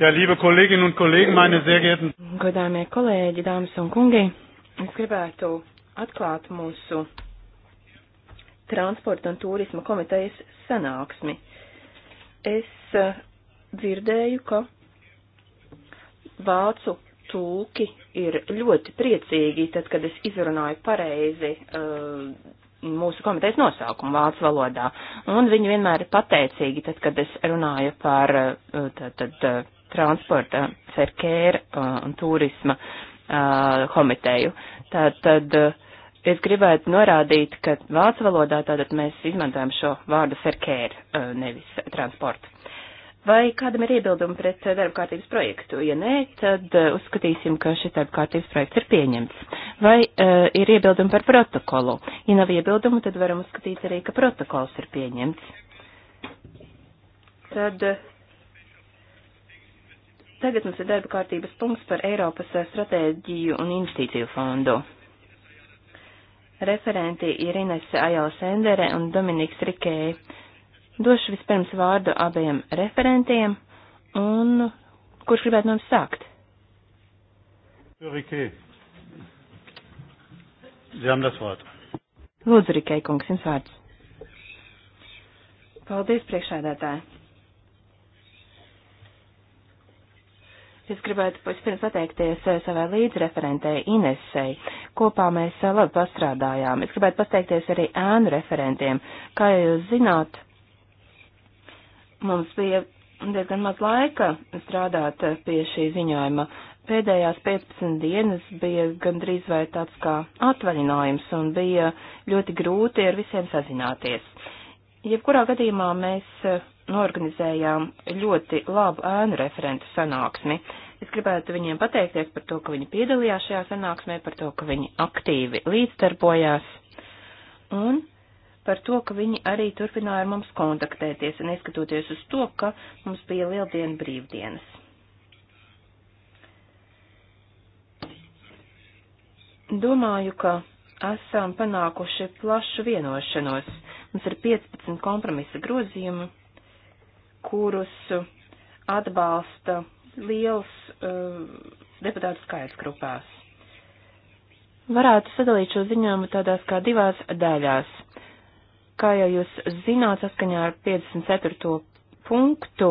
Ja, liebe Kolleginnen un Kollegen, meine sehr geehrten. Godāmie kolēģi, dāmas un kungi, es gribētu atklāt mūsu transporta un turisma komitejas sanāksmi. Es eh, dzirdēju, ka vācu tulki ir ļoti priecīgi, tad, kad es izrunāju pareizi eh, mūsu komitejas nosaukumu vācu valodā, un viņi vienmēr ir pateicīgi, tad, kad es runāju par eh, tad, tad, transporta, cerkēra uh, un turisma uh, komiteju. Tātad uh, es gribētu norādīt, ka vācu valodā tātad mēs izmantojam šo vārdu cerkēra, nevis transporta. Vai kādam ir iebildumi pret darba kārtības projektu? Ja nē, tad uzskatīsim, ka šis darba kārtības projekts ir pieņemts. Vai uh, ir iebildumi par protokolu? Ja nav iebildumu, tad varam uzskatīt arī, ka protokols ir pieņemts. Tad uh, Tagad mums ir darba kārtības punkts par Eiropas stratēģiju un investīciju fondu. Referenti ir Ines Ajala Sendere un Dominiks Rikēji. Došu vispirms vārdu abiem referentiem, un kurš gribētu mums sākt? Rikēji. Zem das vārdu. Lūdzu, Rikēji kungs, jums vārds. Paldies, priekšādātāji. Es gribētu vispirms pateikties eh, savai līdzreferentei Inesei. Kopā mēs eh, labi pastrādājām. Es gribētu pateikties arī ēnu referentiem. Kā jūs zināt, mums bija diezgan maz laika strādāt eh, pie šī ziņojuma. Pēdējās 15 dienas bija gandrīz vai tāds kā atvaļinājums un bija ļoti grūti ar visiem sazināties. Jebkurā gadījumā mēs norganizējām ļoti labu ēnu referentu sanāksmi. Es gribētu viņiem pateikties par to, ka viņi piedalījās šajā sanāksmē, par to, ka viņi aktīvi līdzdarbojās un par to, ka viņi arī turpināja ar mums kontaktēties, neskatoties uz to, ka mums bija lieldiena brīvdienas. Domāju, ka esam panākuši plašu vienošanos. Mums ir 15 kompromisa grozījumu, kurus atbalsta liels uh, deputātu skaits grupās. Varētu sadalīt šo ziņojumu tādās kā divās daļās. Kā jau jūs zināt, saskaņā ar 54. punktu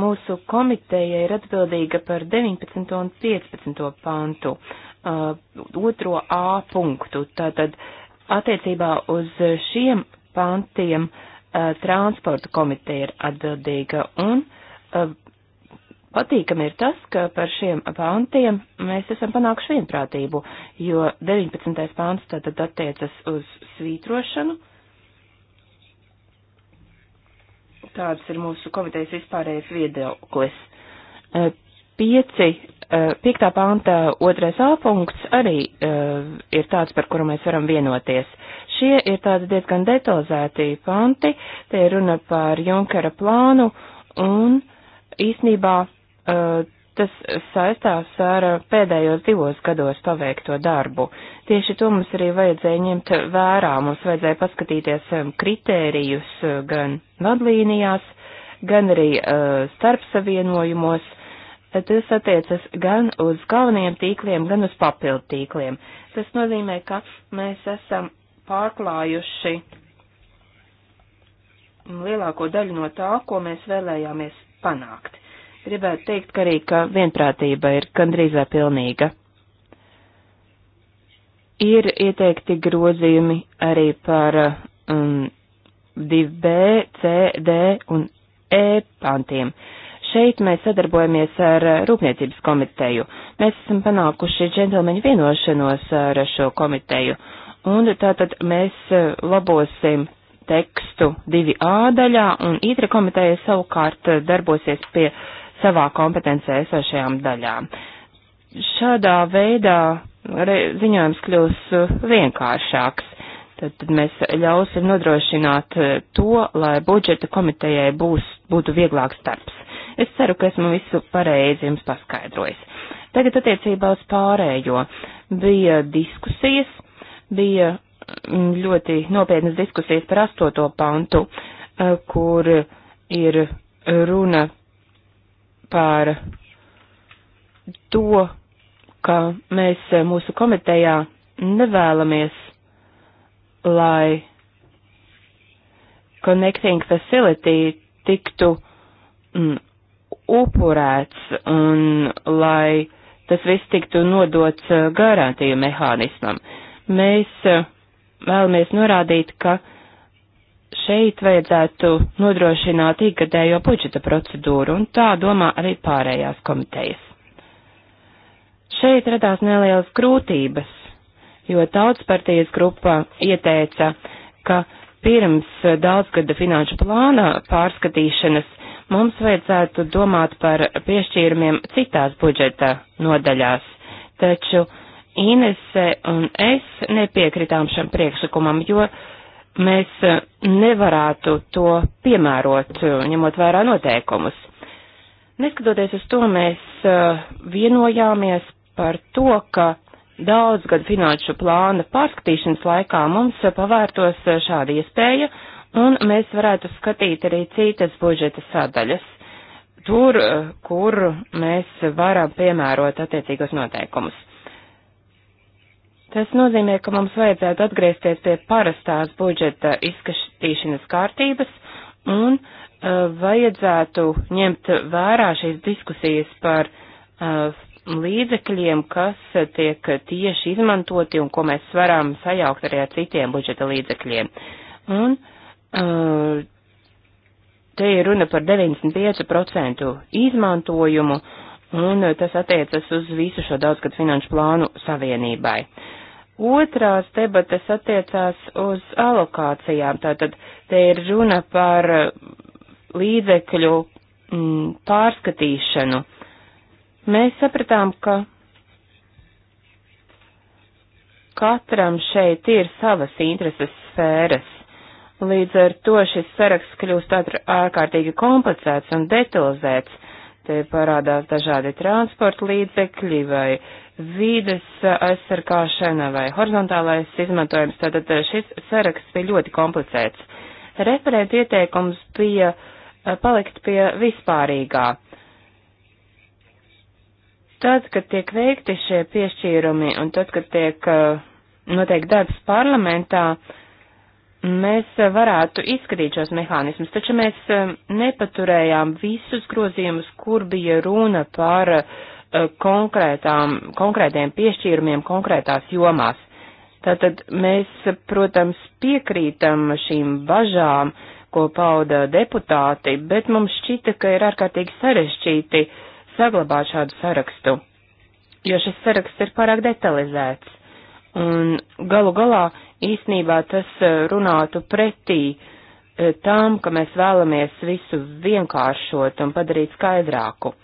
mūsu komiteja ir atbildīga par 19. un 15. pantu, uh, otro A punktu. Tātad attiecībā uz šiem pantiem uh, Eh, transporta komiteja ir atbildīga. Un eh, patīkami ir tas, ka par šiem pāntiem mēs esam panākuši vienprātību, jo 19. pāns tātad attiecas uz svītrošanu. Tāds ir mūsu komitejas vispārējais viedoklis. Eh, pieci, piektā pānta otrais A punkts arī ir tāds, par kuru mēs varam vienoties. Šie ir tādi diezgan detalizēti panti, te ir runa par Junkera plānu un īsnībā uh, tas saistās ar pēdējos divos gados paveikto darbu. Tieši to mums arī vajadzēja ņemt vērā, mums vajadzēja paskatīties eh, kritērijus eh, gan vadlīnijās, gan arī uh, starpsavienojumos. Tas attiecas gan uz galvenajiem tīkliem, gan uz papildu tīkliem. Tas nozīmē, ka mēs esam pārklājuši lielāko daļu no tā, ko mēs vēlējāmies panākt. Gribētu teikt, ka arī ka vienprātība ir gandrīz vai pilnīga. Ir ieteikti grozījumi arī par um, 2B, CD un E pantiem. Šeit mēs sadarbojamies ar Rūpniecības komiteju. Mēs esam panākuši džentelmeņu vienošanos ar šo komiteju Un tātad mēs eh, labosim tekstu 2A daļā, un ITRA e komiteja savukārt eh, darbosies pie savā kompetencē esošajām daļām. Šādā veidā re, ziņojums kļūs eh, vienkāršāks. Tad, tad mēs ļausim nodrošināt to, lai budžeta komitejai būs, būtu vieglāks darbs. Es ceru, ka esmu visu pareizi jums paskaidrojis. Tagad attiecībā uz pārējo bija diskusijas bija mm, ļoti nopietnas diskusijas par astoto pantu, eh, kur ir runa par to, ka mēs eh, mūsu komitejā nevēlamies, lai Connecting Facility tiktu mm, upurēts un lai tas viss tiktu nodots eh, garantiju mehānismam. Uh, mēs eh, vēlamies norādīt, ka šeit vajadzētu nodrošināt ikgadējo budžeta procedūru, un tā domā arī pārējās komitejas. Šeit radās nelielas grūtības, jo tautspartijas grupa ieteica, ka pirms daudzgada finanšu plāna pārskatīšanas mums vajadzētu domāt par piešķīrumiem citās budžeta nodaļās, taču uh, Inese un es nepiekritām šam priekšlikumam, jo mēs eh, nevarētu to piemērot, eh, ņemot vērā noteikumus. Neskatoties uz to, mēs eh, vienojāmies par to, ka daudzgad finanšu plāna pārskatīšanas laikā mums pavērtos šāda iespēja, un mēs varētu skatīt arī citas budžeta sadaļas, tur, kur mēs varam piemērot attiecīgos noteikumus. Tas nozīmē, ka mums vajadzētu atgriezties pie parastās budžeta izskatīšanas kārtības un uh, vajadzētu ņemt vērā šīs diskusijas par uh, līdzekļiem, kas tiek tieši izmantoti un ko mēs varam sajaukt arī ar citiem budžeta līdzekļiem. Un uh, te ir runa par 95% izmantojumu, un uh, tas attiecas uz visu šo daudzgad finanšu plānu savienībai. Uh, Otrās debates attiecās uz alokācijām, tātad te ir runa par uh, līdzekļu mm, pārskatīšanu. Mēs sapratām, ka katram šeit ir savas intereses sfēras. Līdz ar to šis saraksts kļūst ārkārtīgi komplicēts un detalizēts, Te parādās dažādi transporta līdzekļi vai vīdes aizsargāšana vai horizontālais izmantojums. Tātad eh, šis saraksts bija ļoti komplicēts. Referenta ieteikums bija eh, palikt pie vispārīgā. Tad, kad tiek veikti šie piešķīrumi un tad, kad tiek eh, noteikti darbs parlamentā, uh, mēs varētu izskatīt šos mehānismus, taču mēs um, nepaturējām visus grozījumus, kur bija runa par uh, konkrētiem piešķīrumiem konkrētās jomās. Tātad mēs, protams, piekrītam šīm bažām, ko pauda deputāti, bet mums šķita, ka ir ārkārtīgi sarežģīti saglabāt šādu sarakstu, jo šis saraksts ir pārāk detalizēts. Un galu galā īsnībā tas e, runātu pretī e, tam, ka mēs vēlamies visu vienkāršot un padarīt skaidrāku.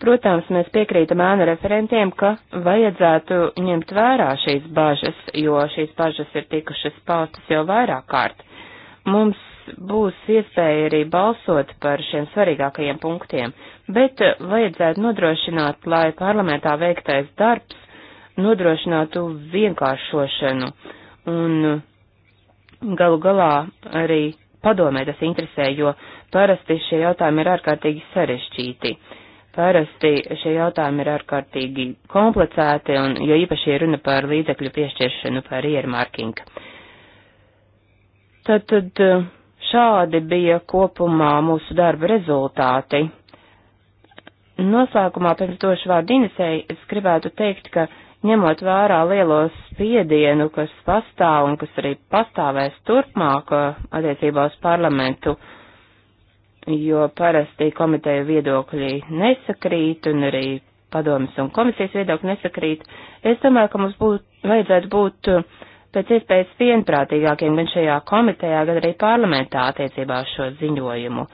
Protams, mēs piekrītam ēnu referentiem, ka vajadzētu ņemt vērā šīs bažas, jo šīs bažas ir tikušas paustas jau vairāk kārt. Mums būs iespēja arī balsot par šiem svarīgākajiem punktiem, bet eh, vajadzētu nodrošināt, lai parlamentā veiktais darbs nodrošinātu vienkāršošanu un eh, galu galā arī padomē tas interesē, jo parasti šie jautājumi ir ārkārtīgi sarežģīti. Parasti šie jautājumi ir ārkārtīgi komplicēti, un jo īpaši ir runa par līdzekļu piešķiršanu par earmarking. Tad, tad eh, Šādi bija kopumā mūsu darba rezultāti. Noslēgumā pirms došu vārdu Inesei, es gribētu teikt, ka ņemot vērā lielo spiedienu, kas pastāv un kas arī pastāvēs turpmāk uh, attiecībā uz parlamentu, jo parasti komiteju viedokļi nesakrīt un arī padomas un komisijas viedokļi nesakrīt, es domāju, ka mums būtu, vajadzētu būt uh, pēc iespējas vienprātīgākiem gan šajā komitejā, gan arī parlamentā attiecībā uz šo ziņojumu,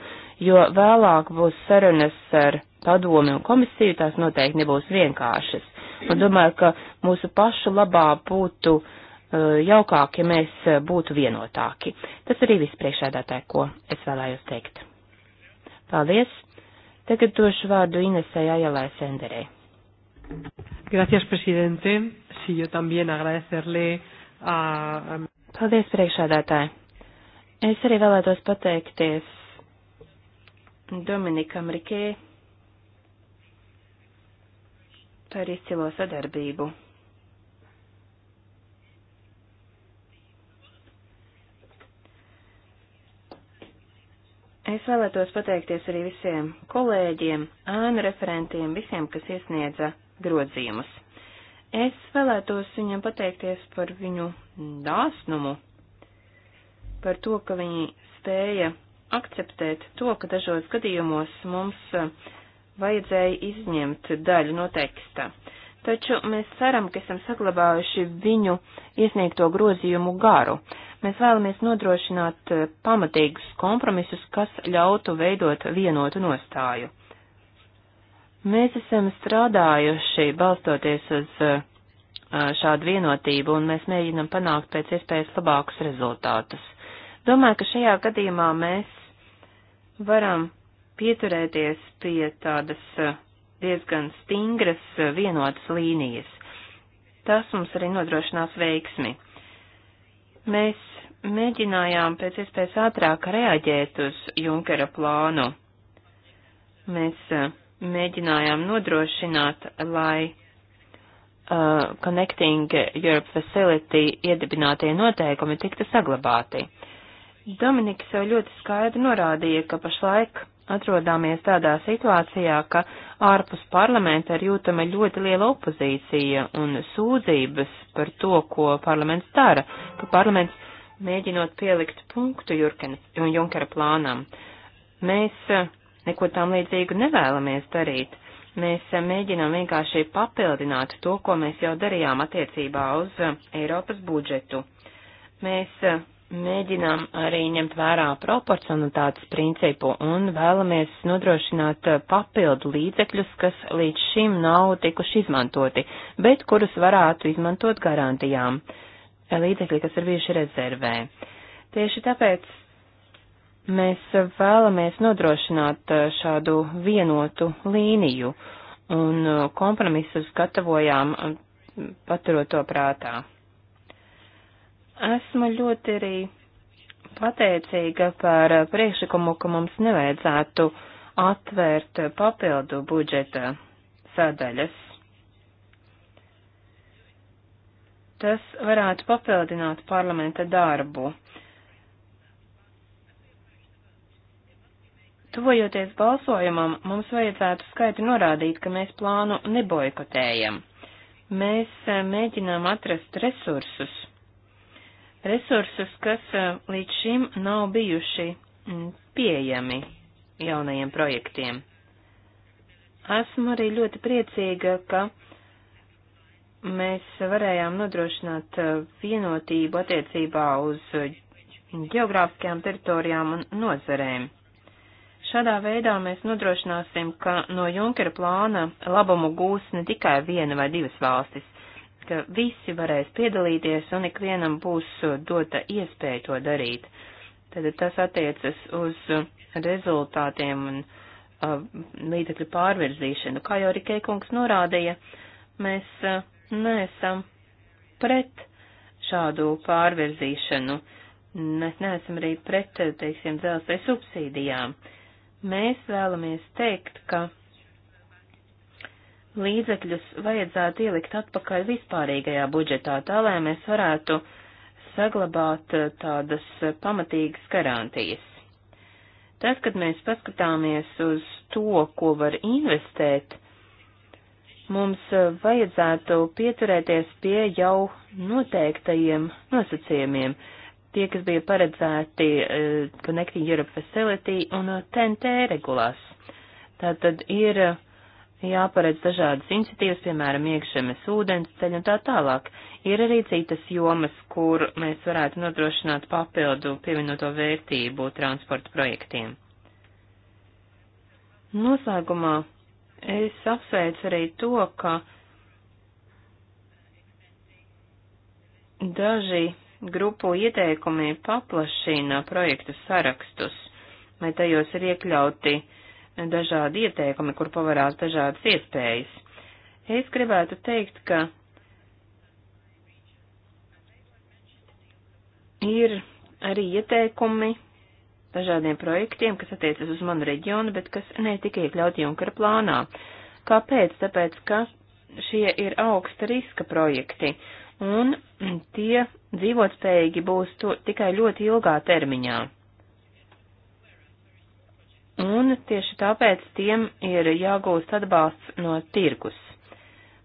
jo vēlāk būs sarunas ar padomi un komisiju, tās noteikti nebūs vienkāršas. Un domāju, ka mūsu pašu labā būtu uh, jaukāk, ja mēs eh, būtu vienotāki. Tas arī viss priekšēdātāji, ko es vēlējos teikt. Paldies! Tagad došu vārdu Inesai Ajalai Senderei. Gracias, presidente. Sí, yo también agradecerle Um, Paldies, priekšādātāji. Es arī vēlētos pateikties Dominikam Rikē par izcilo sadarbību. Es vēlētos pateikties arī visiem kolēģiem, ānu referentiem, visiem, kas iesniedza grozījumus. Es vēlētos viņam pateikties par viņu dāsnumu, par to, ka viņi spēja akceptēt to, ka dažos gadījumos mums uh, vajadzēja izņemt daļu no teksta. Taču mēs ceram, ka esam saglabājuši viņu iesniegto grozījumu garu. Mēs vēlamies nodrošināt uh, pamatīgus kompromisus, kas ļautu veidot vienotu nostāju. Mēs esam strādājuši balstoties uz uh, uh, šādu vienotību, un mēs mēģinam panākt pēc iespējas labākus rezultātus. Domāju, ka šajā gadījumā mēs varam pieturēties pie tādas uh, diezgan stingras vienotas līnijas. Tas mums arī nodrošinās veiksmi. Mēs mēģinājām pēc iespējas ātrāk reaģēt uz Junkera plānu. Mēs uh, mēģinājām nodrošināt, lai uh, Connecting Europe Facility iedibinātie noteikumi tiktu saglabāti. Dominiks jau ļoti skaidri norādīja, ka pašlaik atrodāmies tādā situācijā, ka ārpus parlamenta ir jūtama ļoti liela opozīcija un sūdzības par to, ko parlaments dara, ka parlaments mēģinot pielikt punktu Junkera plānam. Mēs uh, neko tam līdzīgu nevēlamies darīt. Mēs eh, mēģinām vienkārši papildināt to, ko mēs jau darījām attiecībā uz eh, Eiropas budžetu. Mēs eh, mēģinām arī ņemt vērā proporcionalitātes principu un vēlamies nodrošināt papildu līdzekļus, kas līdz šim nav tikuši izmantoti, bet kurus varētu izmantot garantijām, līdzekļi, kas ir bijuši rezervē. Tieši tāpēc Mēs vēlamies nodrošināt uh, šādu vienotu līniju un uh, kompromisus gatavojām uh, paturot to prātā. Esmu ļoti arī pateicīga par priekšlikumu, ka mums nevajadzētu atvērt papildu budžeta sadaļas. Tas varētu papildināt parlamenta darbu. Tuvojoties balsojumam, mums vajadzētu skaidri norādīt, ka mēs plānu neboikotējam. Mēs e, mēģinām atrast resursus. Resursus, kas e, līdz šim nav bijuši pieejami jaunajiem projektiem. Esmu arī ļoti priecīga, ka mēs varējām nodrošināt e, vienotību attiecībā uz geogrāfiskajām teritorijām un nozarēm. Šādā veidā mēs nodrošināsim, ka no Junkera plāna labumu gūs ne tikai viena vai divas valstis, ka visi varēs piedalīties un ikvienam būs uh, dota iespēja to darīt. Tad tas attiecas uz rezultātiem un uh, līdzekļu pārvirzīšanu. Kā jau Rikē kungs norādīja, mēs uh, neesam pret šādu pārvirzīšanu. Mēs neesam arī pret, teiksim, dzelzceļa subsīdijām. Uh, Mēs vēlamies teikt, ka līdzekļus vajadzētu ielikt atpakaļ vispārīgajā budžetā, tā lai mēs varētu saglabāt eh, tādas pamatīgas garantijas. Tad, kad mēs paskatāmies uz to, ko var investēt, mums eh, vajadzētu pieturēties pie jau noteiktajiem nosacījumiem tie, kas bija paredzēti uh, Connecting Europe Facility un uh, eh, TNT regulās. Tātad ir uh, jāparedz dažādas iniciatīvas, piemēram, iekšzemes ūdens ceļi un tā tālāk. Ir arī citas jomas, kur mēs varētu nodrošināt papildu pievienoto vērtību transporta projektiem. Noslēgumā es apsveicu arī to, ka daži grupu ieteikumi paplašina projektu sarakstus, vai tajos ir iekļauti dažādi ieteikumi, kur pavarās dažādas iespējas. Es gribētu teikt, ka ir arī ieteikumi dažādiem projektiem, kas attiecas uz manu reģionu, bet kas netika iekļauti Junkara plānā. Kāpēc? Tāpēc, ka šie ir augsta riska projekti, un tie dzīvotspējīgi būs to, tikai ļoti ilgā termiņā. Un tieši tāpēc tiem ir jāgūst atbalsts no tirgus.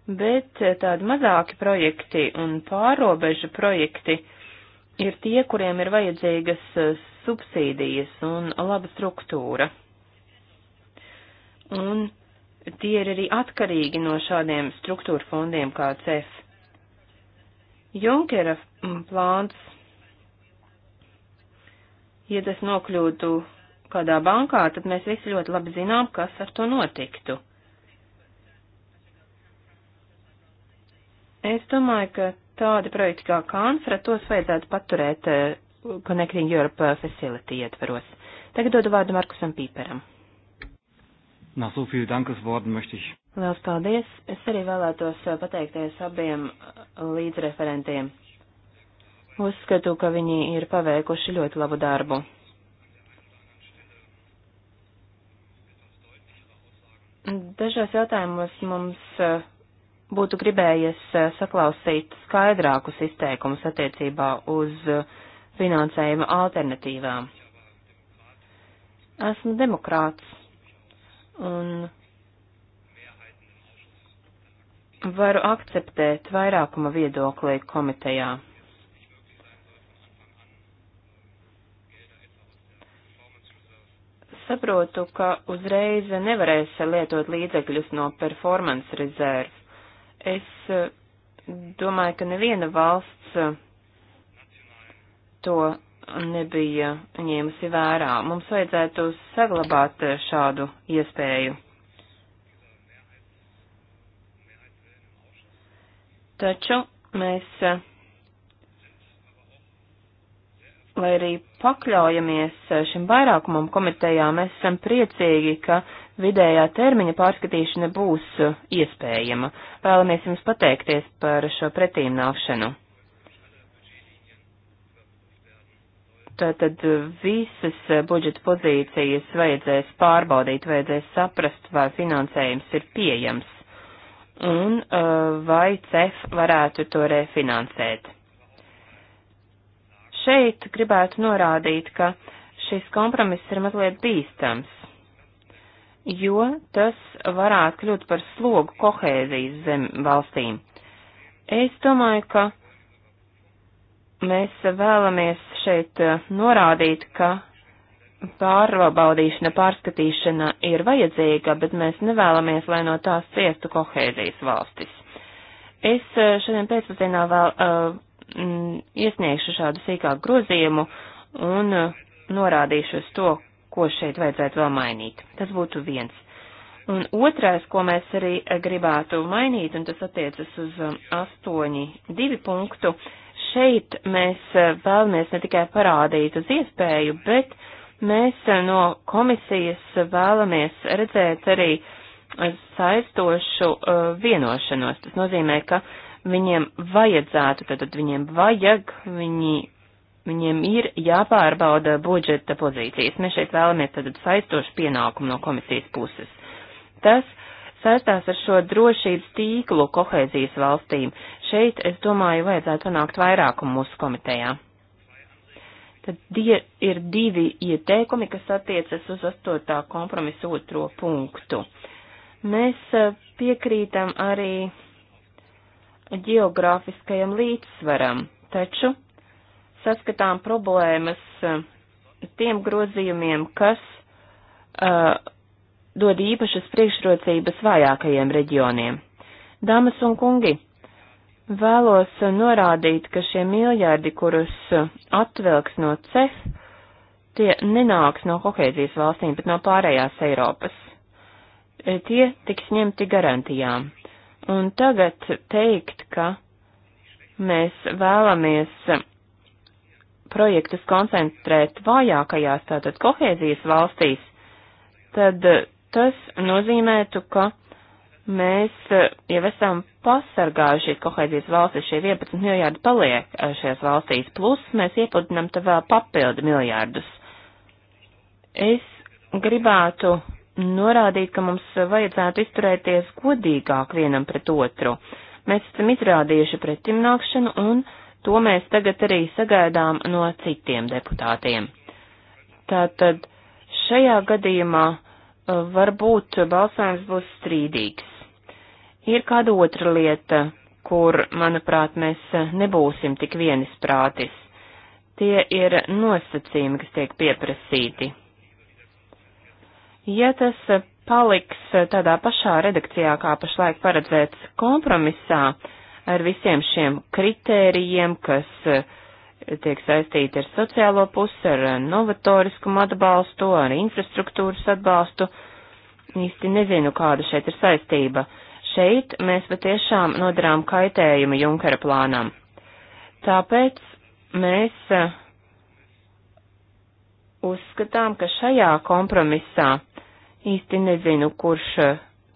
Bet tādi mazāki projekti un pārobežu projekti ir tie, kuriem ir vajadzīgas uh, subsīdijas un laba struktūra. Un tie ir arī atkarīgi no šādiem struktūra fondiem kā CEF. Junkera plāns, ja tas nokļūtu kādā bankā, tad mēs visi ļoti labi zinām, kas ar to notiktu. Es domāju, ka tādi projekti kā Kānsra, tos vajadzētu paturēt eh, Connecting Europe eh, Facility ietveros. Tagad dodu vārdu Markusam Pīperam. Nach so viel Dankesworten möchte ich Lielas paldies! Es arī vēlētos eh, pateikties abiem eh, līdzreferentiem. Uzskatu, ka viņi ir paveikuši ļoti labu darbu. Dažos jautājumos mums eh, būtu gribējies saklausīt skaidrākus izteikumus attiecībā uz finansējuma alternatīvām. Esmu demokrāts un varu akceptēt vairākuma viedoklī komitejā. Saprotu, ka uzreiz nevarēs lietot līdzekļus no performance rezervu. Es eh, domāju, ka neviena valsts eh, to nebija ņēmusi vērā. Mums vajadzētu saglabāt eh, šādu iespēju. Taču mēs, eh, lai arī pakļaujamies eh, šim vairākumam komitejā, mēs esam priecīgi, ka vidējā termiņa pārskatīšana būs eh, iespējama. Vēlamies jums pateikties par šo pretīmnākšanu. Tātad visas budžeta pozīcijas vajadzēs pārbaudīt, vajadzēs saprast, vai finansējums ir pieejams un uh, vai CEF varētu to refinansēt. Šeit gribētu norādīt, ka šis kompromiss ir mazliet bīstams, jo tas varētu kļūt par slogu kohēzijas zem valstīm. Es domāju, ka mēs vēlamies šeit uh, norādīt, ka pārbaudīšana, pārskatīšana ir vajadzīga, bet mēs nevēlamies, lai no tās ciestu kohēzijas valstis. Es eh, šodien pēcpazienā vēl uh, iesniegšu šādu sīkāku grozījumu un uh, norādīšu uz to, ko šeit vajadzētu vēl mainīt. Tas būtu viens. Un otrais, ko mēs arī gribētu mainīt, un tas attiecas uz 8.2 punktu, šeit mēs vēlamies ne tikai parādīt uz iespēju, bet uh, Mēs eh, no komisijas vēlamies redzēt arī saistošu eh, vienošanos. Tas nozīmē, ka viņiem vajadzētu, tad viņiem vajag, viņi, viņiem ir jāpārbauda budžeta pozīcijas. Mēs šeit vēlamies tad saistošu pienākumu no komisijas puses. Tas saistās ar šo drošības tīklu kohēzijas valstīm. Šeit, es domāju, vajadzētu panākt vairākumu mūsu komitejā. Tad die, ir divi ieteikumi, kas attiecas uz 8. kompromisu otro punktu. Mēs e, piekrītam arī geogrāfiskajam līdzsvaram, taču saskatām problēmas e, tiem grozījumiem, kas uh, dod īpašas priekšrocības vājākajiem reģioniem. Dāmas un kungi, Vēlos norādīt, ka šie miljardi, kurus atvilks no CEF, tie nenāks no kohēzijas valstīm, bet no pārējās Eiropas. E, tie tiks ņemti garantijām. Un tagad teikt, ka mēs vēlamies projektus koncentrēt vājākajās, tātad kohēzijas valstīs, tad tas nozīmētu, ka mēs eh, jau esam pasargājuši šīs kohēzijas valstis, šie 11 miljārdi paliek eh, šajās valstīs, plus mēs iepludinam te vēl papildu miljārdus. Es gribētu norādīt, ka mums vajadzētu izturēties godīgāk vienam pret otru. Mēs esam izrādījuši pretimnākšanu un to mēs tagad arī sagaidām no citiem deputātiem. Tātad šajā gadījumā eh, varbūt balsojums būs strīdīgs Ir kāda otra lieta, kur, manuprāt, mēs nebūsim tik vienisprātis. Tie ir nosacījumi, kas tiek pieprasīti. Ja tas paliks tādā pašā redakcijā, kā pašlaik paredzēts kompromisā, ar visiem šiem kritērijiem, kas eh, tiek saistīti ar sociālo pusi, ar novatoriskumu atbalstu, ar infrastruktūras atbalstu, īsti nezinu, kāda šeit ir saistība. Šeit mēs patiešām nodarām kaitējumu Junkara plānam. Tāpēc mēs e, uzskatām, ka šajā kompromisā īsti nezinu, kurš e,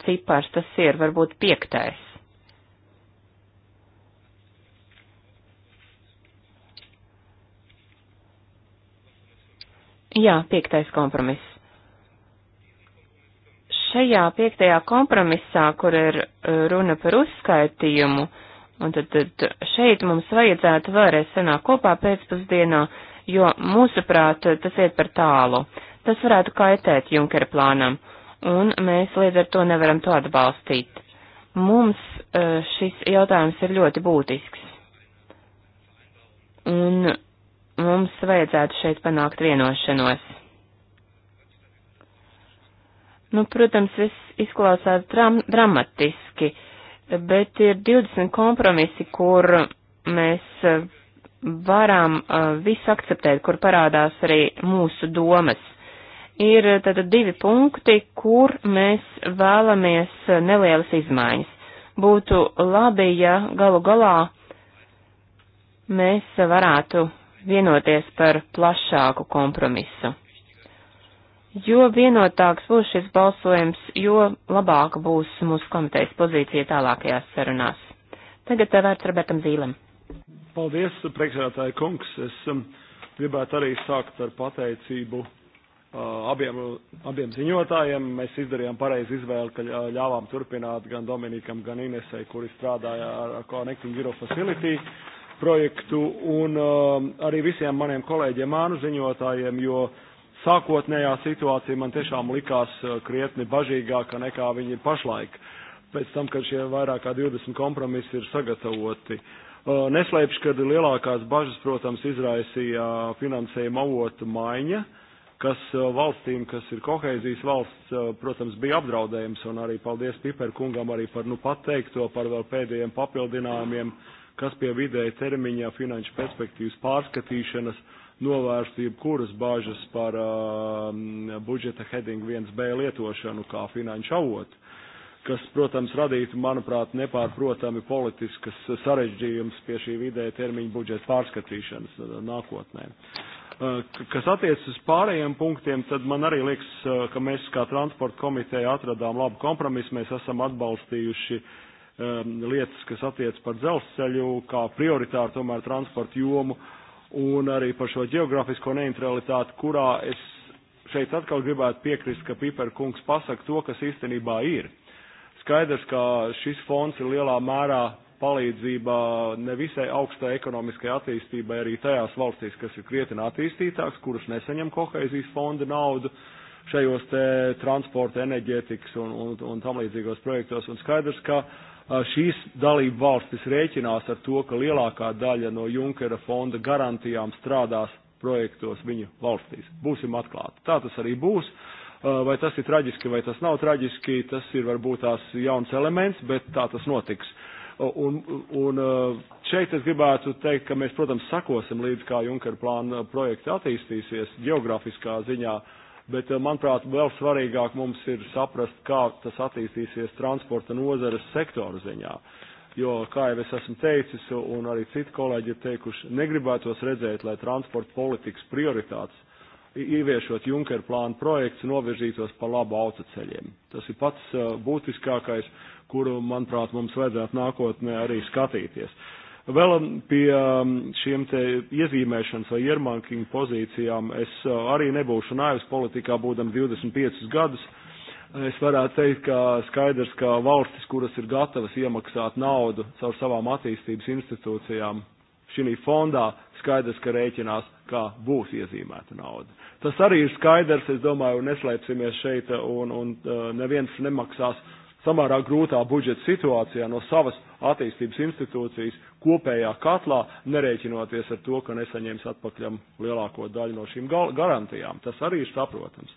cipars tas ir, varbūt piektais. Jā, piektais kompromiss. Šajā piektajā kompromisā, kur ir e, runa par uzskaitījumu, un tad, tad šeit mums vajadzētu vēlreiz sanākt kopā pēcpusdienā, jo mūsuprāt tas iet par tālu. Tas varētu kaitēt Junkera plānam, un mēs līdz ar to nevaram to atbalstīt. Mums e, šis jautājums ir ļoti būtisks. Un mums vajadzētu šeit panākt vienošanos. Nu, protams, viss izklausās dram dramatiski, bet ir 20 kompromisi, kur mēs eh, varam eh, visu akceptēt, kur parādās arī mūsu domas. Ir eh, tad divi punkti, kur mēs vēlamies nelielas izmaiņas. Būtu labi, ja galu galā mēs varētu vienoties par plašāku kompromisu. Jo vienotāks būs šis balsojums, jo labāka būs mūsu komitejas pozīcija tālākajās sarunās. Tagad eh, vērts Robertam Zīlem. Paldies, priekšsēdētāja kungs. Es um, gribētu arī sākt ar pateicību uh, abiem, abiem ziņotājiem. Mēs izdarījām pareizi izvēli, ka uh, ļāvām turpināt gan Dominikam, gan Inesai, kuri strādāja ar Connecting Euro Facility projektu, un um, arī visiem maniem kolēģiem, mānu ziņotājiem, jo uh, sākotnējā situācija man tiešām likās eh, krietni bažīgāka nekā viņi ir pašlaik, pēc tam, kad šie vairāk kā 20 kompromisi ir sagatavoti. Eh, neslēpšu, ka lielākās bažas, protams, izraisīja finansējuma avotu maiņa, kas eh, valstīm, kas ir koheizijas valsts, protams, bija apdraudējums, un arī paldies Piper kungam arī par nu pateikto, par vēl pēdējiem papildinājumiem, kas pie vidēja termiņā finanšu perspektīvas pārskatīšanas uh, novērst jebkuras bāžas par um, budžeta heading 1B lietošanu kā finanšu avotu, kas, protams, radītu, manuprāt, nepārprotami politiskas sarežģījums pie šī vidēja termiņa budžeta pārskatīšanas uh, nākotnē. Uh, kas attiecas uz pārējiem punktiem, tad man arī liekas, uh, ka mēs kā transporta komiteja atradām labu kompromisu. Mēs esam atbalstījuši uh, lietas, kas attiec par dzelzceļu, kā prioritāru tomēr transporta jomu, un arī par šo geogrāfisko neutralitāti, kurā es šeit atkal gribētu piekrist, ka Piper kungs pasaka to, kas īstenībā ir. Skaidrs, ka šis fonds ir lielā mērā palīdzība nevisai augstai ekonomiskai attīstībai arī tajās valstīs, kas ir krietni attīstītāks, kuras nesaņem kohēzijas fonda naudu šajos te transporta, enerģētikas un, un, un tam līdzīgos projektos. Un skaidrs, ka uh, šīs dalību valstis rēķinās ar to, ka lielākā daļa no Junkera fonda garantijām strādās projektos viņu valstīs. Būsim atklāti. Tā tas arī būs. Vai tas ir traģiski vai tas nav traģiski, tas ir varbūt tās jauns elements, bet tā tas notiks. Un, un šeit es gribētu teikt, ka mēs, protams, sakosim līdz kā Junkera plāna projekti attīstīsies geogrāfiskā ziņā. Uh, Bet, eh, manuprāt, vēl svarīgāk mums ir saprast, kā tas attīstīsies transporta nozares sektoru ziņā. Jo, kā jau es esmu teicis, un arī citi kolēģi ir teikuši, negribētos redzēt, lai transporta politikas prioritātes ieviešot Junker plānu projekts novirzītos pa labu autoceļiem. Tas ir pats eh, būtiskākais, kuru, manuprāt, mums vajadzētu nākotnē arī skatīties. Uh, Vēl pie um, šiem te iezīmēšanas vai iermanking pozīcijām es uh, arī nebūšu naivs politikā, būdam 25 gadus. Es varētu teikt, ka skaidrs, ka valstis, kuras ir gatavas iemaksāt naudu caur savām attīstības institūcijām šī fondā, skaidrs, ka rēķinās, kā būs iezīmēta nauda. Tas arī ir skaidrs, es domāju, un neslēpsimies šeit, un, un uh, neviens nemaksās samērā grūtā budžeta situācijā no savas attīstības institūcijas kopējā katlā, nerēķinoties ar to, ka nesaņems atpakaļam lielāko daļu no šīm garantijām. Tas arī ir saprotams.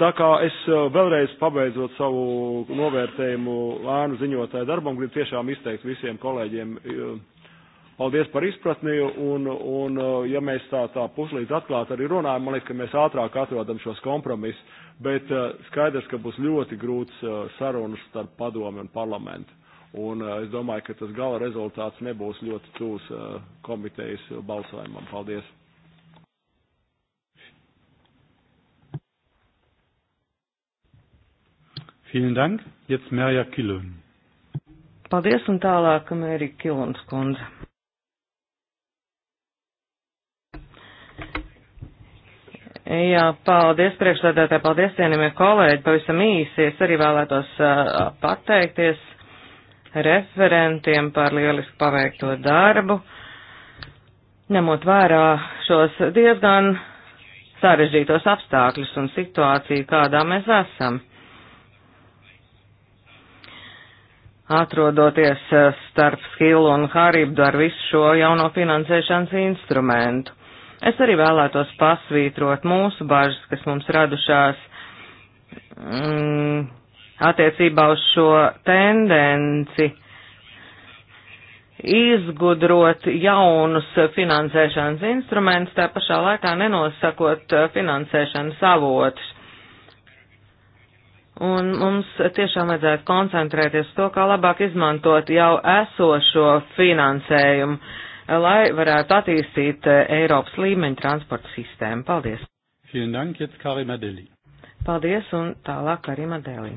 Tā kā es eh, vēlreiz pabeidzot savu novērtējumu ēnu ziņotāju darbam, gribu tiešām izteikt visiem kolēģiem eh, paldies par izpratni, un, un eh, ja mēs tā, tā puslīdz atklāt arī runājam, man liekas, ka mēs ātrāk atrodam šos kompromisus, Bet eh, skaidrs, ka būs ļoti grūts eh, sarunas starp padomi un parlamentu. Un eh, es domāju, ka tas gala rezultāts nebūs ļoti tūs komitejas balsojumam. Paldies! Vielen Dank. Jetzt Merja Kilun. Paldies un tālāk, Mērija Kilons kundze. Jā, paldies priekšsēdētāji, paldies cienījamie kolēģi. Pavisam īsi es arī vēlētos uh, pateikties referentiem par lielisku paveikto darbu, ņemot vērā šos diezgan sarežģītos apstākļus un situāciju, kādā mēs esam. Atrodoties starp skilu un haribdu ar visu šo jauno finansēšanas instrumentu Es arī vēlētos pasvītrot mūsu bažas, kas mums radušās mm, attiecībā uz šo tendenci izgudrot jaunus finansēšanas instrumentus, tā pašā laikā nenosakot finansēšanas avotus. Un mums tiešām vajadzētu koncentrēties to, kā labāk izmantot jau esošo finansējumu, lai varētu attīstīt eh, Eiropas līmeņa transporta sistēmu. Paldies! Dank, Paldies un tālāk arī Madēlī.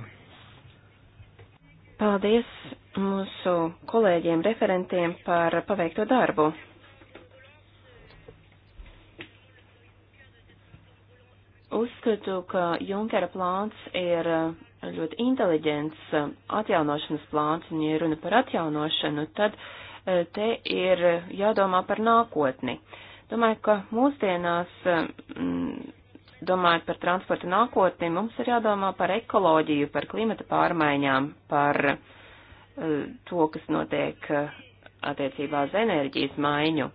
Paldies mūsu kolēģiem referentiem par paveikto darbu. Uzskatu, ka Junkera plāns ir ļoti inteliģents atjaunošanas plāns, un ja runa par atjaunošanu, tad uh, te ir jādomā par nākotni. Domāju, ka mūsdienās, mm, domājot par transporta nākotni, mums ir jādomā par ekoloģiju, par klimata pārmaiņām, par eh, to, kas notiek eh, attiecībā uz enerģijas maiņu.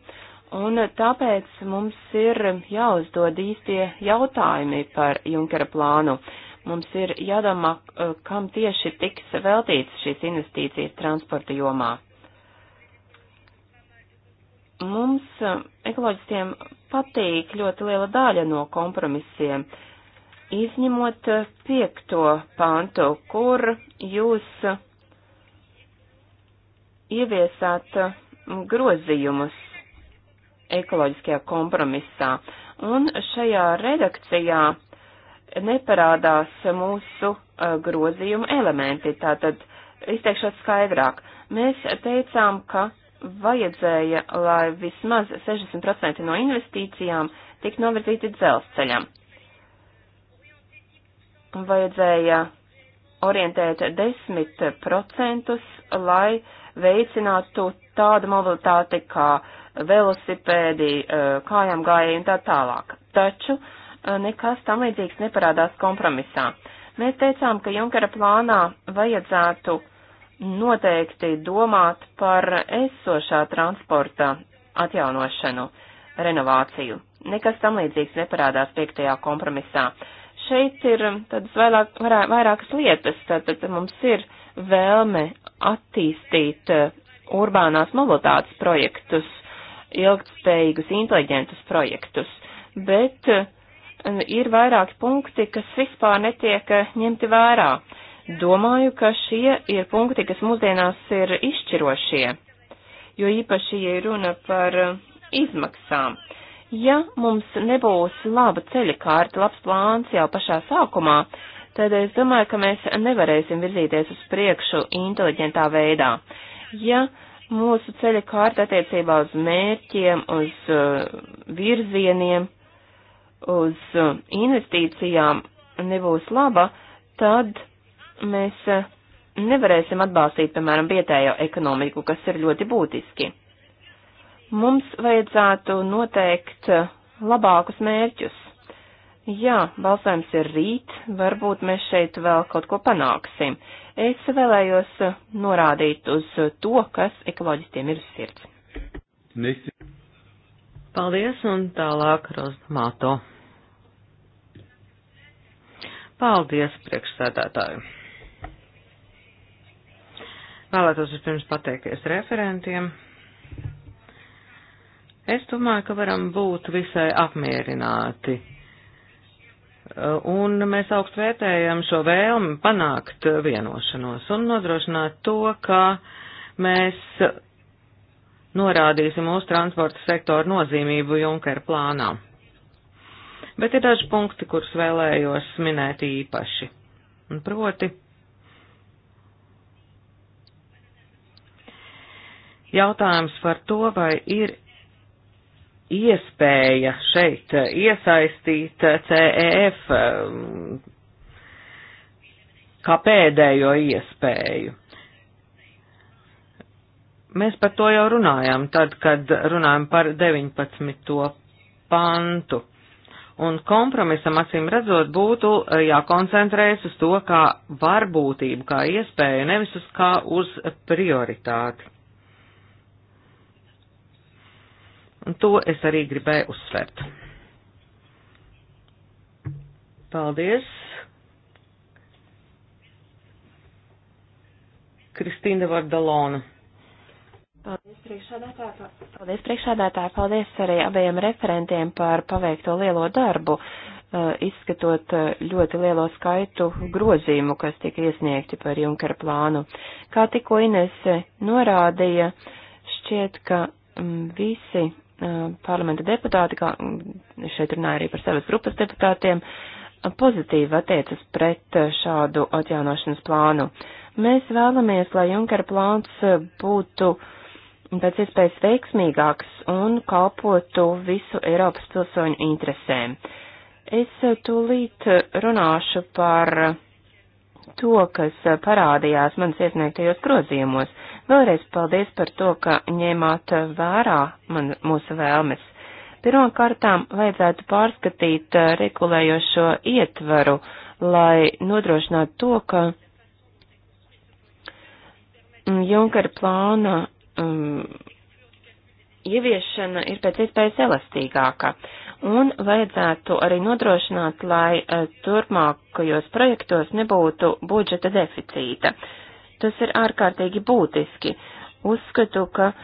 Un eh, tāpēc mums ir jāuzdod īstie jautājumi par Junkera plānu. Mums ir jādomā, kam tieši tiks veltīts šīs investīcijas transporta jomā. Mums, e, ekoloģistiem, patīk ļoti liela daļa no kompromisiem, izņemot e, piekto pantu, kur jūs ieviesāt e, grozījumus ekoloģiskajā kompromisā. Un šajā redakcijā neparādās mūsu uh, grozījuma elementi. Tātad izteikšot skaidrāk, mēs teicām, ka vajadzēja, lai vismaz 60% no investīcijām tik novirzīti dzelzceļam. Vajadzēja orientēt 10%, lai veicinātu tādu mobilitāti kā velosipēdi, eh, kājām gājēji un tā tālāk. Taču eh, nekas tam līdzīgs neparādās kompromisā. Mēs teicām, ka Junkara plānā vajadzētu uh, noteikti domāt par esošā transporta atjaunošanu, renovāciju. Nekas tam līdzīgs neparādās piektajā kompromisā. Šeit ir tādas vairāk, vairākas lietas, tātad mums ir vēlme attīstīt eh, urbānās mobilitātes projektus, ilgtspējīgus, inteliģentus projektus, bet eh, ir vairāki punkti, kas vispār netiek eh, ņemti vērā. Uh, Domāju, ka šie ir punkti, kas mūsdienās ir izšķirošie, jo īpaši, ja runa par izmaksām. Ja mums nebūs laba ceļa kārta, labs plāns jau pašā sākumā, tad es domāju, ka mēs nevarēsim virzīties uz priekšu inteliģentā veidā. Ja mūsu ceļa kārta attiecībā uz mērķiem, uz uh, virzieniem, uz uh, investīcijām nebūs laba, tad mēs eh, nevarēsim atbalstīt, piemēram, vietējo ekonomiku, kas ir ļoti būtiski. Mums vajadzētu noteikt eh, labākus mērķus. Jā, balsojums ir rīt, varbūt mēs šeit vēl kaut ko panāksim. Es vēlējos eh, norādīt uz to, kas ekoloģistiem ir sirds. Nisi. Paldies un tālāk Rozmāto. Paldies priekšsēdētāju. Vēlētos vispirms pateikties referentiem. Es domāju, ka varam būt visai apmierināti. Un mēs augstu vērtējam šo vēlmi panākt vienošanos un nodrošināt to, ka mēs norādīsim mūsu transporta sektoru nozīmību Junkera plānā. Bet ir daži punkti, kurus vēlējos minēt īpaši. Un proti, jautājums par to, vai ir iespēja šeit iesaistīt CEF um, kā pēdējo iespēju. Mēs par to jau runājām, tad, kad runājām par 19. pantu. Un kompromisam, acīm redzot, būtu jākoncentrējas uz to kā varbūtību, kā iespēju, nevis uz kā uz prioritāti. Un to es arī gribēju uzsvērt. Paldies! Kristīna Vardalona. Paldies priekšādātāji, paldies, priekšādātāji, paldies arī abiem referentiem par paveikto lielo darbu, eh, izskatot eh, ļoti lielo skaitu grozījumu, kas tika iesniegti par Junkera plānu. Kā tikko Inese norādīja, šķiet, ka mm, visi parlamenta deputāti, kā šeit runāja arī par savas grupas deputātiem, pozitīvi attiecas pret šādu atjaunošanas plānu. Mēs vēlamies, lai Junkera plāns būtu pēc iespējas veiksmīgāks un kalpotu visu Eiropas pilsoņu interesēm. Es tūlīt runāšu par to, kas parādījās manas iesniegtajos grozījumos. Vēlreiz paldies par to, ka ņēmāt vērā man, mūsu vēlmes. Pirmkārtām vajadzētu pārskatīt regulējošo ietvaru, lai nodrošinātu to, ka Junkara plāna um, ieviešana ir pēc iespējas elastīgāka. Un vajadzētu arī nodrošināt, lai e, turpmākajos projektos nebūtu budžeta deficīta. Tas ir ārkārtīgi būtiski. Uzskatu, ka e,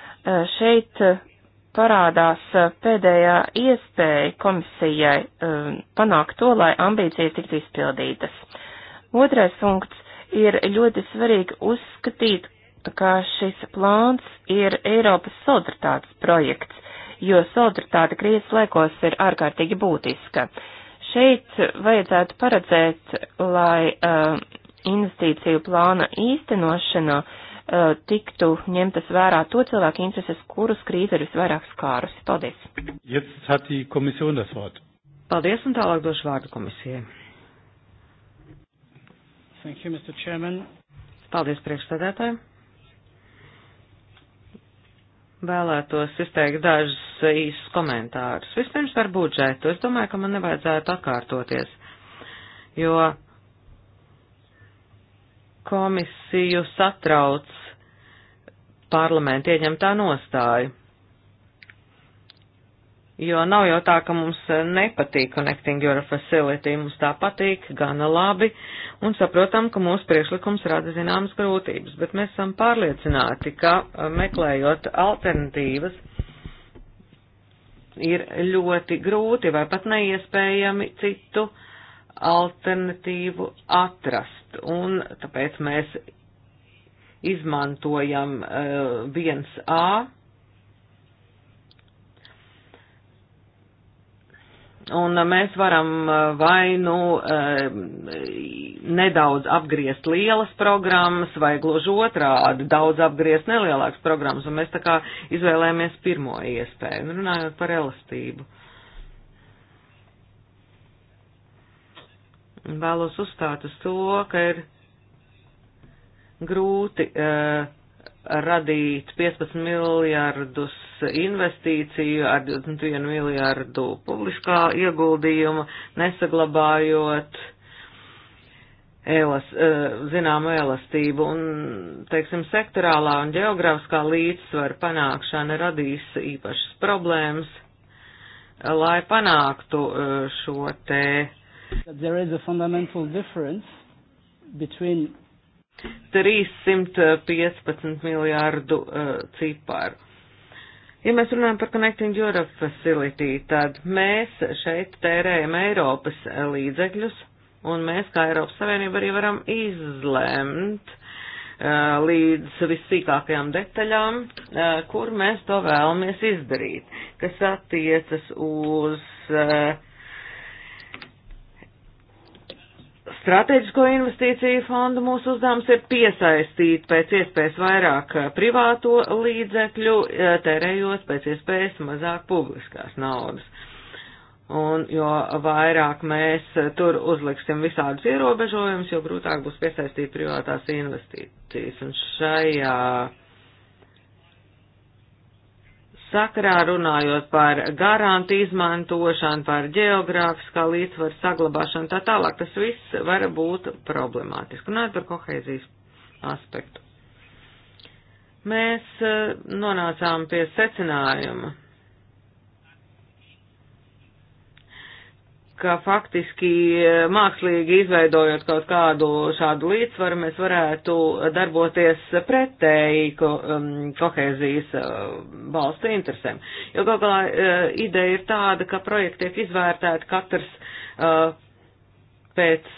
šeit parādās pēdējā iespēja komisijai e, panākt to, lai ambīcijas tiktu izpildītas. Otrais punkts ir ļoti svarīgi uzskatīt, Tā kā šis plāns ir Eiropas solidaritātes projekts, jo solidaritāte krīzes laikos ir ārkārtīgi būtiska. Šeit vajadzētu paredzēt, lai uh, investīciju plāna īstenošana uh, tiktu ņemtas vērā to cilvēku intereses, kurus krīze ir visvairāk skārusi. Paldies! Paldies un tālāk došu vārdu komisijai. Thank you, Mr. Chairman. Paldies priekšsēdētājiem vēlētos izteikt dažus īsus komentārus. Vispirms par budžetu. Es domāju, ka man nevajadzētu atkārtoties, jo komisiju satrauc parlamentu ieņemtā nostāju. Jo nav jau tā, ka mums nepatīk Connecting Your Facility, mums tā patīk gana labi. Uh, un saprotam, ka mūsu priekšlikums rada zināmas grūtības, bet mēs esam pārliecināti, ka eh, meklējot alternatīvas ir ļoti grūti vai pat neiespējami citu alternatīvu atrast, un tāpēc mēs izmantojam uh, eh, 1A un uh, mēs varam uh, vai nu uh, nedaudz apgriezt lielas programmas, vai gluži otrādi daudz apgriezt nelielākas programmas, un mēs tā kā izvēlējāmies pirmo iespēju, nu, runājot par elastību. Vēlos uzstāt uz to, ka ir grūti uh, radīt 15 miljardus investīciju ar 21 miljardu publiskā ieguldījuma, nesaglabājot elas, eh, zināmu elastību un, teiksim, sektorālā un geogrāfiskā līdzsvara panākšana radīs īpašas problēmas, lai panāktu eh, šo te. Between 315 miljārdu uh, ciparu. Ja mēs runājam par Connecting Europe Facility, tad mēs šeit tērējam Eiropas eh, līdzekļus, un mēs kā Eiropas Savienība arī varam izlemt uh, līdz vissīkākajām detaļām, uh, kur mēs to vēlamies izdarīt, kas attiecas uz uh, strateģisko investīciju fondu mūsu uzdevums ir piesaistīt pēc iespējas vairāk eh, privāto līdzekļu, eh, terējot pēc iespējas mazāk publiskās naudas. Un jo vairāk mēs eh, tur uzliksim visādus ierobežojumus, jo grūtāk būs piesaistīt privātās investīcijas. Un šajā uh, sakrā, runājot par garantu izmantošanu, par geogrāfiskā līdzsvaru saglabāšanu, tā tālāk. Tas viss var būt problemātiski. Runājot par kohēzijas aspektu. Mēs eh, nonācām pie secinājuma, ka faktiski eh, mākslīgi izveidojot kaut kādu šādu līdzsvaru, mēs varētu darboties pretēji ko, um, kohēzijas uh, valstu interesēm. Jo kaut kā uh, eh, ideja ir tāda, ka projekti tiek izvērtēti katrs uh, pēc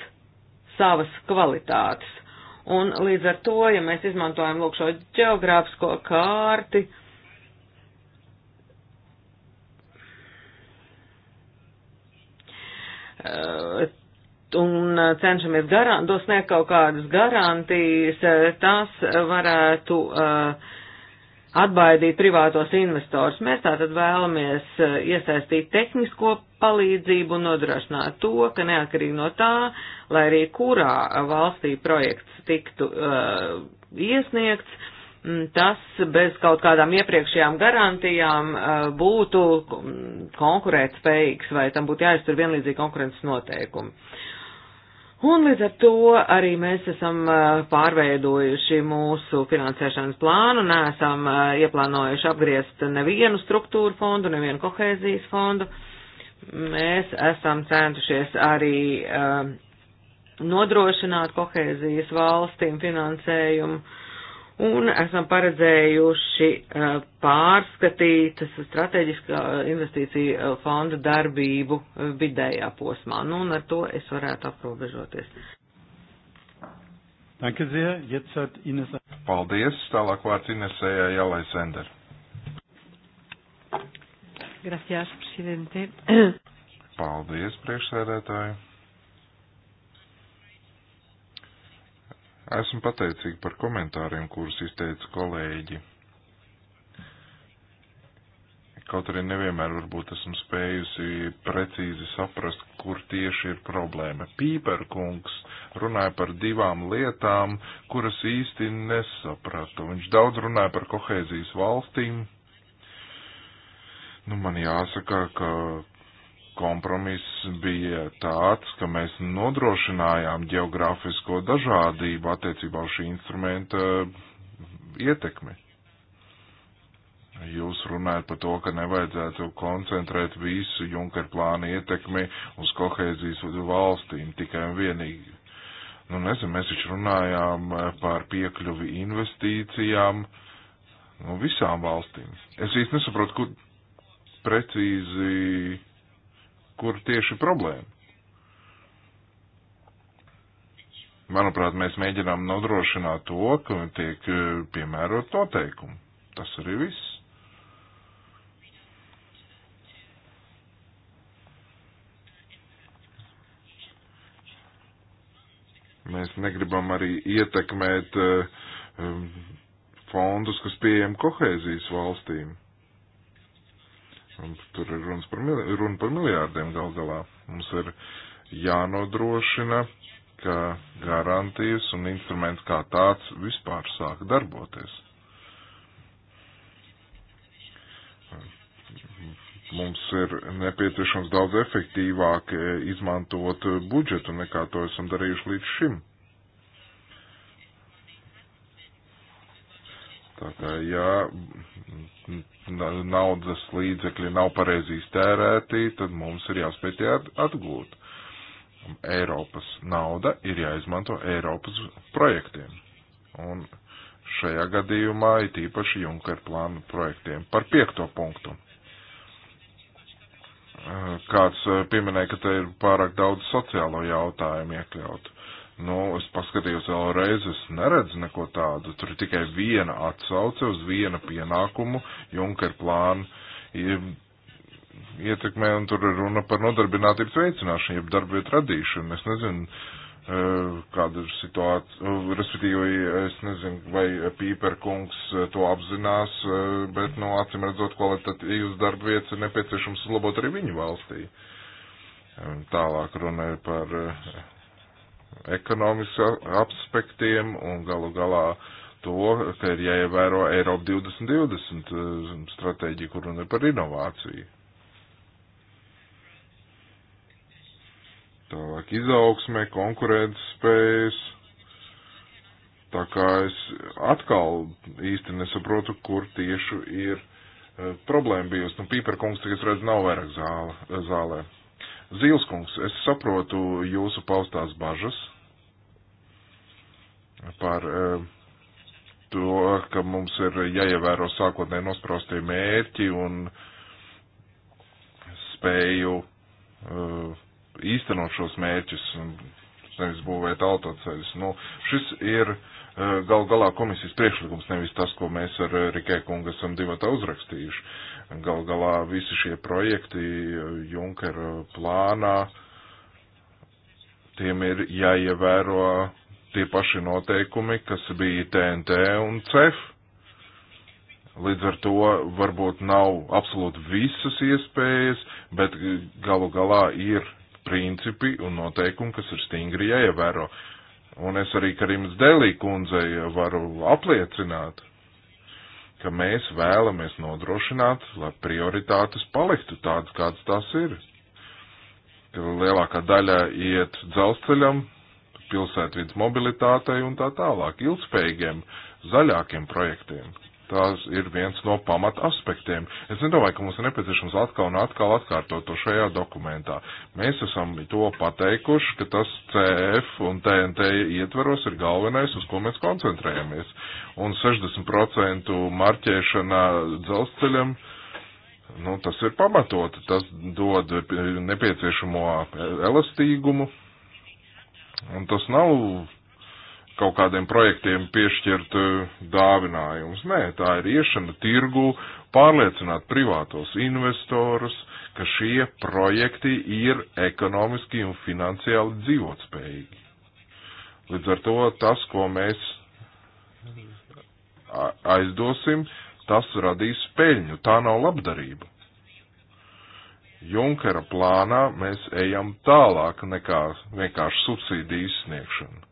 savas kvalitātes. Un līdz ar to, ja mēs izmantojam lūk šo geogrāfisko kārti, uh, Eh, un eh, cenšamies garan, dosniegt kaut kādas garantijas, eh, tas varētu atbaidīt privātos investors. Mēs tātad vēlamies iesaistīt tehnisko palīdzību un nodrošināt to, ka neatkarīgi no tā, lai arī kurā valstī projekts tiktu uh, iesniegts, Mm, tas bez kaut kādām iepriekšējām garantijām eh, būtu konkurētspējīgs vai tam būtu jāiztur vienlīdzīgi konkurences noteikumi. Un līdz ar to arī mēs esam eh, pārveidojuši mūsu finansēšanas plānu, neesam eh, ieplānojuši apgriezt nevienu struktūru fondu, nevienu kohēzijas fondu. Mēs esam centušies arī nodrošināt kohēzijas valstīm finansējumu un esam paredzējuši uh, pārskatīt strateģiskā uh, investīcija uh, fonda darbību vidējā posmā. Nu, un ar to es varētu aprobežoties. Paldies. Tālāk vārds Inesējā Jālai Sender. Gracias, presidente. Paldies, priekšsēdētāji. Esmu pateicīgi par komentāriem, kurus izteica kolēģi. Kaut arī nevienmēr varbūt esmu spējusi precīzi saprast, kur tieši ir problēma. Pīperkungs runāja par divām lietām, kuras īsti nesapratu. Viņš daudz runāja par kohēzijas valstīm. Nu, man jāsaka, ka kompromiss bija tāds, ka mēs nodrošinājām geogrāfisko dažādību attiecībā uz šī instrumenta eh, ietekmi. Jūs runājat par to, ka nevajadzētu koncentrēt visu Junker plānu ietekmi uz kohēzijas valstīm tikai un vienīgi. Nu, nezinu, mēs taču runājām eh, par piekļuvi investīcijām no nu, visām valstīm. Es īsti nesaprotu, kur precīzi kur tieši problēma. Manuprāt, mēs mēģinām nodrošināt to, ka tiek eh, piemērot noteikumi. Tas arī viss. Mēs negribam arī ietekmēt eh, eh, fondus, kas pieejam kohēzijas valstīm. Un tur ir runas par, runa par miljārdiem gal galā. Mums ir jānodrošina, ka garantijas un instruments kā tāds vispār sāk darboties. Mums ir nepieciešams daudz efektīvāk izmantot budžetu nekā to esam darījuši līdz šim. Tā kā, ja naudas līdzekļi nav pareizi iztērēti, tad mums ir jāspēj tie atgūt. Eiropas nauda ir jāizmanto Eiropas projektiem. Un šajā gadījumā ir tīpaši Junker plānu projektiem par piekto punktu. Kāds eh, pieminēja, ka te ir pārāk daudz sociālo jautājumu iekļaut. Nu, es paskatījos vēlreiz, es neredzu neko tādu. Tur ir tikai viena atsauce uz viena pienākumu, Junker plānu ietekmē, un tur ir runa par nodarbinātības veicināšanu, jeb darbvietu radīšanu. Es nezinu, e, kāda ir situācija, e, respektīvi, es nezinu, vai Pīperkungs to apzinās, e, bet, nu, acīm redzot, kvalitatīvas darbvietas ir nepieciešams uzlabot arī viņu valstī. Tālāk runāja par ekonomisku aspektiem un galu galā to, ka ir jāievēro Eiropa 2020 eh, stratēģija, kur runa ir par inovāciju. Tālāk izaugsme, konkurences spējas. Tā kā es atkal īsti nesaprotu, kur tieši ir eh, problēma bijusi. Nu, Pīperkungs, cik es redzu, nav vairāk zāle, zālē. Zīlskungs, es saprotu jūsu paustās bažas par eh, to, ka mums ir jāievēro sākotnē nosprostie mērķi un spēju eh, īstenot šos mērķus un nevis būvēt autoceļus. Nu, šis ir eh, gal galā komisijas priekšlikums, nevis tas, ko mēs ar Rikē kungu esam divatā uzrakstījuši. Gal galā visi šie projekti Junkera plānā, tiem ir jāievēro tie paši noteikumi, kas bija TNT un CEF. Līdz ar to varbūt nav absolūti visas iespējas, bet galu galā ir principi un noteikumi, kas ir stingri jāievēro. Un es arī Karimas Delī kundzei varu apliecināt, ka mēs vēlamies nodrošināt, lai prioritātes paliktu tādas, kādas tās ir. Ka lielākā daļa iet dzelzceļam, pilsētvidas mobilitātei un tā tālāk, ilgspējīgiem, zaļākiem projektiem tās ir viens no pamat aspektiem. Es nedomāju, ka mums ir nepieciešams atkal un atkal atkārtot to šajā dokumentā. Mēs esam to pateikuši, ka tas CF un TNT ietveros ir galvenais, uz ko mēs koncentrējamies. Un 60% marķēšana dzelzceļam. Nu, tas ir pamatot, tas dod nepieciešamo elastīgumu, un tas nav kaut kādiem projektiem piešķirt e, dāvinājumus. Nē, tā ir iešana tirgu, pārliecināt privātos investorus, ka šie projekti ir ekonomiski un finansiāli dzīvotspējīgi. Līdz ar to tas, ko mēs aizdosim, tas radīs peļņu. Tā nav labdarība. Junkera plānā mēs ejam tālāk nekā vienkārši subsīdiju izsniegšana.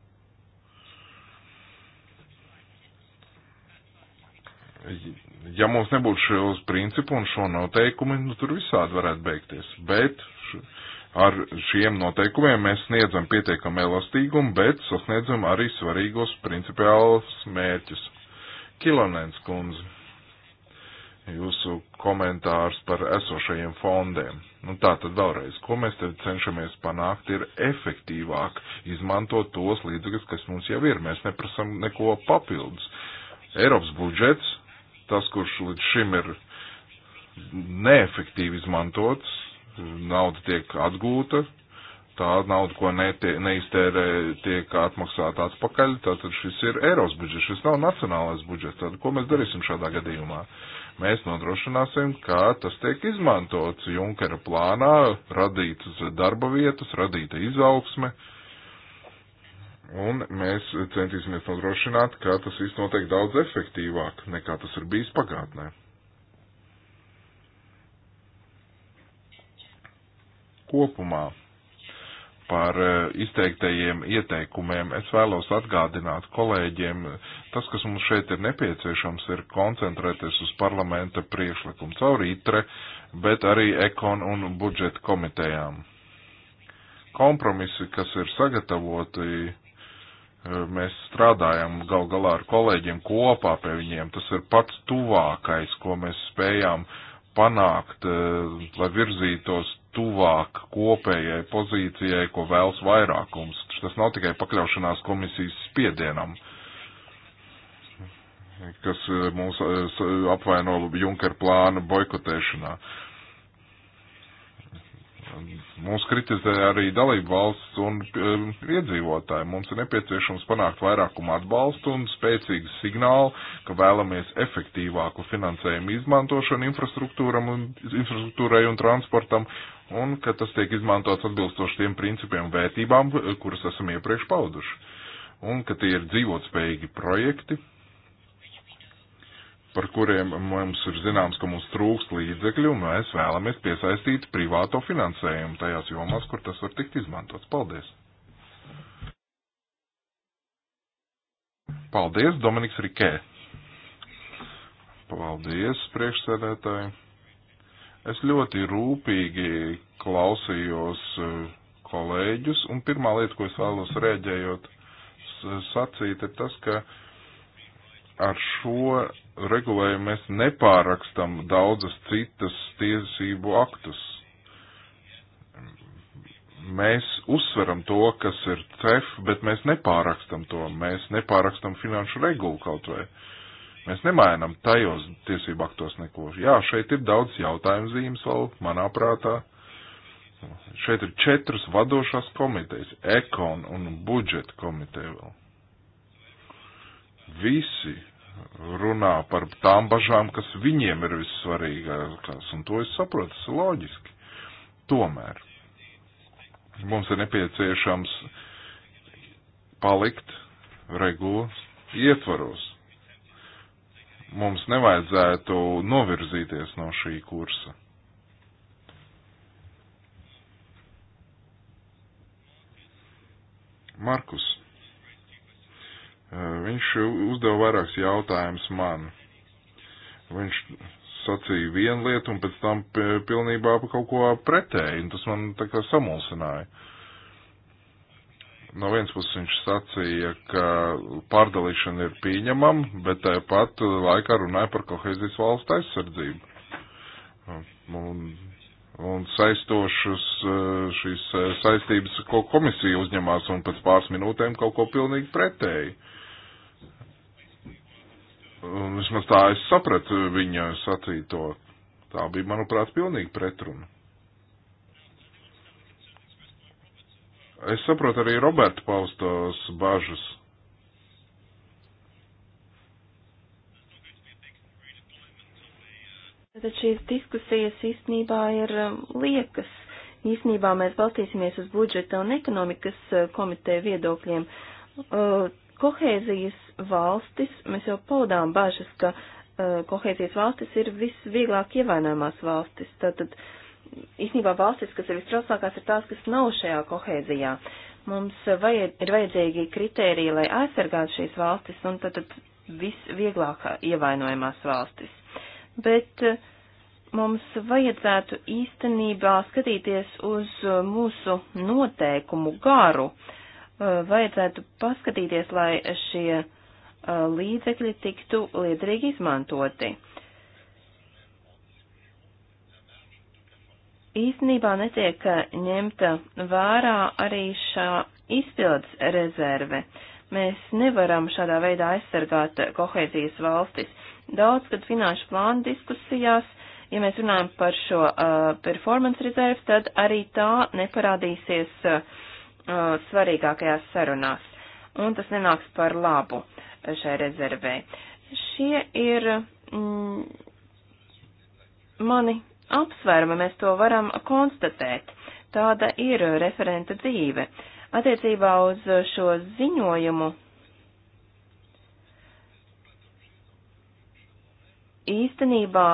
ja mums nebūtu šos principu un šo noteikumu, nu tur visādi varētu beigties. Bet ar šiem noteikumiem mēs sniedzam pietiekam elastīgumu, bet sasniedzam arī svarīgos principiālos mērķus. Kilonēns kundze, jūsu komentārs par esošajiem fondiem. Nu tā tad vēlreiz, ko mēs te cenšamies panākt, ir efektīvāk izmantot tos līdzekļus, kas mums jau ir. Mēs neprasam neko papildus. Eiropas budžets tas, kurš līdz šim ir neefektīvi izmantots, nauda tiek atgūta, tā nauda, ko netie, neiztērē, tiek atmaksāta atpakaļ, tātad šis ir Eiros budžets, šis nav nacionālais budžets, tad ko mēs darīsim šādā gadījumā? Mēs nodrošināsim, ka tas tiek izmantots Junkera plānā, radītas darba vietas, radīta izaugsme, uh, Un mēs centīsimies nodrošināt, ka tas viss notiek daudz efektīvāk nekā tas ir bijis pagātnē. Kopumā par e, izteiktajiem ieteikumiem es vēlos atgādināt kolēģiem, tas, kas mums šeit ir nepieciešams, ir koncentrēties uz parlamenta priekšlikumu caur ITRE, bet arī ekon un budžeta komitejām. Kompromisi, kas ir sagatavoti, Eh, mēs strādājam gal galā ar kolēģiem kopā pie viņiem. Tas ir pats tuvākais, ko mēs spējām panākt, eh, lai virzītos tuvāk kopējai pozīcijai, ko vēlas vairākums. Tas nav tikai pakļaušanās komisijas spiedienam, kas eh, mūs apvaino Junker plānu boikotēšanā. Mums kritizē arī dalību valsts un um, iedzīvotāji. Mums ir nepieciešams panākt vairākumu atbalstu un spēcīgu signālu, ka vēlamies efektīvāku finansējumu izmantošanu un, infrastruktūrai un transportam un ka tas tiek izmantots atbilstoši tiem principiem un vērtībām, kuras esam iepriekš pauduši. Un ka tie ir dzīvotspējīgi projekti, par kuriem mums ir zināms, ka mums trūkst līdzekļu, un mēs vēlamies piesaistīt privāto finansējumu tajās jomās, kur tas var tikt izmantots. Paldies! Paldies, Dominiks Rikē! Paldies, priekšsēdētāji! Es ļoti rūpīgi klausījos eh, kolēģus, un pirmā lieta, ko es vēlos rēģējot, sacīt, ir tas, ka uh, ar šo regulējumu mēs nepārakstam daudzas citas tiesību aktus. Mēs uzsveram to, kas ir CEF, bet mēs nepārakstam to. Mēs nepārakstam finanšu regulu kaut vai. Mēs nemainam tajos tiesību aktos neko. Jā, šeit ir daudz jautājumu zīmes vēl, manā prātā. Šeit ir četras vadošās komitejas - ekon un budžeta komiteja vēl. Visi runā par tām bažām, kas viņiem ir vissvarīgākās, un to es saprotu, tas ir loģiski. Tomēr mums ir nepieciešams palikt regulas ietvaros. Mums nevajadzētu novirzīties no šī kursa. Markus. Viņš uzdeva vairākus jautājumus man. Viņš sacīja vienu lietu un pēc tam pilnībā kaut ko pretēji, un tas man tā kā samulsināja. No vienas puses viņš sacīja, ka pārdalīšana ir pieņemama, bet tāpat laikā runāja par kohēzijas valsts aizsardzību. Un, un saistošas eh, šīs eh, saistības, ko komisija uzņemās, un pēc pāris minūtēm kaut ko pilnīgi pretēji. Uh, Vismaz tā es sapratu viņa sacīto. Tā bija, manuprāt, pilnīgi pretruna. Es saprotu arī Roberta paustos bažas. Tad šīs diskusijas īstenībā ir um, liekas. Īstenībā mēs balstīsimies uz budžeta un ekonomikas uh, komiteja viedokļiem. Uh, Kohēzijas valstis, mēs jau paudām bažas, ka uh, kohēzijas valstis ir visvieglāk ievainojamās valstis. Tātad, īstenībā valstis, kas ir visstrauslākās, ir tās, kas nav šajā kohēzijā. Mums vajad, ir vajadzīgi kritēriji, lai aizsargātu šīs valstis, un tātad visvieglāk ievainojamās valstis. Bet uh, mums vajadzētu īstenībā skatīties uz uh, mūsu noteikumu garu. Uh, Eh, vajadzētu paskatīties, lai šie eh, līdzekļi tiktu liederīgi izmantoti. Īstenībā netiek eh, ņemta vērā arī šā izpildes rezerve. Mēs nevaram šādā veidā aizsargāt kohēzijas valstis. Daudz, kad finanšu plānu diskusijās, ja mēs runājam par šo uh, performance rezervu, tad arī tā neparādīsies uh, uh, svarīgākajās sarunās, un tas nenāks par labu šai rezervē. Šie ir mm, mani apsvērumi, mēs to varam konstatēt. Tāda ir referenta dzīve. Attiecībā uz šo ziņojumu īstenībā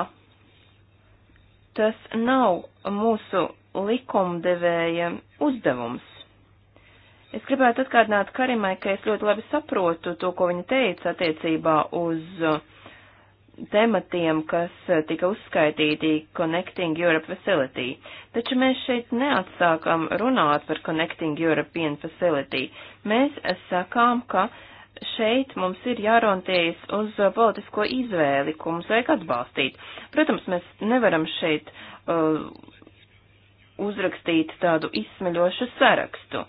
tas nav mūsu likumdevēja uzdevums. Es gribētu atkārtināt Karimai, ka es ļoti labi saprotu to, ko viņa teica attiecībā uz uh, tematiem, kas uh, tika uzskaitīti Connecting Europe Facility. Taču mēs šeit neatsākam runāt par Connecting European Facility. Mēs uh, sakām, ka šeit mums ir jārunties uz politisko izvēli, ko mums vajag atbalstīt. Protams, mēs nevaram šeit uh, uzrakstīt tādu izsmeļošu sarakstu.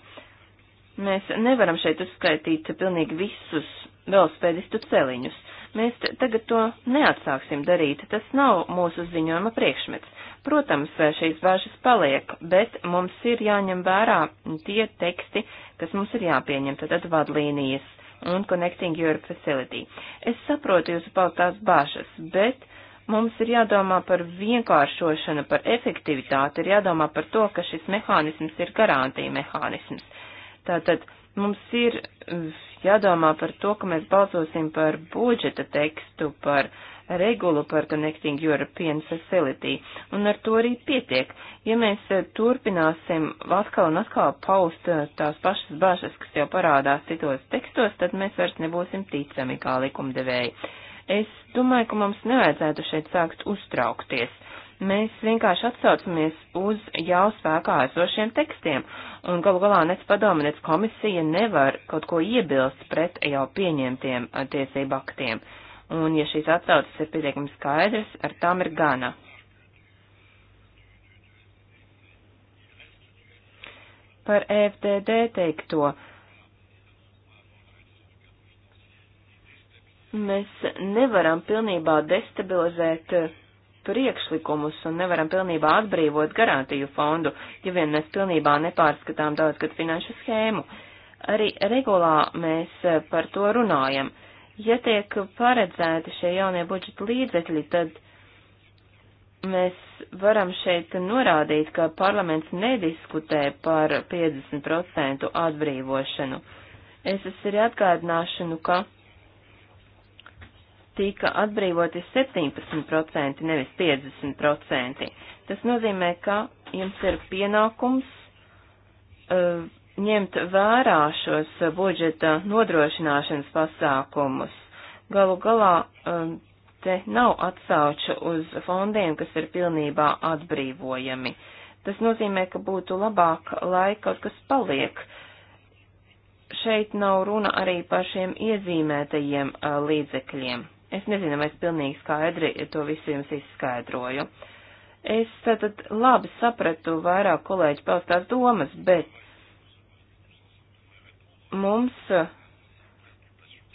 Mēs nevaram šeit uzskaitīt pilnīgi visus velospēdistu celiņus. Mēs tagad to neatsāksim darīt, tas nav mūsu ziņojuma priekšmets. Protams, šīs bāžas paliek, bet mums ir jāņem vērā tie teksti, kas mums ir jāpieņem, tātad vadlīnijas un Connecting Europe Facility. Es saprotu jūsu pautās bāžas, bet mums ir jādomā par vienkāršošanu, par efektivitāti, ir jādomā par to, ka šis mehānisms ir garantija mehānisms. Tātad mums ir jādomā par to, ka mēs balsosim par budžeta tekstu, par regulu par Connecting European Facility, un ar to arī pietiek. Ja mēs eh, turpināsim atkal un atkal paust eh, tās pašas bažas, kas jau parādās citos tekstos, tad mēs vairs nebūsim ticami kā likumdevēji. Es domāju, ka mums nevajadzētu šeit sākt uztraukties. Mēs vienkārši atsaucamies uz jau spēkā esošiem tekstiem, un galu galā nec padoma, nec komisija nevar kaut ko iebilst pret jau pieņemtiem uh, tiesību aktiem. Un ja šīs atsaucas ir pietiekami skaidras, ar tām ir gana. par FDD teikto. Mēs nevaram pilnībā destabilizēt uh, priekšlikumus un nevaram pilnībā atbrīvot garantiju fondu, ja vien mēs pilnībā nepārskatām daudzgad finanšu schēmu. Arī regulā mēs eh, par to runājam. Ja tiek paredzēti šie jaunie budžeta līdzekļi, tad mēs varam šeit norādīt, ka parlaments nediskutē par 50% atbrīvošanu. Es arī atgādināšanu, ka tika atbrīvoti 17%, nevis 50%. Tas nozīmē, ka jums ir pienākums uh, ņemt vērā šos budžeta nodrošināšanas pasākumus. Galu galā uh, te nav atsauču uz fondiem, kas ir pilnībā atbrīvojami. Tas nozīmē, ka būtu labāk, lai kaut kas paliek. Šeit nav runa arī par šiem iezīmētajiem uh, līdzekļiem. Es nezinu, vai es pilnīgi skaidri to visu jums izskaidroju. Es tātad labi sapratu vairāk kolēģi paustās domas, bet mums eh,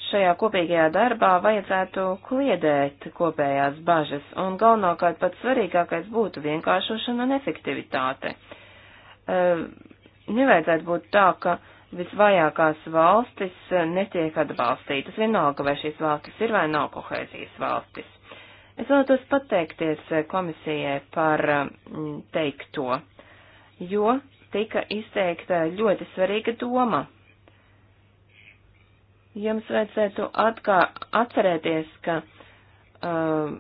šajā kopīgajā darbā vajadzētu kliedēt kopējās bažas, un galvenokārt pats svarīgākais būtu vienkāršošana un efektivitāte. Eh, nevajadzētu būt tā, ka visvajākās valstis eh, netiek atbalstītas, vienalga vai šīs valstis ir vai nav kohēzijas valstis. Es vēlētos pateikties eh, komisijai par eh, teikto, jo tika izteikta ļoti svarīga doma. Jums vajadzētu atkā, atcerēties, ka um,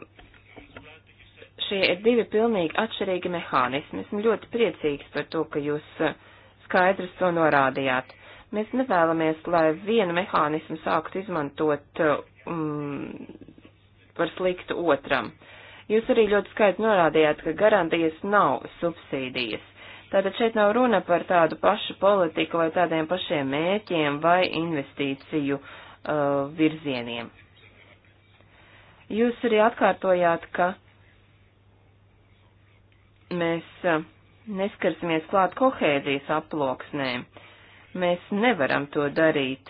šie ir divi pilnīgi atšķirīgi mehānismi. Esmu ļoti priecīgs par to, ka jūs skaidrs to norādījāt. Mēs nevēlamies, lai vienu mehānismu sāktu izmantot um, par sliktu otram. Jūs arī ļoti skaidri norādījāt, ka garantijas nav subsīdijas. Tātad šeit nav runa par tādu pašu politiku vai tādiem pašiem mēķiem vai investīciju uh, virzieniem. Jūs arī atkārtojāt, ka mēs uh, neskarsimies klāt kohēzijas aploksnēm. Uh, Mēs nevaram to darīt.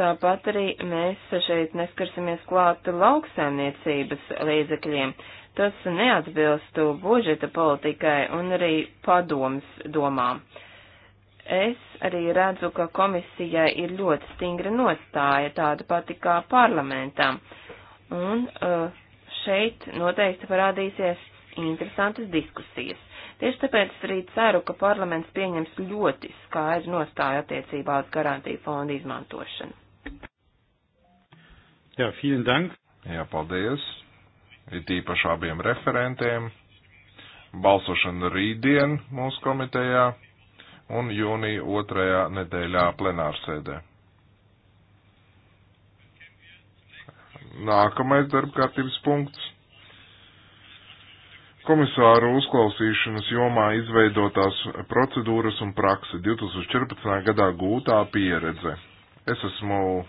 Tāpat arī mēs šeit neskarsimies klāt lauksaimniecības līdzekļiem. Tas neatbilstu budžeta politikai un arī padoms domām. Es arī redzu, ka komisijai ir ļoti stingra nostāja, tāda pati kā parlamentam. Un uh, šeit noteikti parādīsies interesantas diskusijas. Tieši tāpēc arī ceru, ka parlaments pieņems ļoti skaidru nostāju attiecībā uz garantiju fondu izmantošanu. Jā, vielen dank. Jā, paldies. Ir tīpaši abiem referentiem. Balsošana rītdien mūsu komitejā un jūnija otrajā nedēļā plenārsēdē. Nākamais darbkārtības punkts komisāru uzklausīšanas jomā izveidotās procedūras un praksi 2014. gadā gūtā pieredze. Es esmu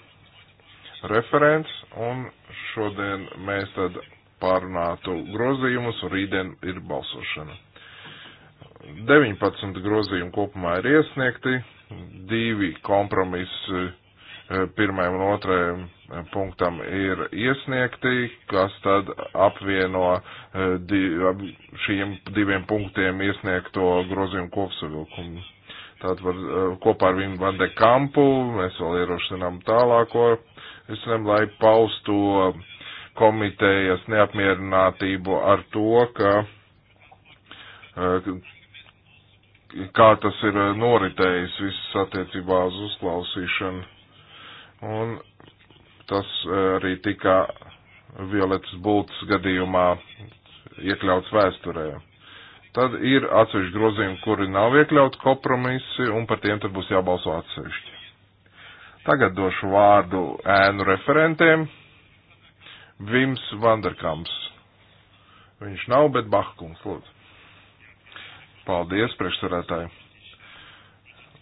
referents un šodien mēs tad pārunātu grozījumus un rītdien ir balsošana. 19 grozījumi kopumā ir iesniegti, divi kompromisi Eh, pirmajam un otrajam eh, punktam ir iesniegti, kas tad apvieno eh, div, šiem diviem punktiem iesniegto grozījumu kopsavilkumu. Tātad var, kopā ar viņu Vande Kampu mēs vēl ierošinām tālāko, es nem, lai paustu komitejas neapmierinātību ar to, ka kā tas ir noritējis viss attiecībā uz uzklausīšanu Un tas eh, arī tika Violetas Bultas gadījumā iekļauts vēsturē. Tad ir atsevišķi grozījumi, kuri nav iekļauti kompromisi, un par tiem tad būs jābalso atsevišķi. Tagad došu vārdu ēnu referentiem. Vims Vanderkams. Viņš nav, bet Bahkums, lūdzu. Paldies, priekšsarētāji.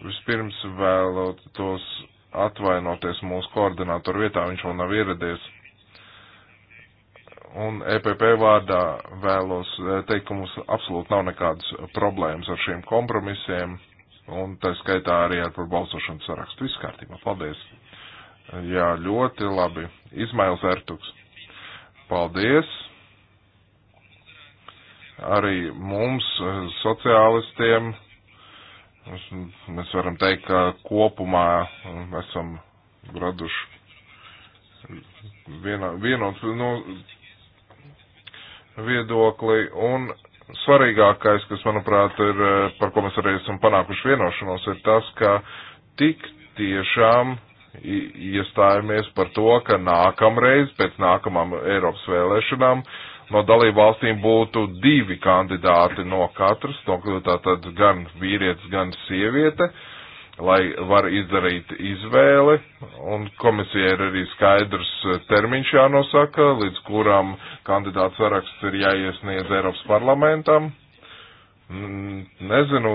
Vispirms vēlētos atvainoties mūsu koordinātoru vietā, viņš vēl nav ieradies. Un EPP vārdā vēlos eh, teikt, ka mums absolūti nav nekādas problēmas ar šiem kompromisiem, un tā skaitā arī ar par balsošanu sarakstu. Viss kārtībā, paldies! Jā, ļoti labi. Izmails Ertuks. Paldies! Arī mums, eh, sociālistiem, Mēs varam teikt, ka kopumā um, esam raduši vienā, vienotu nu, no viedokli un svarīgākais, kas, manuprāt, ir, eh, par ko mēs arī esam panākuši vienošanos, ir tas, ka tik tiešām iestājāmies par to, ka nākamreiz, pēc nākamām Eiropas vēlēšanām, uh, no dalību valstīm būtu divi kandidāti no katras, no tātad gan vīrietis, gan sieviete, lai var izdarīt izvēli, un komisija ir arī skaidrs termiņš jānosaka, līdz kurām kandidāts saraksts ir jāiesniedz Eiropas parlamentam. Nezinu,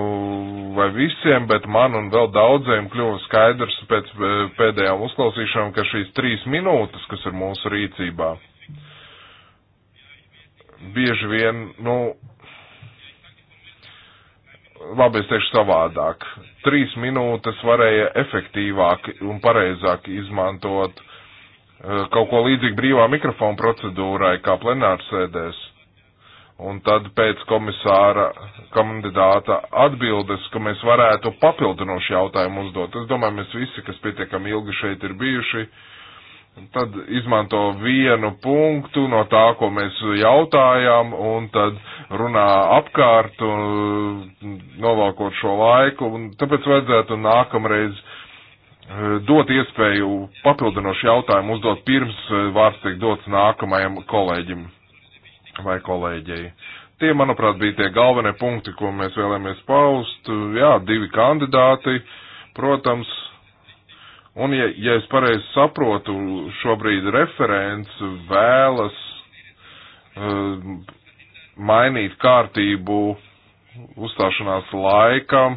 vai visiem, bet man un vēl daudziem kļuva skaidrs pēc pēdējām uzklausīšanām, ka šīs trīs minūtes, kas ir mūsu rīcībā, bieži vien, nu, labi, es teikšu savādāk. Trīs minūtes varēja efektīvāk un pareizāk izmantot eh, kaut ko līdzīgu brīvā mikrofona procedūrai, kā plenārsēdēs. Un tad pēc komisāra kandidāta atbildes, ka mēs varētu papildinošu jautājumu uzdot. Es domāju, mēs visi, kas pietiekami ilgi šeit ir bijuši, uh, tad izmanto vienu punktu no tā, ko mēs jautājām, un tad runā apkārt, un mm, novākot šo laiku, un tāpēc vajadzētu nākamreiz eh, dot iespēju papildinošu jautājumu uzdot pirms eh, vārds tiek dots nākamajam kolēģim vai kolēģei. Tie, manuprāt, bija tie galvenie punkti, ko mēs vēlamies paust. Jā, divi kandidāti, protams, Un, ja, ja es pareizi saprotu, šobrīd referents vēlas uh, mainīt kārtību uzstāšanās laikam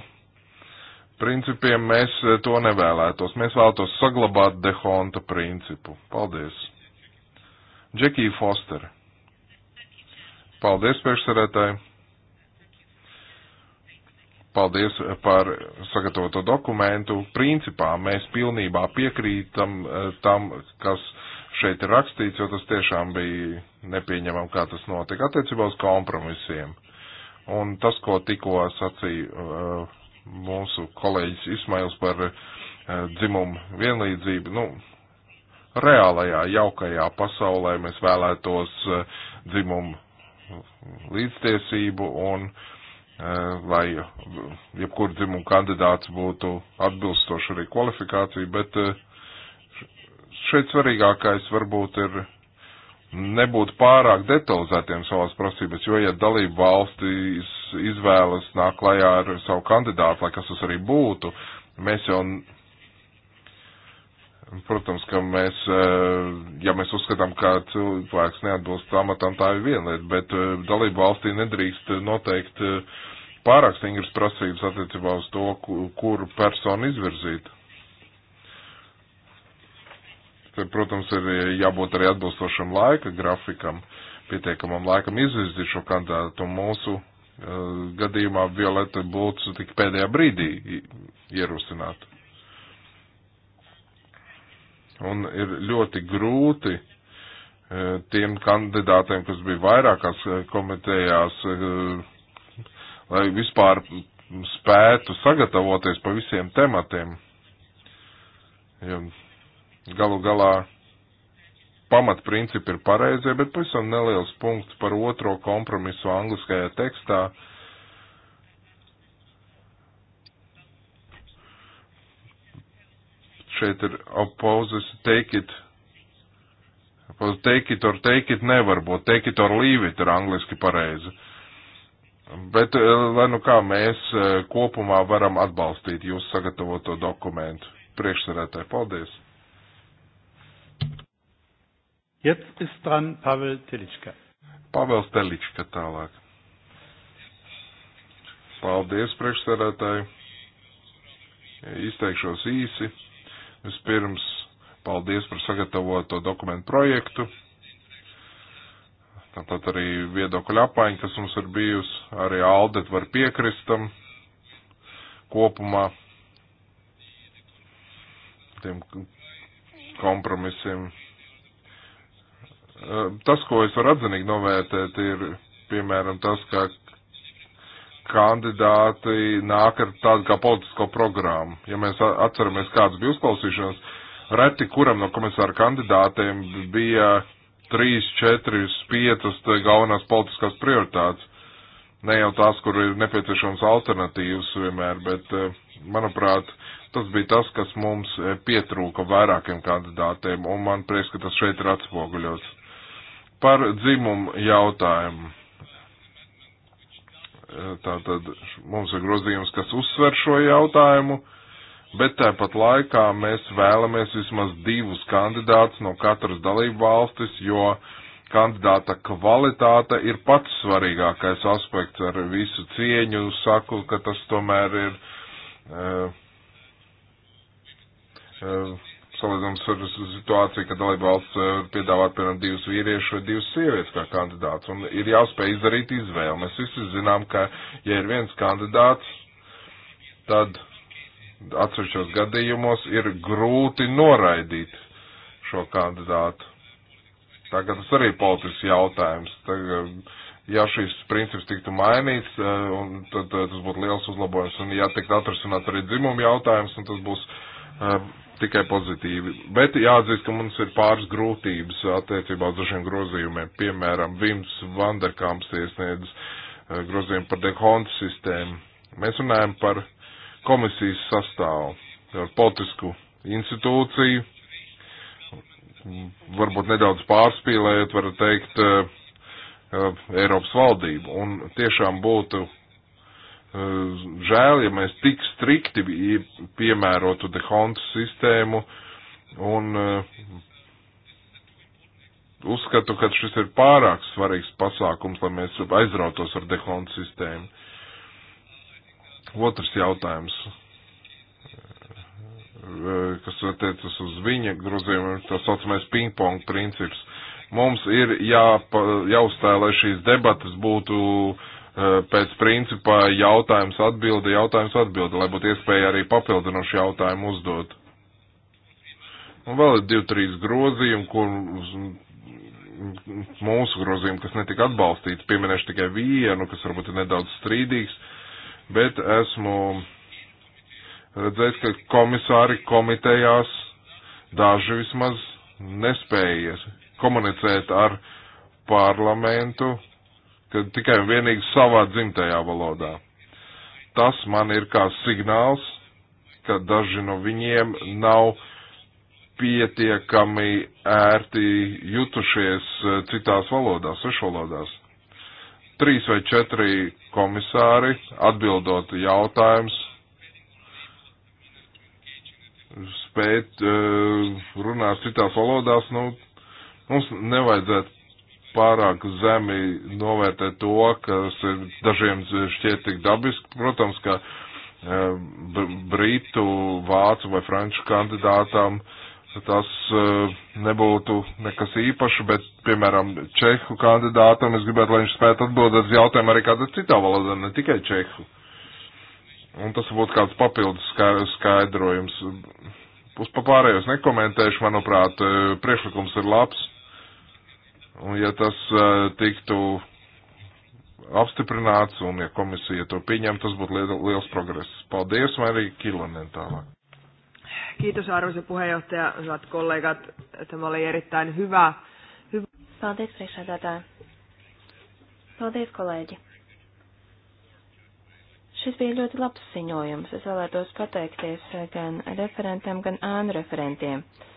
principiem mēs eh, to nevēlētos. Mēs vēlētos saglabāt dehonta principu. Paldies. Džekija Foster. Paldies, priekšsarētāji. Paldies par sagatavoto dokumentu. Principā mēs pilnībā piekrītam eh, tam, kas šeit ir rakstīts, jo tas tiešām bija nepieņemam, kā tas notika attiecībā uz kompromisiem. Un tas, ko tikko sacīja eh, mūsu kolēģis Ismails par eh, dzimumu vienlīdzību, nu, reālajā, jaukajā pasaulē mēs vēlētos dzimumu līdztiesību un uh, lai eh, jebkur dzimumu kandidāts būtu atbilstoši arī kvalifikāciju, bet eh, šeit svarīgākais varbūt ir nebūt pārāk detalizētiem savās prasības, jo, ja dalība valstis izvēlas nāk klajā ar savu kandidātu, lai kas tas arī būtu, mēs jau Protams, ka mēs, eh, ja mēs uzskatām, ka cilvēks neatbilst amatam, tā ir viena lieta, bet eh, dalību valstī nedrīkst noteikt eh, pārāk stingras prasības attiecībā uz to, kur personu izvirzīt. Te, protams, ir jābūt arī atbilstošam laika grafikam, pietiekamam laikam izvirzīt šo kandidātu. Mūsu uh, gadījumā Violeta Bulcu tik pēdējā brīdī ierosināta. Un ir ļoti grūti eh, tiem kandidātiem, kas bija vairākās eh, komitejās, eh, lai vispār spētu sagatavoties pa visiem tematiem. Jo galu galā pamatprincipi ir pareizie, bet pavisam neliels punkts par otro kompromisu angliskajā tekstā. Uh, Šeit ir opposes take it. Opposes take it or take it nevar būt. Take it or leave it ir angliski pareizi. Bet, eh, lai nu kā mēs eh, kopumā varam atbalstīt jūsu sagatavoto dokumentu. Priekšsarētāji, paldies! Jetzt ist dran Pavel Telička. Pavels Telička tālāk. Paldies, priekšsēdētāji. Izteikšos īsi. Vispirms paldies par sagatavoto dokumentu projektu. Tāpat arī viedokļa apmaiņa, kas mums ir bijusi, arī Aldet var piekristam kopumā tiem kompromisiem. Tas, ko es varu atzinīgi novērtēt, ir piemēram tas, ka kandidāti nāk ar tādu kā politisko programmu. Ja mēs atceramies, kādas bija uzklausīšanas, reti kuram no komisāra kandidātiem bija trīs, četras, piecas galvenās politiskās prioritātes. Ne jau tās, kur ir nepieciešams alternatīvas vienmēr, bet, e, manuprāt, tas bija tas, kas mums e, pietrūka vairākiem kandidātiem, un man prieks, ka tas šeit ir atspoguļots. Par dzimumu jautājumu Tātad mums ir grozījums, kas uzsver šo jautājumu, bet tāpat laikā mēs vēlamies vismaz divus kandidātus no katras dalību valstis, jo kandidāta kvalitāte ir pats svarīgākais aspekts ar visu cieņu. Saku, ka tas tomēr ir. Uh, uh, salīdzinājums ar situāciju, ka dalība valsts eh, piedāvā piemēram divus vīriešus vai divas sievietes kā kandidāts, un ir jāspēj izdarīt izvēli. Mēs visi zinām, ka ja ir viens kandidāts, tad atsevišķos gadījumos ir grūti noraidīt šo kandidātu. Tagad tas arī ir politisks jautājums. Tagad, ja šis princips tiktu mainīts, eh, un tad, tad eh, tas būtu liels uzlabojums, un ja tiktu atrasināt arī dzimumu jautājums, un tas būs tikai pozitīvi, bet jāatzīst, ka mums ir pāris grūtības attiecībā uz dažiem grozījumiem. Piemēram, Vims Vanderkamps iesniedz eh, grozījumu par dehontu sistēmu. Mēs runājam par komisijas sastāvu, par politisku institūciju, varbūt nedaudz pārspīlējot, varu teikt, eh, eh, Eiropas valdību. Un tiešām būtu Eh, žēl, ja mēs tik strikti piemērotu dehontu sistēmu un eh, uzskatu, ka šis ir pārāk svarīgs pasākums, lai mēs aizrautos ar dehontu sistēmu. Otrs jautājums, eh, kas attiecas uz viņa grozījumiem, tā saucamais ping-pong princips. Mums ir jā, jāuzstāja, lai šīs debatas būtu uh, Eh, pēc principā jautājums atbildi, jautājums atbildi, lai būtu iespēja arī papildinošu jautājumu uzdot. Un vēl ir divi, trīs grozījumi, kur mūsu grozījumi, kas netika atbalstīts, pieminēšu tikai vienu, kas varbūt ir nedaudz strīdīgs, bet esmu redzējis, ka komisāri komitejās daži vismaz nespējas komunicēt ar parlamentu ka tikai un vienīgi savā dzimtajā valodā. Tas man ir kā signāls, ka daži no viņiem nav pietiekami ērti jutušies e, citās valodās, svešvalodās. Trīs vai četri komisāri atbildot jautājums spēt uh, runāt citās valodās, nu, mums nevajadzētu pārāk zemi novērtē to, kas ir dažiem šķiet tik dabiski. Protams, ka e, Britu, Vācu vai Franču kandidātām tas e, nebūtu nekas īpašs, bet, piemēram, Čehu kandidātam es gribētu, lai viņš spētu atbildēt uz jautājumu arī kādā citā valodā, ne tikai Čehu. Un tas būtu kāds papildus skaidrojums. Uz papārējos nekomentēšu, manuprāt, e, priekšlikums ir labs Un ja tas tiktu apstiprināts un ja komisija to pieņem, tas būtu liels progress. Paldies, vai arī Kilonen tālāk. Kiitos arvoisa puheenjohtaja, hyvät kollegat. Tämä oli erittäin hyvä. hyvä. Paldies, priekšsēdētāji. Paldies, kolēģi. Šis bija ļoti labs ziņojums. Es vēlētos pateikties gan referentam, gan ānu referentiem. Uh,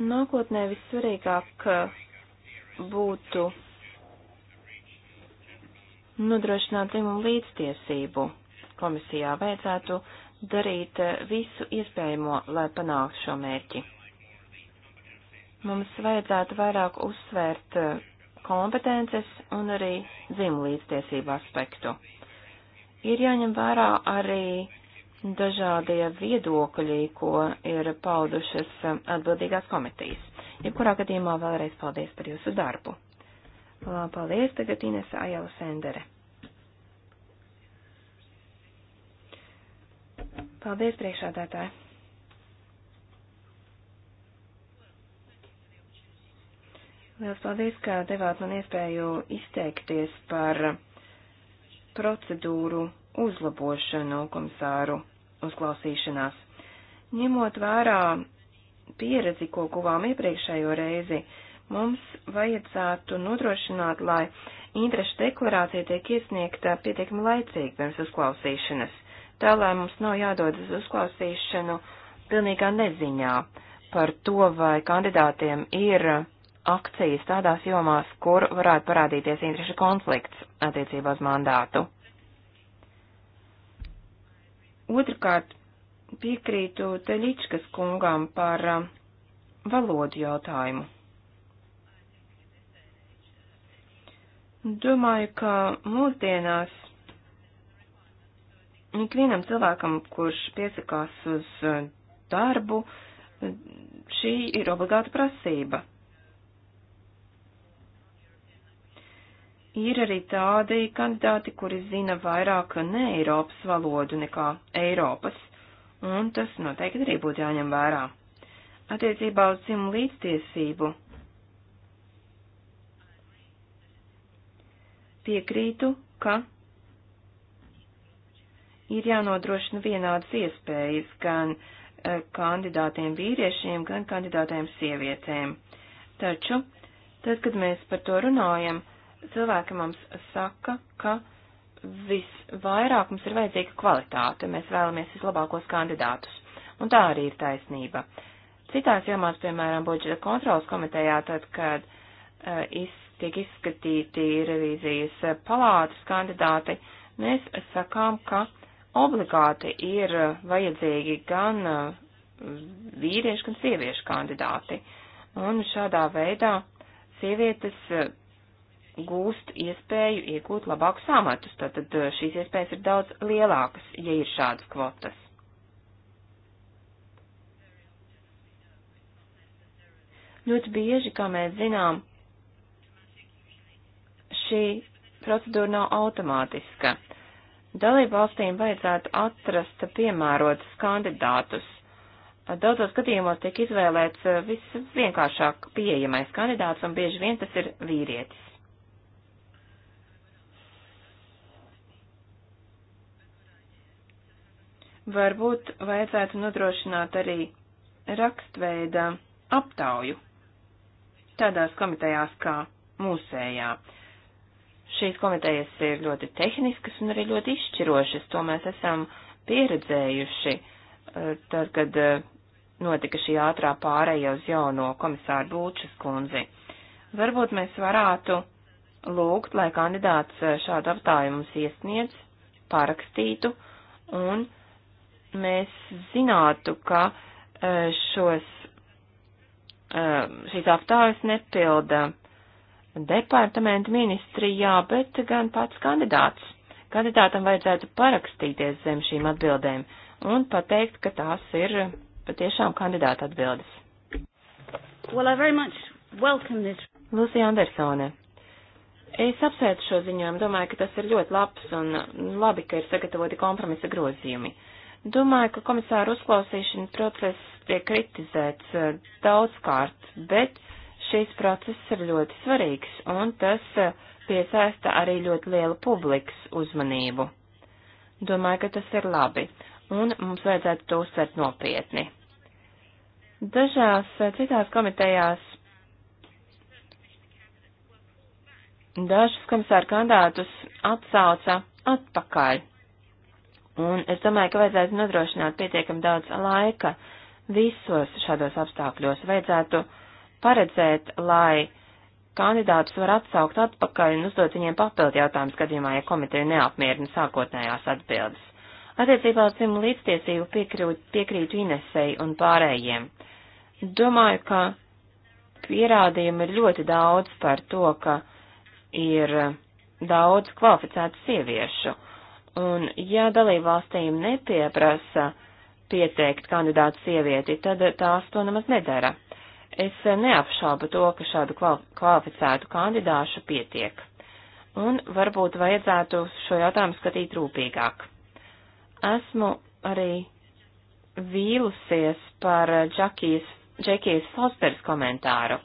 Nākotnē vissvarīgāk eh, būtu nodrošināt dzimumu līdztiesību. Komisijā vajadzētu darīt eh, visu iespējamo, lai panāktu šo mērķi. Mums vajadzētu vairāk uzsvērt eh, kompetences un arī dzimumu līdztiesību aspektu. Ir jāņem vērā arī dažādie viedokļi, ko ir paudušas um, atbildīgās komitejas. Jebkurā gadījumā vēlreiz paldies par jūsu darbu. Paldies, tagad Inesa Ajala Sendere. Paldies, priekšādātāji. Liels paldies, ka devāt man iespēju izteikties par procedūru uzlabošanu komisāru uzklausīšanās. Ņemot vērā pieredzi, ko guvām iepriekšējo reizi, mums vajadzētu nodrošināt, lai interešu deklarācija tiek iesniegta pietiekami laicīgi pirms uzklausīšanas, tā lai mums nav jādodas uz uzklausīšanu pilnīgā neziņā par to, vai kandidātiem ir akcijas tādās jomās, kur varētu parādīties interešu konflikts attiecībā uz mandātu. Otrakārt, piekrītu Teļičkas kungam par uh, valodu jautājumu. Domāju, ka mūsdienās ikvienam cilvēkam, kurš piesakās uz uh, darbu, šī ir obligāta prasība. Ir arī tādi kandidāti, kuri zina vairāk ne Eiropas valodu nekā Eiropas, un tas noteikti arī būtu jāņem vērā. Attiecībā uz dzimumu līdztiesību piekrītu, ka ir jānodrošina vienādas iespējas gan eh, kandidātiem vīriešiem, gan kandidātēm sievietēm. Taču, tad, kad mēs par to runājam, cilvēki mums saka, ka visvairāk mums ir vajadzīga kvalitāte, mēs vēlamies vislabākos kandidātus. Un tā arī ir taisnība. Citās jomās, piemēram, budžeta kontrolas komitejā, tad, kad uh, iz, tiek izskatīti revīzijas palātas kandidāti, mēs sakām, ka obligāti ir vajadzīgi gan uh, e, vīriešu, gan sieviešu kandidāti. Un šādā veidā sievietes gūst iespēju iegūt labākus amatus, tātad eh, šīs iespējas ir daudz lielākas, ja ir šādas kvotas. Ļoti bieži, kā mēs zinām, šī procedūra nav automātiska. Dalību valstīm vajadzētu atrast piemērotus kandidātus. Daudzos gadījumos tiek izvēlēts eh, viss vienkāršāk pieejamais kandidāts, un bieži vien tas ir vīrietis. Varbūt vajadzētu nodrošināt arī rakstveida aptauju tādās komitejās kā mūsējā. Šīs komitejas ir ļoti tehniskas un arī ļoti izšķirošas, to mēs esam pieredzējuši, eh, tad, kad eh, notika šī ātrā pārēja uz jauno komisāru Būčas kundzi. Varbūt mēs varētu lūgt, lai kandidāts eh, šādu aptājumu mums iesniedz, parakstītu un mēs zinātu, ka e, šos, e, šīs aptājas nepilda departamenta ministrijā, bet gan pats kandidāts. Kandidātam vajadzētu parakstīties zem šīm atbildēm un pateikt, ka tās ir patiešām kandidāta atbildes. Well, I very much welcome this. Lūsija Andersone. Es apsveicu šo ziņojumu, domāju, ka tas ir ļoti labs un labi, ka ir sagatavoti kompromisa grozījumi. Uh, Domāju, ka komisāra uzklausīšana process tiek kritizēts eh, daudzkārt, bet šīs process ir ļoti svarīgs, un tas eh, piesaista arī ļoti lielu publikas uzmanību. Domāju, ka tas ir labi, un mums vajadzētu to uzsvērt nopietni. Dažās eh, citās komitejās dažus komisāru kandidātus atsauca atpakaļ. Un es domāju, ka vajadzētu nodrošināt pietiekam daudz laika visos šādos apstākļos. Vajadzētu paredzēt, lai kandidātus var atsaukt atpakaļ un uzdot viņiem papildu jautājumu skatījumā, ja komiteja neapmierina sākotnējās atbildes. Attiecībā uz dzimumu līdztiesību piekrīt, piekrītu Inesei un pārējiem. Domāju, ka pierādījumi ir ļoti daudz par to, ka ir daudz kvalificētu sieviešu Un ja dalībvalstīm nepieprasa pieteikt kandidātu sievieti, tad tās to nemaz nedara. Es neapšaubu to, ka šādu kvalificētu kandidāšu pietiek. Un varbūt vajadzētu šo jautājumu skatīt rūpīgāk. Esmu arī vīlusies par Džakijas, Džekijas Fosters komentāru.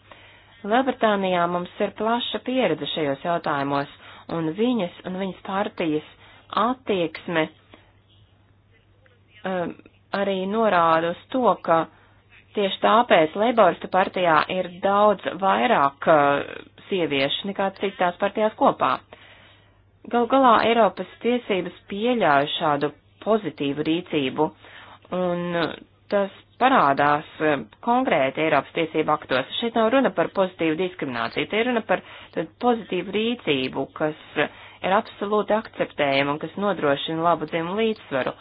Lielbritānijā mums ir plaša pieredze šajos jautājumos, un viņas un viņas partijas attieksme um, arī norāda uz to, ka tieši tāpēc Leiboristu partijā ir daudz vairāk uh, sieviešu nekā citās partijās kopā. Gal galā Eiropas tiesības pieļauj šādu pozitīvu rīcību, un uh, tas parādās um, konkrēti Eiropas tiesību aktos. Šeit nav runa par pozitīvu diskrimināciju, te ir runa par tad, pozitīvu rīcību, kas uh, ir absolūti akceptējama un kas nodrošina labu dzimumu līdzsvaru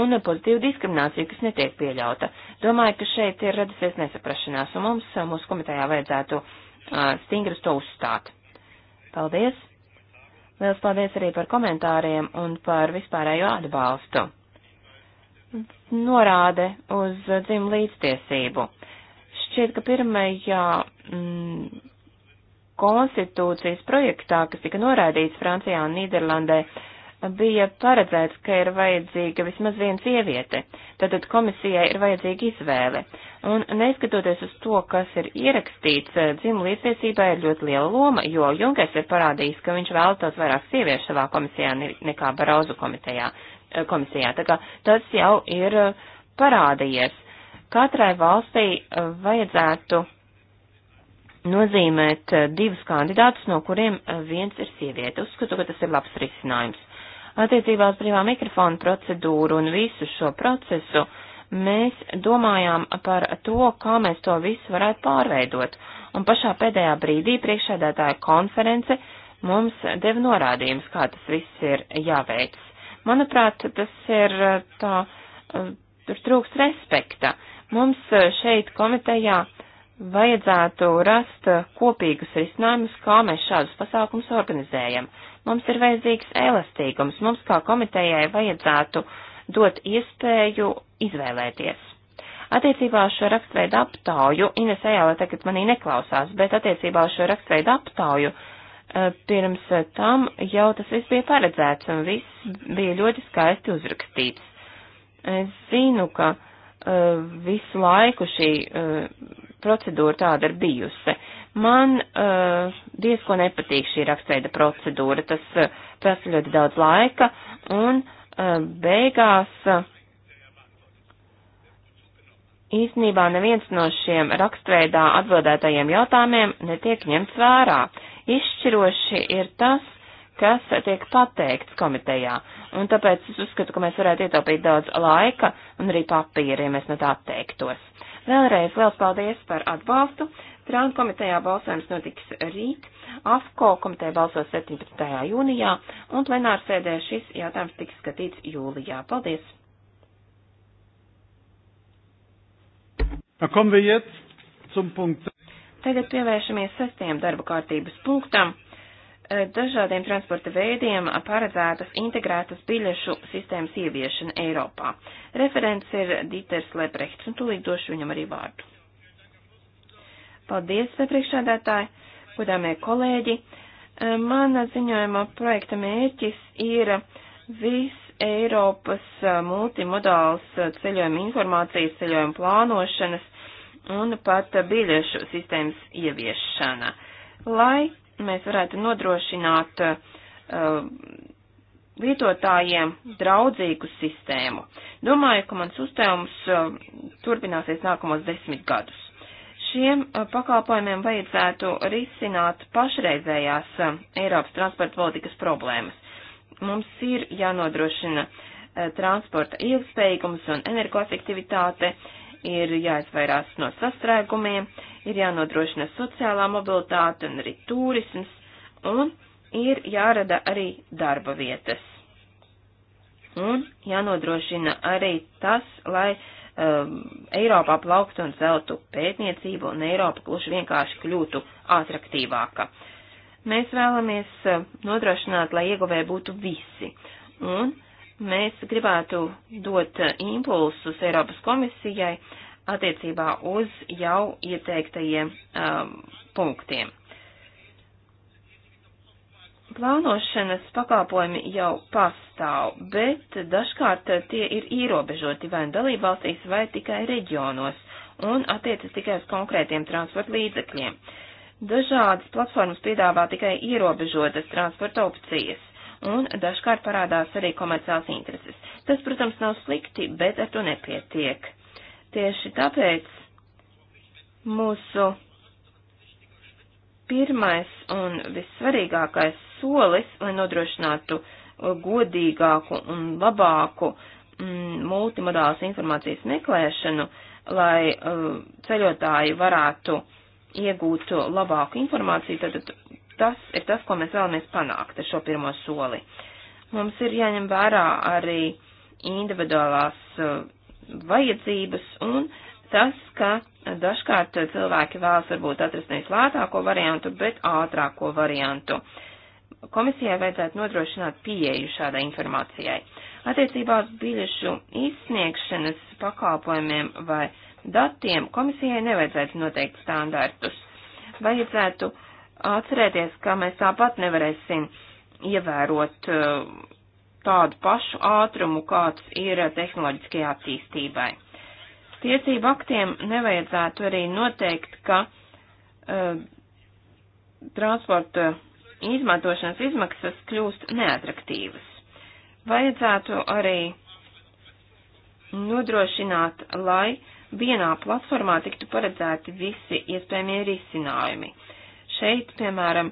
un pozitīvu diskrimināciju, kas netiek pieļauta. Domāju, ka šeit ir radusies nesaprašanās, un mums mūsu komitejā vajadzētu uh, stingri to uzstāt. Paldies! Liels paldies arī par komentāriem un par vispārējo atbalstu. Norāde uz dzimu līdztiesību. Šķiet, ka pirmajā mm, konstitūcijas projektā, kas tika noraidīts Francijā un Nīderlandē, bija paredzēts, ka ir vajadzīga vismaz viena sieviete, tātad komisijai ir vajadzīga izvēle. Un neskatoties uz to, kas ir ierakstīts, eh, dzimuma līdztiesībai ir ļoti liela loma, jo Junkers ir parādījis, ka viņš vēlētos vairāk sieviešu savā komisijā nekā Barauzu komitejā, eh, komisijā. Tā kā tas jau ir eh, parādījies. Katrai valstī vajadzētu nozīmēt eh, divus kandidātus, no kuriem eh, viens ir sieviete. Uzskatu, ka tas ir labs risinājums. Attiecībā uz brīvā mikrofona procedūru un visu šo procesu mēs domājām par to, kā mēs to visu varētu pārveidot. Un pašā pēdējā brīdī priekšēdētāja konference mums deva norādījumus, kā tas viss ir jāveic. Manuprāt, tas ir eh, tā, tur trūks respekta. Mums šeit komitejā uh, vajadzētu rast kopīgus risinājumus, kā mēs šādus pasākumus organizējam. Mums ir vajadzīgs elastīgums, mums kā komitejai vajadzētu dot iespēju izvēlēties. Attiecībā uz šo rakstveidu aptauju, Ines Ejāla tagad manī neklausās, bet attiecībā uz šo rakstveidu aptauju eh, pirms tam jau tas viss bija paredzēts un viss bija ļoti skaisti uzrakstīts. Es zinu, ka uh, visu laiku šī uh, procedūra tāda ir bijusi. Man uh, diezko nepatīk šī rakstveida procedūra, tas uh, prasa ļoti daudz laika un uh, beigās uh, īstenībā neviens no šiem rakstveidā atbildētajiem jautājumiem netiek ņemts vērā. Izšķiroši ir tas, kas tiek pateikts komitejā, un tāpēc es uzskatu, ka mēs varētu ietaupīt daudz laika un arī papīra, ja mēs no tā atteiktos. Vēlreiz liels paldies par atbalstu. Trānu komitejā balsojums notiks rīt, AFCO komiteja balsos 17. jūnijā, un plenārsēdē šis jautājums tiks skatīts jūlijā. Paldies! Tagad pievēršamies sestajam darba kārtības punktam dažādiem transporta veidiem paredzētas integrētas biļešu sistēmas ieviešana Eiropā. Referents ir Dīters Leprechts, un tūlīt došu viņam arī vārdu. Paldies, priekšādātāji, godāmie kolēģi. Mana ziņojuma projekta mērķis ir viss Eiropas multimodāls ceļojuma informācijas, ceļojuma plānošanas un pat biļešu sistēmas ieviešana, lai mēs varētu nodrošināt uh, lietotājiem draudzīgu sistēmu. Domāju, ka mans uzdevums uh, turpināsies nākamos desmit gadus. Šiem uh, pakalpojumiem vajadzētu risināt pašreizējās uh, Eiropas transporta politikas problēmas. Mums ir jānodrošina uh, transporta ilgspējīgums un energoefektivitāte, uh, ir jāizvairās no sastrēgumiem, ir jānodrošina sociālā mobilitāte un arī turisms, un ir jārada arī darba vietas. Un jānodrošina arī tas, lai um, Eiropā plauktu un celtu pētniecību, un Eiropa gluži vienkārši kļūtu atraktīvāka. Mēs vēlamies uh, nodrošināt, lai ieguvē būtu visi, un uh, Mēs gribētu dot impulsus Eiropas komisijai attiecībā uz jau ieteiktajiem um, punktiem. Plānošanas pakāpojumi jau pastāv, bet dažkārt tie ir ierobežoti vai dalībvalstīs vai tikai reģionos un attiecas tikai uz konkrētiem transporta līdzekļiem. Dažādas platformas piedāvā tikai ierobežotas transporta opcijas un dažkārt parādās arī komerciāls intereses. Tas, protams, nav slikti, bet ar to nepietiek. Tieši tāpēc mūsu pirmais un vissvarīgākais solis, lai nodrošinātu godīgāku un labāku mm, multimodālas informācijas meklēšanu, lai uh, ceļotāji varētu iegūt labāku informāciju, tad Tas ir tas, ko mēs vēlamies panākt ar šo pirmo soli. Mums ir jāņem vērā arī individuālās uh, vajadzības un tas, ka dažkārt cilvēki vēlas varbūt atrast nevis lētāko variantu, bet ātrāko variantu. Komisijai vajadzētu nodrošināt pieeju šādai informācijai. Attiecībā uz biļešu izsniegšanas pakalpojumiem vai datiem komisijai nevajadzētu noteikt standartus. Vajadzētu uh, atcerēties, ka mēs tāpat nevarēsim ievērot e, tādu pašu ātrumu, kāds ir tehnoloģiskajā attīstībai. Tiesību aktiem nevajadzētu arī noteikt, ka uh, transporta izmantošanas izmaksas kļūst neatraktīvas. Vajadzētu arī nodrošināt, lai vienā platformā tiktu paredzēti visi iespējamie risinājumi. Uh, Šeit, piemēram,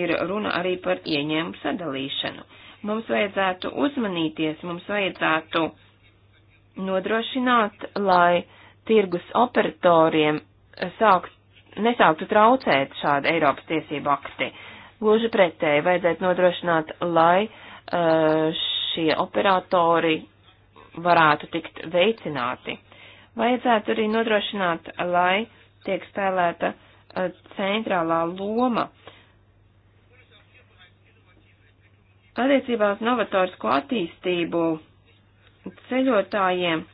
ir runa arī par ieņēmumu sadalīšanu. Mums vajadzētu uzmanīties, mums vajadzētu nodrošināt, lai tirgus operatoriem sākt, nesāktu traucēt šādi Eiropas tiesību akti. Gluži pretēji, vajadzētu nodrošināt, lai uh, šie operatori varētu tikt veicināti. Vajadzētu arī nodrošināt, lai tiek spēlēta uh, centrālā loma. Attiecībā uz novatorisko attīstību ceļotājiem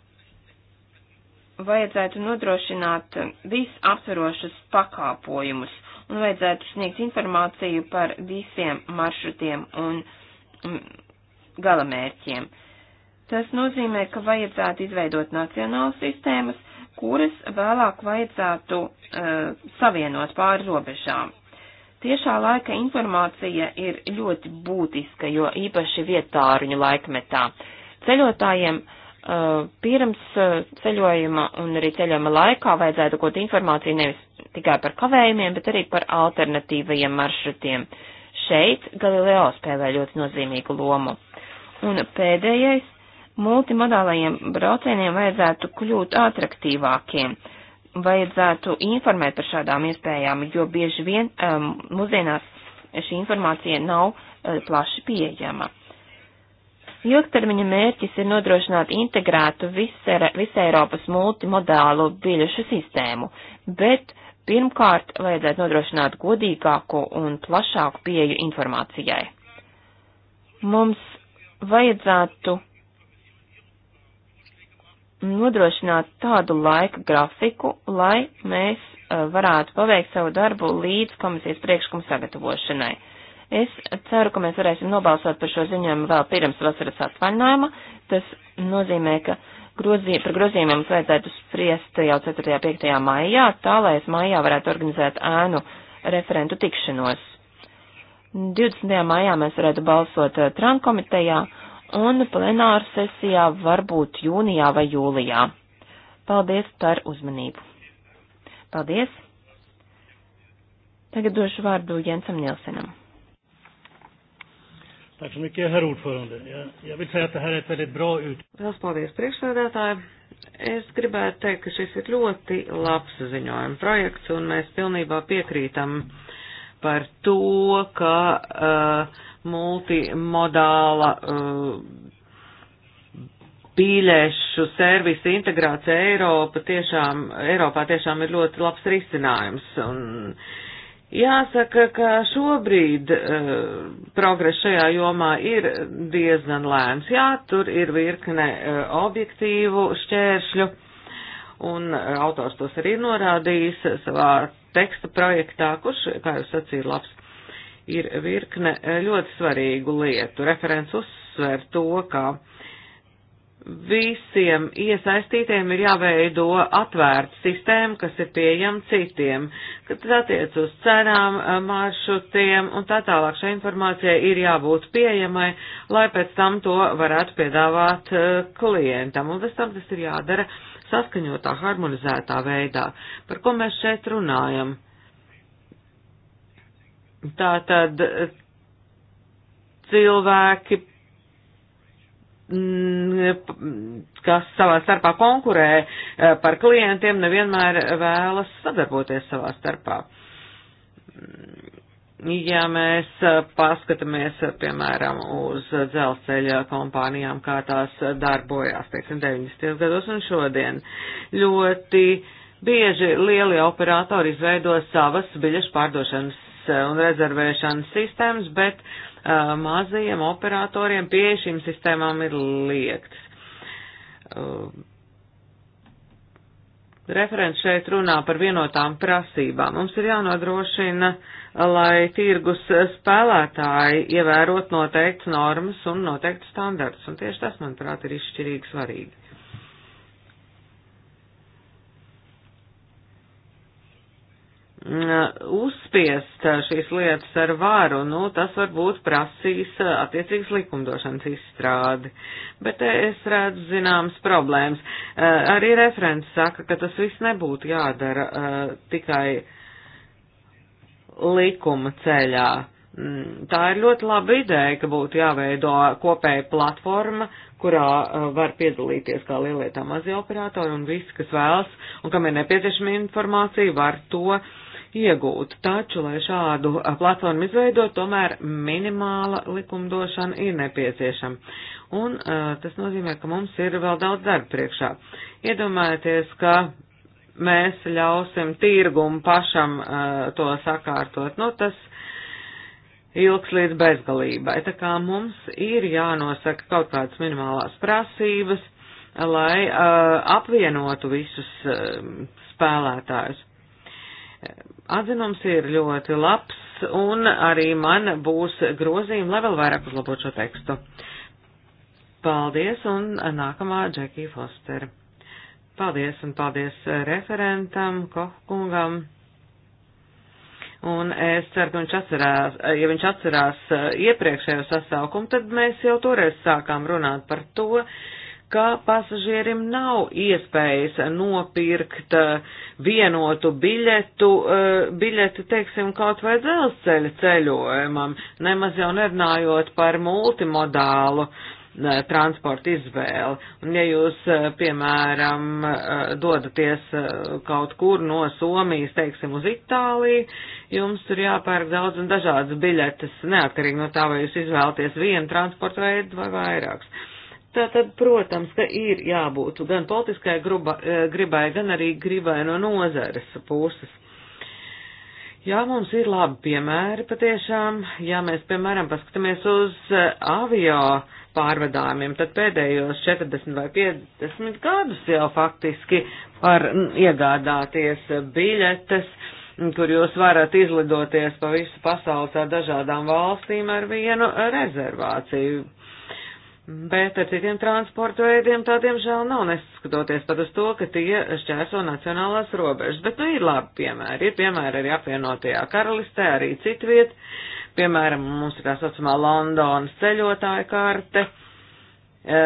vajadzētu nodrošināt visaptverošus pakāpojumus un vajadzētu sniegt informāciju par visiem maršrutiem un mm, galamērķiem. Tas nozīmē, ka vajadzētu izveidot nacionālas sistēmas, kuras vēlāk vajadzētu uh, savienot pāri robežām. Tiešā laika informācija ir ļoti būtiska, jo īpaši vietāruņu laikmetā. Ceļotājiem uh, pirms eh, ceļojuma un arī ceļojuma laikā vajadzētu kaut informāciju nevis tikai par kavējumiem, bet arī par alternatīvajiem maršrutiem. Šeit Galileo spēlē ļoti nozīmīgu lomu. Un pēdējais multimodālajiem braucieniem vajadzētu kļūt atraktīvākiem, vajadzētu informēt par šādām iespējām, jo bieži vien um, mūsdienās šī informācija nav uh, plaši pieejama. Ilgtermiņa mērķis ir nodrošināt integrētu visai Eiropas multimodālu biļešu sistēmu, bet pirmkārt vajadzētu nodrošināt godīgāku un plašāku pieju informācijai. Mums vajadzētu nodrošināt tādu laika grafiku, lai mēs uh, varētu paveikt savu darbu līdz komisijas priekšlikuma sagatavošanai. Es ceru, ka mēs varēsim nobalsot par šo ziņojumu vēl pirms vasaras atvaļinājuma. Tas nozīmē, ka grozī, par grozījumiem mums vajadzētu spriest jau 4. un 5. maijā, tā lai es maijā varētu organizēt ēnu referentu tikšanos. 20. maijā mēs varētu balsot uh, trankomitejā. komitejā un plenāra sesijā varbūt jūnijā vai jūlijā. Paldies par uzmanību. Paldies. Tagad došu vārdu Jensam Nielsenam. Tack så mycket, herr ordförande. Jag, jag vill säga att det här är ett väldigt bra ut... Liels paldies, priekšsēdētāji. Es gribētu teikt, ka šis ir ļoti labs ziņojuma projekts, un mēs pilnībā piekrītam par to, ka uh, multimodāla uh, pīļēšu servisa integrācija Eiropa tiešām, Eiropā tiešām ir ļoti labs risinājums. Un jāsaka, ka šobrīd uh, progress šajā jomā ir diezgan lēns. Jā, tur ir virkne uh, objektīvu šķēršļu, un uh, autors tos arī norādījis savā teksta projektā, kurš, kā jūs sacīja, labs ir virkne e, ļoti svarīgu lietu. Referents uzsver to, ka visiem iesaistītiem ir jāveido atvērta sistēma, kas ir pieejama citiem, kad tas attiec uz cenām, e, maršrutiem un tā tālāk. Šai informācijai ir jābūt pieejamai, lai pēc tam to varētu piedāvāt e, klientam, un pēc tam tas ir jādara saskaņotā, harmonizētā veidā, par ko mēs šeit runājam Tā tad cilvēki, mm, kas savā starpā konkurē eh, par klientiem, nevienmēr vēlas sadarboties savā starpā. Ja mēs eh, paskatāmies, eh, piemēram, uz dzelzceļa kompānijām, kā tās darbojās, teiksim, 90. gados un šodien, ļoti bieži lielie operatori izveido savas biļešu pārdošanas Eh, un rezervēšanas sistēmas, bet uh, mazajiem operatoriem pie šīm sistēmām ir liektas. Uh, eh, Referents šeit runā par vienotām prasībām. Mums ir jānodrošina, lai tirgus spēlētāji ievērot noteikts normas un noteikts standarts, un tieši tas, manuprāt, ir izšķirīgi svarīgi. Mm, uzspiest šīs lietas ar varu, nu, tas varbūt prasīs attiecīgas likumdošanas izstrādi. Bet es redzu zināmas problēmas. Arī referents saka, ka tas viss nebūtu jādara tikai likuma ceļā. Mm, tā ir ļoti laba ideja, ka būtu jāveido kopēja platforma, kurā var piedalīties kā lielie tā mazie operatori un visi, kas vēlas un kam ir nepieciešama informācija, var to uh, iegūtu. Taču, lai šādu platformu izveidot, tomēr minimāla likumdošana ir nepieciešama. Un tas nozīmē, ka mums ir vēl daudz darba priekšā. Iedomājieties, ka mēs ļausim tirgumu pašam to sakārtot. Nu, tas ilgs līdz bezgalībai. Tā kā mums ir jānosaka kaut kādas minimālās prasības, lai uh, apvienotu visus uh, spēlētājus. Atzinums ir ļoti labs, un arī man būs grozījumi, lai vēl vairāk uzlabotu šo tekstu. Paldies, un nākamā Džekija Foster. Paldies, un paldies referentam, Kohkungam. Un es ceru, ka viņš atcerās, ja viņš atcerās iepriekšējo sasaukumu, tad mēs jau toreiz sākām runāt par to, ka pasažierim nav iespējas nopirkt eh, vienotu biļetu, eh, biļeti, teiksim, kaut vai dzelzceļa ceļojumam, nemaz jau nerunājot par multimodālu eh, transporta izvēli. Un ja jūs, piemēram, dodaties kaut kur no Somijas, teiksim, uz Itāliju, jums tur jāpērk daudz un dažādas biļetes, neatkarīgi no tā, vai jūs izvēlaties vienu transporta veidu vai vairākus. Tātad, protams, ka ir jābūt gan politiskai gruba, e, gribai, gan arī gribai no nozares puses. Jā, mums ir labi piemēri patiešām. Ja mēs, piemēram, paskatāmies uz e, avio pārvadājumiem, tad pēdējos 40 vai 50 gadus jau faktiski var iegādāties biļetes, kur jūs varat izlidoties pa visu pasauli ar dažādām valstīm ar vienu rezervāciju Bet ar citiem transporta veidiem tādiem žēl nav, neskatoties pat uz to, ka tie šķērso nacionālās robežas. Bet nu ir labi piemēri. Ir piemēri arī apvienotajā karalistē, arī citviet. Piemēram, mums ir tā saucamā Londonas ceļotāja karte. E,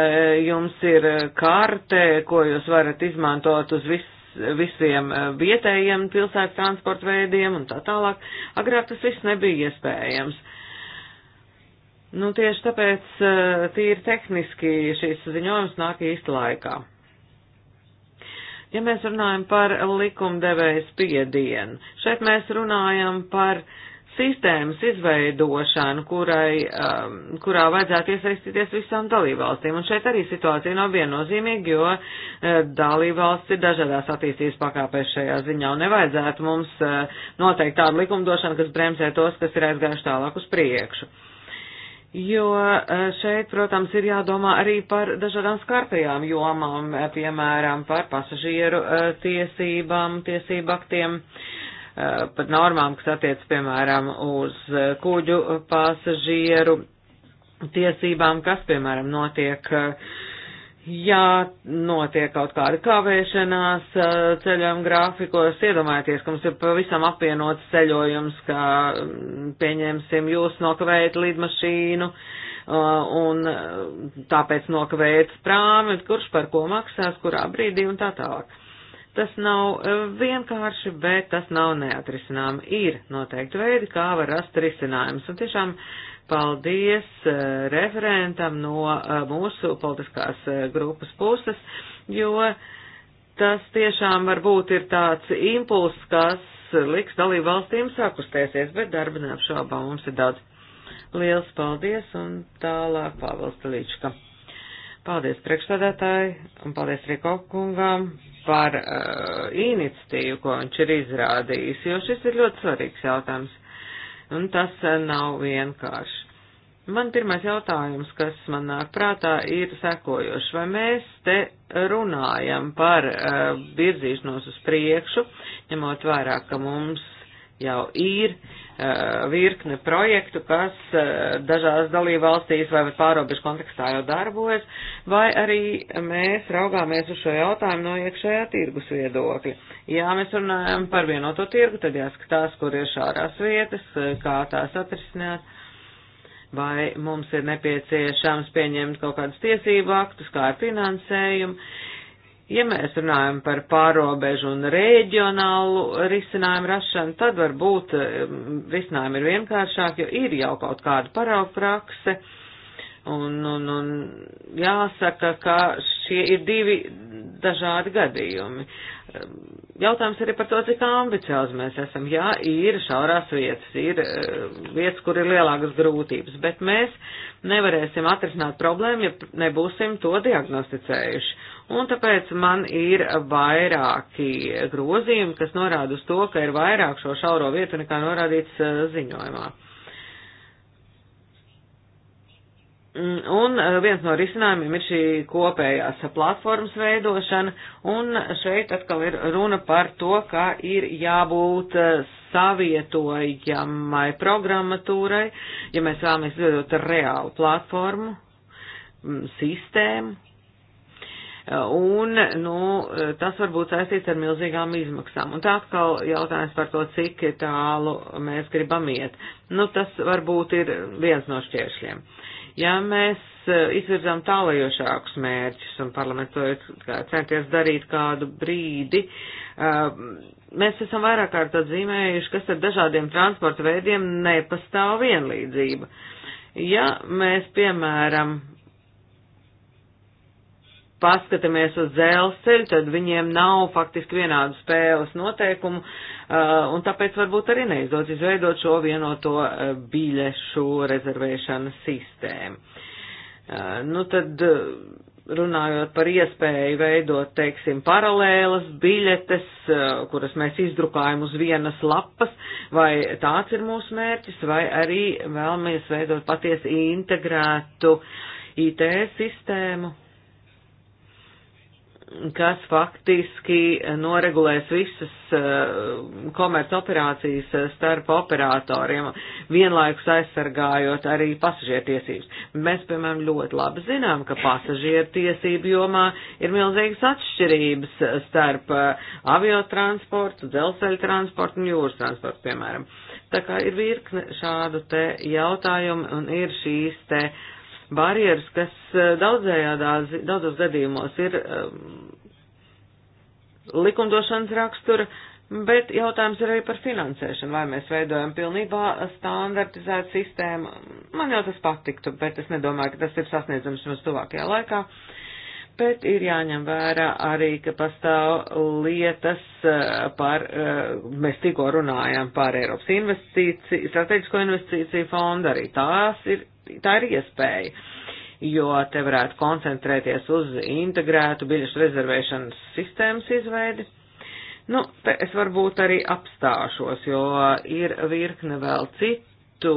jums ir karte, ko jūs varat izmantot uz visu visiem e, vietējiem pilsētas transporta veidiem un tā tālāk. Agrāk tas viss nebija iespējams. Uh, Nu, tieši tāpēc eh, tīri tehniski šīs ziņojums nāk īsta laikā. Ja mēs runājam par likumdevējas piedienu, šeit mēs runājam par sistēmas izveidošanu, kurai, um, kurā vajadzētu iesaistīties visām dalībvalstīm. Un šeit arī situācija nav viennozīmīga, jo uh, dalībvalsts ir dažādās attīstības pakāpēs šajā ziņā, un nevajadzētu mums uh, noteikt tādu likumdošanu, kas bremzē tos, kas ir aizgājuši tālāk uz priekšu. Uh, Jo e, šeit, protams, ir jādomā arī par dažādām skartajām jomām, e, piemēram, par pasažieru e, tiesībām, tiesību aktiem, pat normām, kas attiec, piemēram, uz kuģu pasažieru tiesībām, kas, piemēram, notiek uh, Ja notiek kaut kāda kavēšanās eh, ceļojuma grafikos, iedomājieties, ka mums ir pavisam apvienots ceļojums, ka mm, pieņemsim jūs nokavējat lidmašīnu eh, un eh, tāpēc nokavējat prāmi, kurš par ko maksās, kurā brīdī un tā tālāk. Tas nav vienkārši, bet tas nav neatrisinām. Ir noteikti veidi, kā var rast risinājums. Un tiešām Paldies eh, referentam no eh, mūsu politiskās eh, grupas puses, jo tas tiešām varbūt ir tāds impuls, kas liks dalību valstīm sakustēties, bet darba neapšaubā mums ir daudz. Liels paldies un tālāk Pāvils Pilīčka. Paldies priekšstādātāji un paldies Riko kungam par uh, iniciatīvu, ko viņš ir izrādījis, jo šis ir ļoti svarīgs jautājums un tas eh, nav vienkārši. Man pirmais jautājums, kas man nāk prātā, ir sekojoši. Vai mēs te runājam par uh, virzīšanos uz priekšu, ņemot vairāk, ka mums jau ir uh, Eh, virkne projektu, kas eh, dažās dalībvalstīs vai pārobežu kontekstā jau darbojas, vai arī mēs raugāmies uz šo jautājumu no iekšējā tirgus viedokļa. Ja mēs runājam par vienoto tirgu, tad jāskatās, kur ir šārās vietas, eh, kā tās atrisināt, vai mums ir nepieciešams pieņemt kaut kādus tiesību aktus, kā ar finansējumu Ja mēs runājam par pārobežu un reģionālu risinājumu rašanu, tad varbūt um, risinājumi ir vienkāršāki, jo ir jau kaut kāda parauga prakse. Un, un, un jāsaka, ka šie ir divi dažādi gadījumi. Um, jautājums arī par to, cik ambiciozi mēs esam. Jā, ir šaurās vietas, ir um, vietas, kur ir lielākas grūtības, bet mēs nevarēsim atrisināt problēmu, ja nebūsim to diagnosticējuši un tāpēc man ir vairāki grozījumi, kas norāda uz to, ka ir vairāk šo šauro vietu nekā norādīts uh, ziņojumā. Mm, un uh, viens no risinājumiem ir šī kopējās platformas veidošana, un šeit atkal ir runa par to, ka ir jābūt uh, savietojamai programmatūrai, ja mēs vēlamies veidot reālu platformu, mm, sistēmu, un, nu, tas var būt saistīts ar milzīgām izmaksām. Un tā atkal jautājums par to, cik tālu mēs gribam iet. Nu, tas varbūt ir viens no šķēršļiem. Ja mēs e, izvirzām tālajošākus mērķus un parlaments to centies darīt kādu brīdi, e, mēs esam vairāk kārt atzīmējuši, kas ar dažādiem transporta veidiem nepastāv vienlīdzība. Ja mēs, piemēram, paskatāmies uz dzelzceļu, tad viņiem nav faktiski vienādu spēles noteikumu, uh, un tāpēc varbūt arī neizdodas izveidot šo vienoto uh, biļešu rezervēšanas sistēmu. Uh, nu tad, runājot par iespēju veidot, teiksim, paralēlas biļetes, kuras mēs izdrukājam uz vienas lapas, vai tāds ir mūsu mērķis, vai arī vēlamies veidot patiesi integrētu IT sistēmu kas faktiski noregulēs visas eh, komerc operācijas eh, starp operatoriem, vienlaikus aizsargājot arī pasažieru tiesības. Mēs, piemēram, ļoti labi zinām, ka pasažieru tiesību jomā ir milzīgas atšķirības eh, starp aviotransportu, dzelzceļa transportu un jūras transportu, piemēram. Tā kā ir virkne šādu te jautājumu un ir šīs te uh, barjeras, kas eh, daudzos gadījumos ir um, likumdošanas rakstura, bet jautājums ir arī par finansēšanu, vai mēs veidojam pilnībā standartizētu sistēmu. Man jau tas patiktu, bet es nedomāju, ka tas ir sasniedzams mums tuvākajā laikā. Bet ir jāņem vērā arī, ka pastāv lietas eh, par, eh, mēs tikko runājām par Eiropas investīciju, strateģisko investīciju fondu, arī tās ir tā ir iespēja, jo te varētu koncentrēties uz integrētu biļešu rezervēšanas sistēmas izveidi. Nu, te es varbūt arī apstāšos, jo ir virkne vēl citu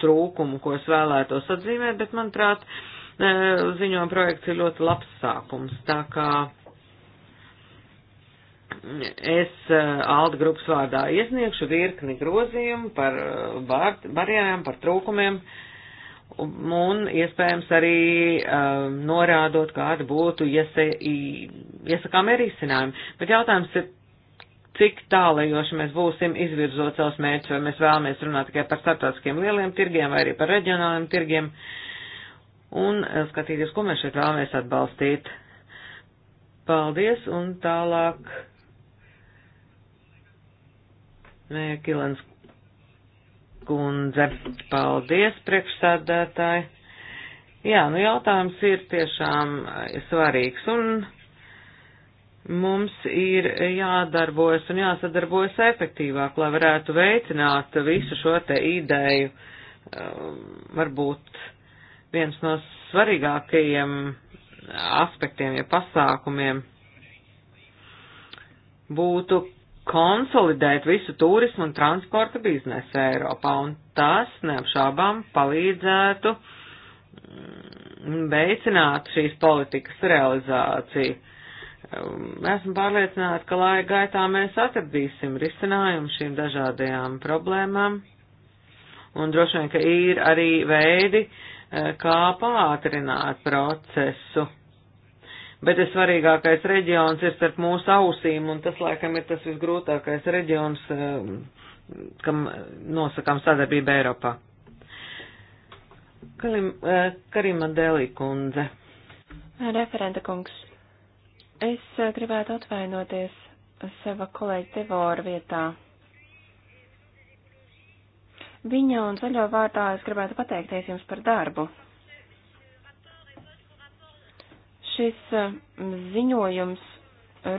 trūkumu, ko es vēlētos atzīmēt, bet, manuprāt, e, ziņojuma projekts ir ļoti labs sākums, tā kā es e, Alda grupas vārdā iesniegšu virkni grozījumu par bar e, barjerām, par trūkumiem. Uh, un, un iespējams arī um, norādot, kāda būtu iese, iesakāmie risinājumi. Bet jautājums ir, cik tālajoši mēs būsim izvirzot savus mērķus, vai mēs vēlamies runāt tikai par starptautiskiem lieliem tirgiem vai arī par reģionāliem tirgiem, un eh, skatīties, ko mēs šeit vēlamies atbalstīt. Paldies, un tālāk. Nē, Kilens kundze. Paldies, priekšsēdētāji. Jā, nu jautājums ir tiešām eh, svarīgs un mums ir jādarbojas un jāsadarbojas efektīvāk, lai varētu veicināt visu šo te ideju. Eh, varbūt viens no svarīgākajiem aspektiem, ja pasākumiem būtu konsolidēt visu turismu un transporta biznesu Eiropā, un tas neapšābām palīdzētu mm, veicināt šīs politikas realizāciju. Um, esmu pārliecināta, ka laika gaitā mēs atradīsim risinājumu šīm dažādajām problēmām, un droši vien, ka ir arī veidi, eh, kā pātrināt procesu bet tas svarīgākais reģions ir starp mūsu ausīm, un tas laikam ir tas visgrūtākais reģions, eh, kam nosakām sadarbību Eiropā. Kalim, eh, Karima Delī kundze. Referenta kungs, es eh, gribētu atvainoties sava kolēģa Devora vietā. Viņa un zaļo vārdā es gribētu pateikties jums par darbu. Šis eh, ziņojums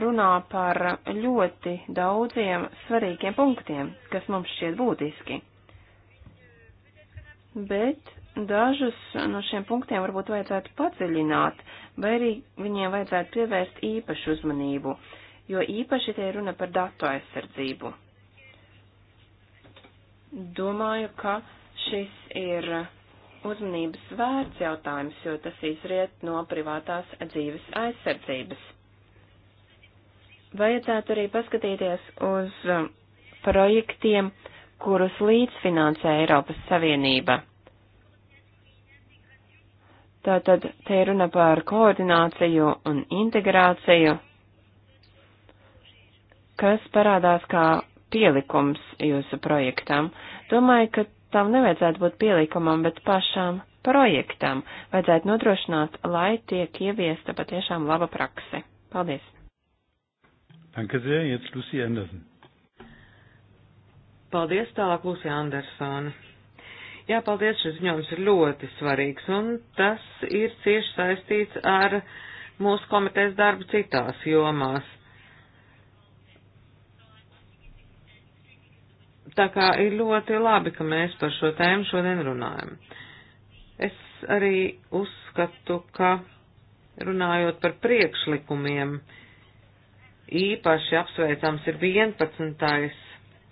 runā par ļoti daudziem svarīgiem punktiem, kas mums šķiet būtiski. Bet dažus no šiem punktiem varbūt vajadzētu padziļināt, vai arī viņiem vajadzētu pievērst īpašu uzmanību, jo īpaši tie runa par datu aizsardzību. Domāju, ka šis ir uzmanības vērts jautājums, jo tas izriet no privātās dzīves aizsardzības. Vajadzētu arī paskatīties uz um, projektiem, kurus līdzfinansē Eiropas Savienība. Tātad te ir runa par koordināciju un integrāciju, kas parādās kā pielikums jūsu projektam. Domāju, ka tam nevajadzētu būt pielikumam, bet pašām projektam vajadzētu nodrošināt, lai tiek ieviesta patiešām laba prakse. Paldies! Danke sehr, jetzt Lucy Anderson. Paldies tālāk, Lucy Andersone. Jā, paldies, šis ziņojums ir ļoti svarīgs, un tas ir cieši saistīts ar mūsu komitejas darbu citās jomās Tā kā ir ļoti labi, ka mēs par šo tēmu šodien runājam. Es arī uzskatu, ka runājot par priekšlikumiem, īpaši apsveicams ir 11.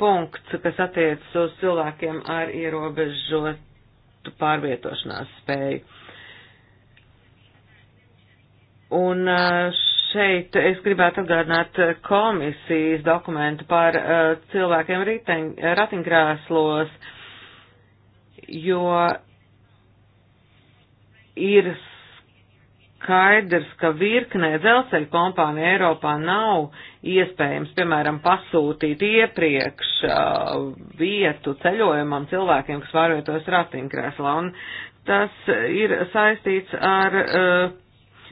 punkts, kas attiecas uz cilvēkiem ar ierobežotu pārvietošanās spēju. Un Šeit es gribētu atgādināt eh, komisijas dokumentu par uh, cilvēkiem riteņ, ratiņkrēslos, jo ir skaidrs, ka virknē dzelzceļa kompānija Eiropā nav iespējams, piemēram, pasūtīt iepriekš uh, vietu ceļojumam cilvēkiem, kas vārvietos ratiņkrēslā, un tas ir saistīts ar uh,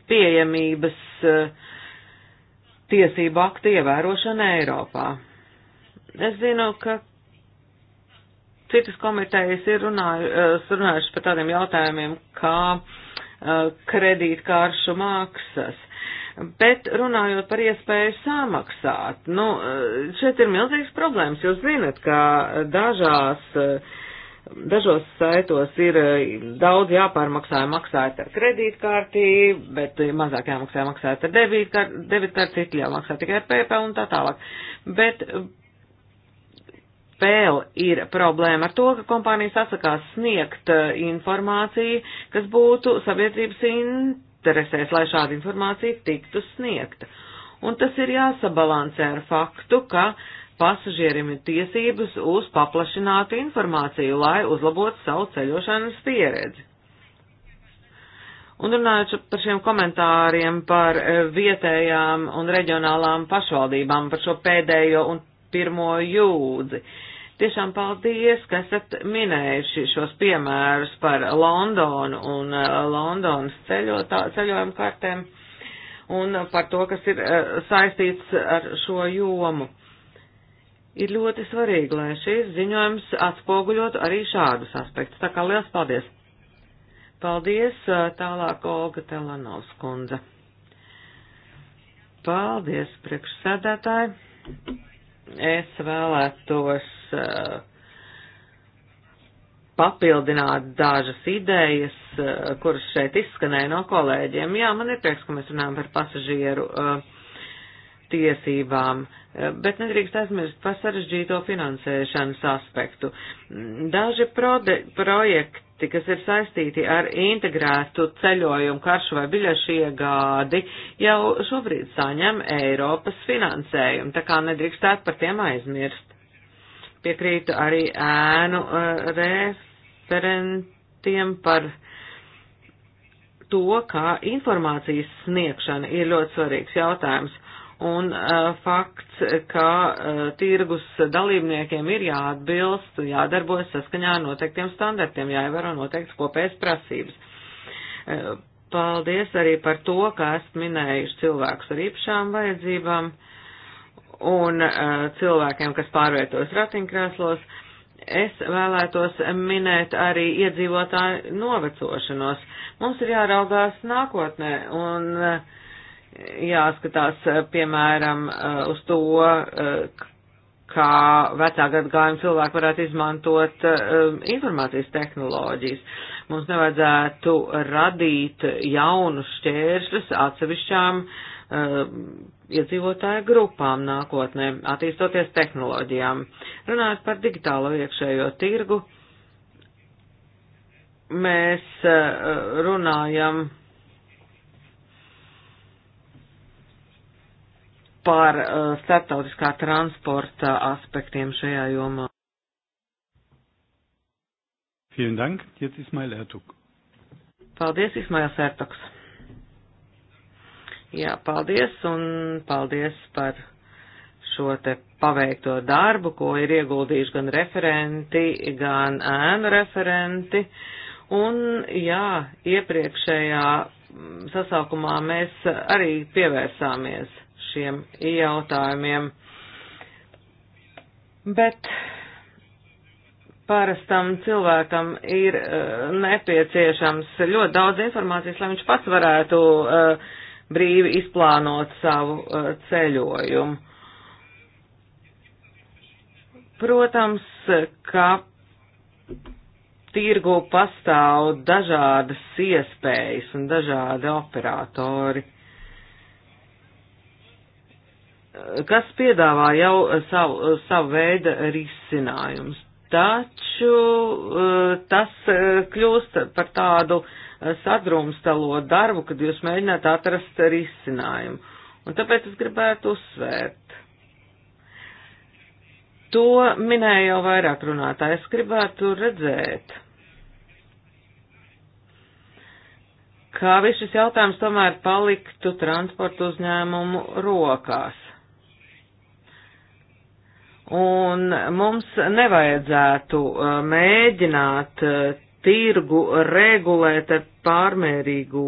pieejamības uh, tiesību aktu ievērošana Eiropā. Es zinu, ka citas komitejas ir runājuši, eh, runājuši par tādiem jautājumiem kā eh, kredītkāršu maksas. Bet runājot par iespēju samaksāt, nu, eh, šeit ir milzīgs problēmas. Jūs zinat, ka dažās uh, Dažos saitos ir eh, daudz jāpārmaksā, maksājot ar kredītkarti, bet mazāk jāmaksā, maksājot ar debitkarti, citi jāmaksā tikai ar PayPal un tā tālāk. Bet eh, vēl ir problēma ar to, ka kompānijas atsakās sniegt eh, informāciju, kas būtu sabiedrības interesēs, lai šāda informācija tiktu sniegta. Un tas ir jāsabalansē ar faktu, ka uh, pasažierim ir tiesības uz paplašinātu informāciju, lai uzlabotu savu ceļošanas pieredzi. Un runājot par šiem komentāriem par eh, vietējām un reģionālām pašvaldībām, par šo pēdējo un pirmo jūdzi. Tiešām paldies, ka esat minējuši šos piemērus par Londonu un eh, Londonas ceļotā, ceļojumu kartēm un par to, kas ir eh, saistīts ar šo jomu ir ļoti svarīgi, lai šīs ziņojums atspoguļotu arī šādus aspektus. Tā kā liels paldies! Paldies, tālāk Olga Telanovs kundze. Paldies, priekšsēdētāji. Es vēlētos uh, papildināt dažas idejas, uh, kuras šeit izskanēja no kolēģiem. Jā, man ir prieks, ka mēs runājam par pasažieru uh, tiesībām. Uh, bet nedrīkst aizmirst par sarežģīto finansēšanas aspektu. Daži prode, projekti, kas ir saistīti ar integrētu ceļojumu, karšu vai biļešu iegādi, jau šobrīd saņem Eiropas finansējumu, tā kā nedrīkstētu par tiem aizmirst. Piekrītu arī ēnu uh, referentiem par to, kā informācijas sniegšana ir ļoti svarīgs jautājums Un uh, fakts, ka uh, tirgus dalībniekiem ir jāatbilst, jādarbojas saskaņā ar noteiktiem standartiem, jāievēro noteikts kopējas prasības. Uh, paldies arī par to, ka esat minējuši cilvēkus ar īpašām vajadzībām un uh, cilvēkiem, kas pārvietojas ratiņkrēslos. Es vēlētos minēt arī iedzīvotāju novecošanos. Mums ir jāraugās nākotnē un uh, jāskatās, eh, piemēram, eh, uz to, eh, kā vecā gadgājuma cilvēki varētu izmantot informācijas tehnoloģijas. Mums nevajadzētu radīt jaunus šķēršļus atsevišķām iedzīvotāju grupām nākotnē, attīstoties tehnoloģijām. Runājot par digitālo iekšējo tirgu, mēs runājam par par uh, starptautiskā transporta aspektiem šajā jomā. Vielen Dank. Jetzt Ismail Ertug. Paldies, Ismails Ertugs. Jā, paldies un paldies par šo te paveikto darbu, ko ir ieguldījuši gan referenti, gan ēnu referenti. Un jā, iepriekšējā mm, sasaukumā mēs arī pievērsāmies šiem jautājumiem. Bet parastam cilvēkam ir uh, nepieciešams ļoti daudz informācijas, lai viņš pats varētu uh, brīvi izplānot savu uh, ceļojumu. Protams, ka tirgu pastāv dažādas iespējas un dažādi operatori kas piedāvā jau savu, savu veidu risinājumus. Taču eh, tas eh, kļūst par tādu eh, sadrumstalo darbu, kad jūs mēģināt atrast risinājumu. Un tāpēc es gribētu uzsvērt. To minēja jau vairāk runātāji. Es gribētu redzēt, kā viss šis jautājums tomēr paliktu transporta uzņēmumu rokās Un mums nevajadzētu uh, mēģināt uh, tirgu regulēt ar pārmērīgu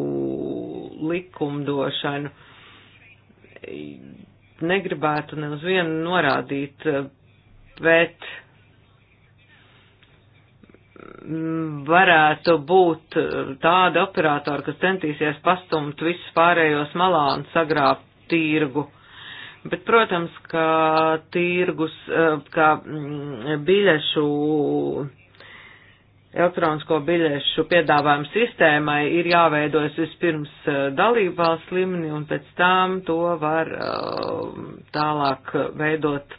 likumdošanu. Negribētu ne uz vienu norādīt, uh, bet varētu būt tāda operātora, kas centīsies pastumt visus pārējos malā un sagrābt tirgu. Uh, Bet, protams, kā tirgus, eh, kā mm, biļešu, elektronisko biļešu piedāvājumu sistēmai ir jāveidojas vispirms eh, dalībvalsts līmenī un pēc tam to var eh, tālāk veidot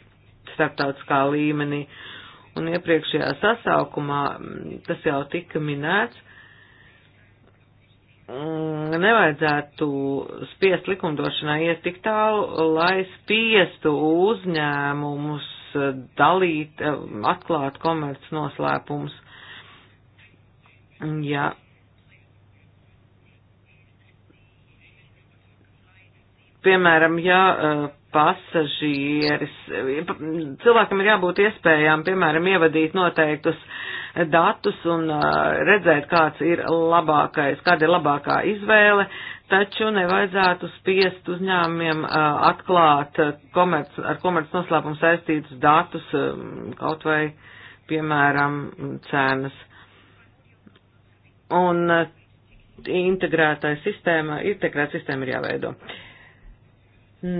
starptautiskā līmenī. Un iepriekšējā sasaukumā mm, tas jau tika minēts, Mm, nevajadzētu spiest likumdošanai iet tik tālu, lai spiestu uzņēmumus dalīt, eh, atklāt komerc noslēpums. Ja piemēram, ja eh, pasažieris, eh, cilvēkam ir jābūt iespējām, piemēram, ievadīt noteiktus datus un redzēt, kāds ir labākais, kāda ir labākā izvēle, taču nevajadzētu spiest uzņēmumiem atklāt komerc, ar komerc noslēpumu saistītus datus, kaut vai, piemēram, cenas. Un integrētai sistēma, integrēta sistēma ir jāveido.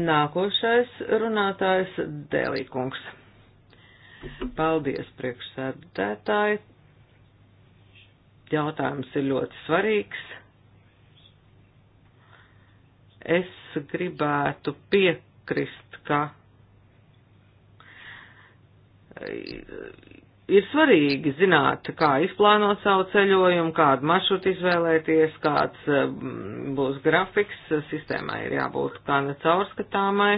Nākošais runātājs Dēlīkungs. Paldies, priekšsēdētāji. Jautājums ir ļoti svarīgs. Es gribētu piekrist, ka ir svarīgi zināt, kā izplānot savu ceļojumu, kādu maršrutu izvēlēties, kāds mm, būs grafiks, sistēmai ir jābūt kā ne caurskatāmai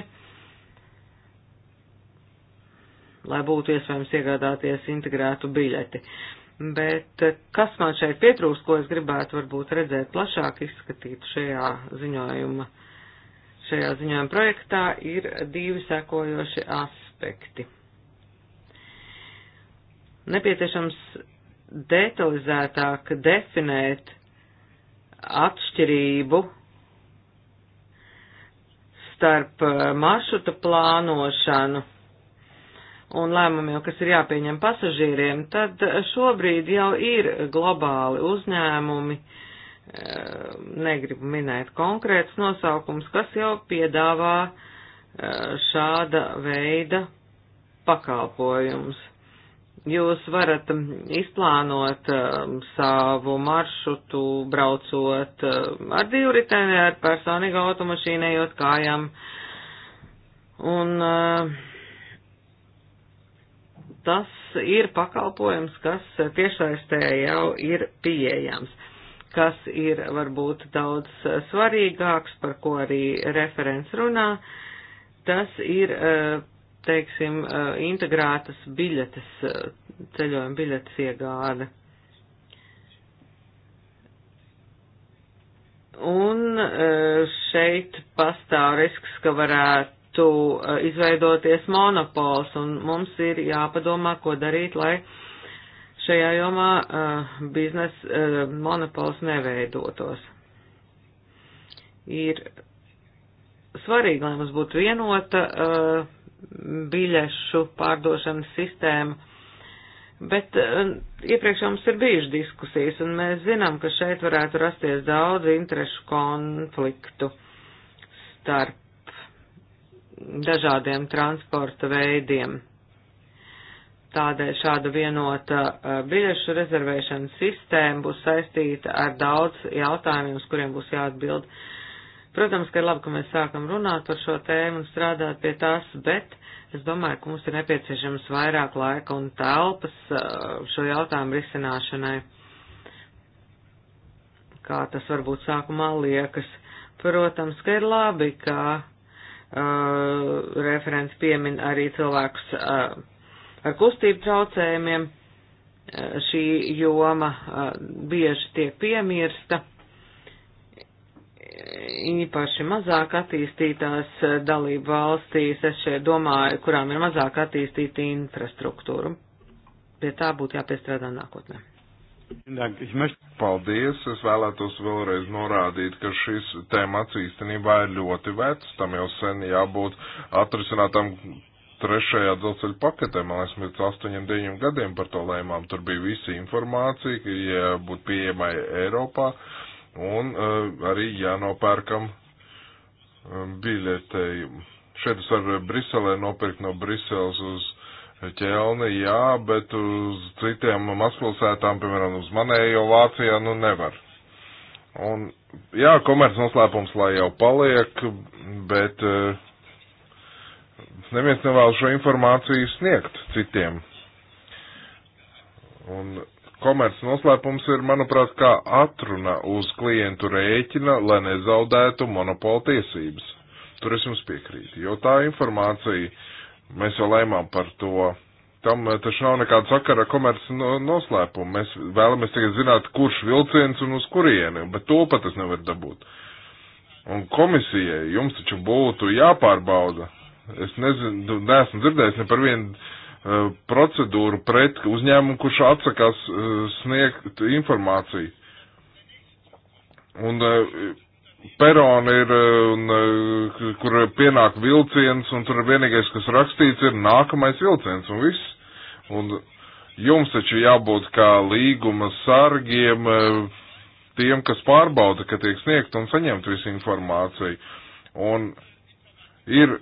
lai būtu iespējams iegādāties integrētu biļeti. Bet eh, kas man šeit pietrūkst, ko es gribētu varbūt redzēt plašāk izskatīt šajā ziņojuma, šajā ziņojuma projektā, ir divi sekojoši aspekti. Nepieciešams detalizētāk definēt atšķirību starp eh, maršruta plānošanu un lēmumiem, kas ir jāpieņem pasažīriem, tad šobrīd jau ir globāli uzņēmumi, eh, negribu minēt konkrēts nosaukums, kas jau piedāvā eh, šāda veida pakalpojums. Jūs varat mm, izplānot mm, savu maršrutu, braucot mm, ar divriteni, ar personīgu automašīnu, ejot kājām. Un uh, tas ir pakalpojums, kas tiešsaistē jau ir pieejams, kas ir varbūt daudz svarīgāks, par ko arī referents runā. Tas ir, e, teiksim, e, integrētas biļetes, e, ceļojuma biļetes iegāde. Un šeit pastāv risks, ka varētu varētu eh, izveidoties monopols, un mums ir jāpadomā, ko darīt, lai šajā jomā eh, biznesa eh, monopols neveidotos. Ir svarīgi, lai mums būtu vienota biļešu pārdošanas sistēma. Bet iepriekš mums ir bijušas diskusijas, un mēs zinām, ka šeit varētu rasties daudz interešu konfliktu starp dažādiem transporta veidiem. Tādēļ šāda vienota uh, biļešu rezervēšanas sistēma būs saistīta ar daudz jautājumiem, uz kuriem būs jāatbild. Protams, ka ir labi, ka mēs sākam runāt par šo tēmu un strādāt pie tās, bet es domāju, ka mums ir nepieciešams vairāk laika un telpas uh, šo jautājumu risināšanai, kā tas varbūt sākumā liekas. Protams, ka ir labi, ka Uh, referents piemin arī cilvēkus uh, ar kustību traucējumiem. Uh, šī joma uh, bieži tiek piemirsta, īpaši mazāk attīstītās uh, dalību valstīs, es šeit domāju, kurām ir mazāk attīstīta infrastruktūra. Pie tā būtu jāpiestrādā nākotnē. Paldies! Es vēlētos vēlreiz norādīt, ka šis temats īstenībā ir ļoti vecs. Tam jau sen jābūt atrisinātam trešajā dzelzceļa paketē. Man liekas, mēs astoņiem, deviņiem gadiem par to lēmām. Tur bija visa informācija, ka jābūt pieejamai Eiropā un uh, arī jānopērkam eh, biļetei. Šeit es varu Briselē nopirkt no Briseles uz ķelni, jā, bet uz citiem mazpilsētām, piemēram, uz manējo Vācijā, nu nevar. Un, jā, komerc noslēpums, lai jau paliek, bet eh, neviens nevēl šo informāciju sniegt citiem. Un komerc noslēpums ir, manuprāt, kā atruna uz klientu rēķina, lai nezaudētu monopola tiesības. Tur es jums piekrītu, jo tā informācija, uh, Mēs jau lēmām par to. Tam eh, taču nav nekāda sakara ar komerci noslēpumu. Mēs vēlamies tikai zināt, kurš vilciens un uz kurieni, bet to pat es nevaru dabūt. Un komisijai jums taču būtu jāpārbauda. Es nezinu, neesmu dzirdējis ne par vienu uh, procedūru pret uzņēmumu, kurš atsakās uh, sniegt informāciju. Un uh, peroni ir, eh, un, eh, kur pienāk vilciens, un tur vienīgais, kas rakstīts, ir nākamais vilciens, un viss. Un jums taču jābūt kā līguma sargiem, eh, tiem, kas pārbauda, ka tiek sniegt un saņemt visu informāciju. Un ir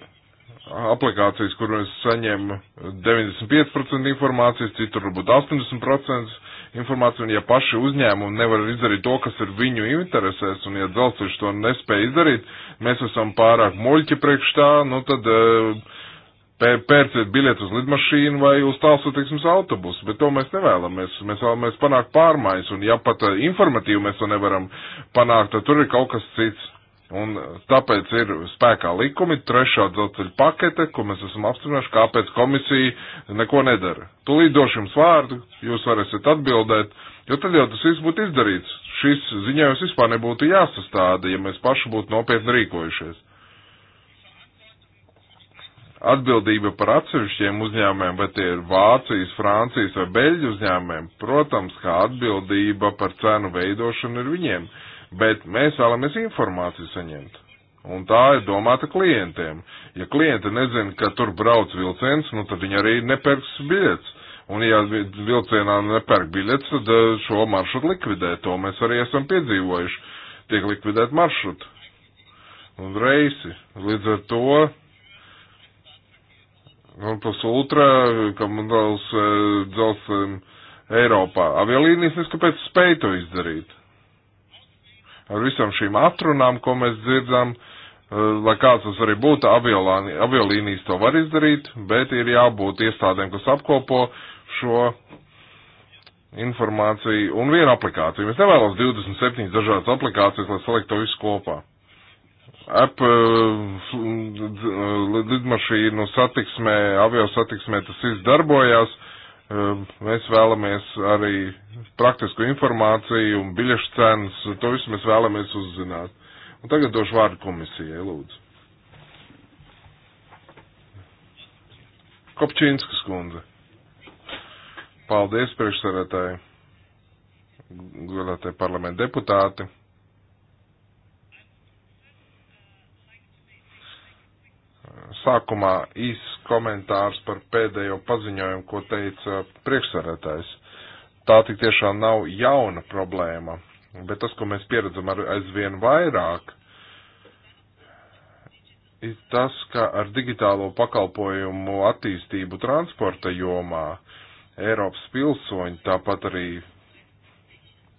aplikācijas, kur mēs saņem 95% informācijas, citur varbūt 80%, informāciju, un ja paši uzņēmumi nevar izdarīt to, kas ir viņu interesēs, un ja dzelzceļš to nespēja izdarīt, mēs esam pārāk muļķi priekš tā, nu tad eh, pērciet biļeti uz lidmašīnu vai uz tālsatiksmes autobusu, bet to mēs nevēlamies. Mēs vēlamies panākt pārmaiņas, un ja pat eh, informatīvi mēs to nevaram panākt, tad tur ir kaut kas cits. Un tāpēc ir spēkā likumi, trešā dzelceļa pakete, ko mēs esam apstiprinājuši, kāpēc komisija neko nedara. Tūlīt došu jums vārdu, jūs varēsiet atbildēt, jo tad jau tas viss būtu izdarīts. Šis ziņojums vispār nebūtu jāsastāda, ja mēs paši būtu nopietni rīkojušies. Atbildība par atsevišķiem uzņēmumiem, vai tie ir Vācijas, Francijas vai Beļģu uzņēmumiem, protams, kā atbildība par cenu veidošanu ir viņiem. Uh, bet mēs vēlamies informāciju saņemt. Un tā ir domāta klientiem. Ja klienti nezina, ka tur brauc vilciens, nu tad viņi arī nepērks biļets. Un ja vilcienā nepērk biļets, tad eh, šo maršrutu likvidē. To mēs arī esam piedzīvojuši. Tiek likvidēt maršrutu un reisi. Līdz ar to un nu, tas ultra, kam dals, eh, dals Eiropā. Avialīnijas neskapēc spēja to izdarīt ar visam šīm atrunām, ko mēs dzirdam, eh, lai kāds tas arī būtu, aviolīnijas to var izdarīt, bet ir jābūt iestādēm, kas apkopo šo informāciju un vienu aplikāciju. Mēs nevēlos 27 dažādas aplikācijas, lai salikt to visu kopā. App eh, lidmašīnu satiksmē, avio satiksmē tas viss darbojās Um, mēs vēlamies arī praktisku informāciju un biļešu cenas. To visu mēs vēlamies uzzināt. Un tagad došu vārdu komisijai, lūdzu. Kopčīnskas kundze. Paldies priekšsarētāji, godātie parlamenta deputāti. sākumā īsts komentārs par pēdējo paziņojumu, ko teica priekšsarētājs. Tā tik tiešām nav jauna problēma, bet tas, ko mēs pieredzam ar aizvien vairāk, ir tas, ka ar digitālo pakalpojumu attīstību transporta jomā Eiropas pilsoņi, tāpat arī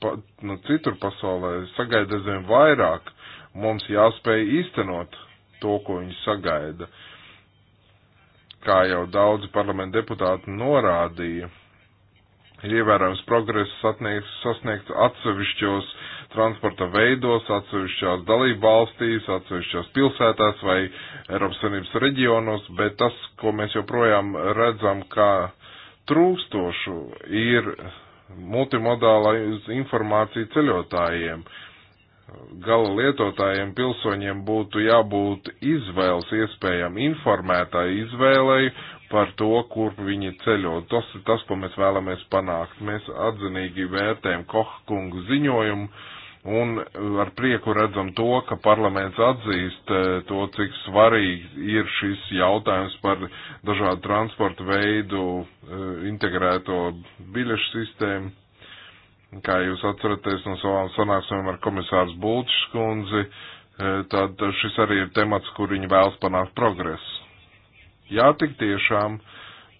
pa, nu, citur pasaulē, sagaida aizvien vairāk, mums jāspēj īstenot to, ko viņi sagaida. Kā jau daudzi parlamenta deputāti norādīja, ir ievērojams progress sasniegts, sasniegts atsevišķos transporta veidos, atsevišķās dalību valstīs, atsevišķās pilsētās vai Eiropas Savienības reģionos, bet tas, ko mēs joprojām redzam, kā trūkstošu, ir multimodālā informācija ceļotājiem, gala lietotājiem, pilsoņiem būtu jābūt izvēles iespējām, informētai izvēlei par to, kur viņi ceļo. Tas ir tas, ko mēs vēlamies panākt. Mēs atzinīgi vērtējam Koha kungu ziņojumu un ar prieku redzam to, ka parlaments atzīst eh, to, cik svarīgi ir šis jautājums par dažādu transportu veidu eh, integrēto biļešu sistēmu Kā jūs atceraties no savām sanāksmēm ar komisārs Bulčs kundzi, e, tad šis arī ir temats, kur viņi vēlas panākt progresu. Jā, tik tiešām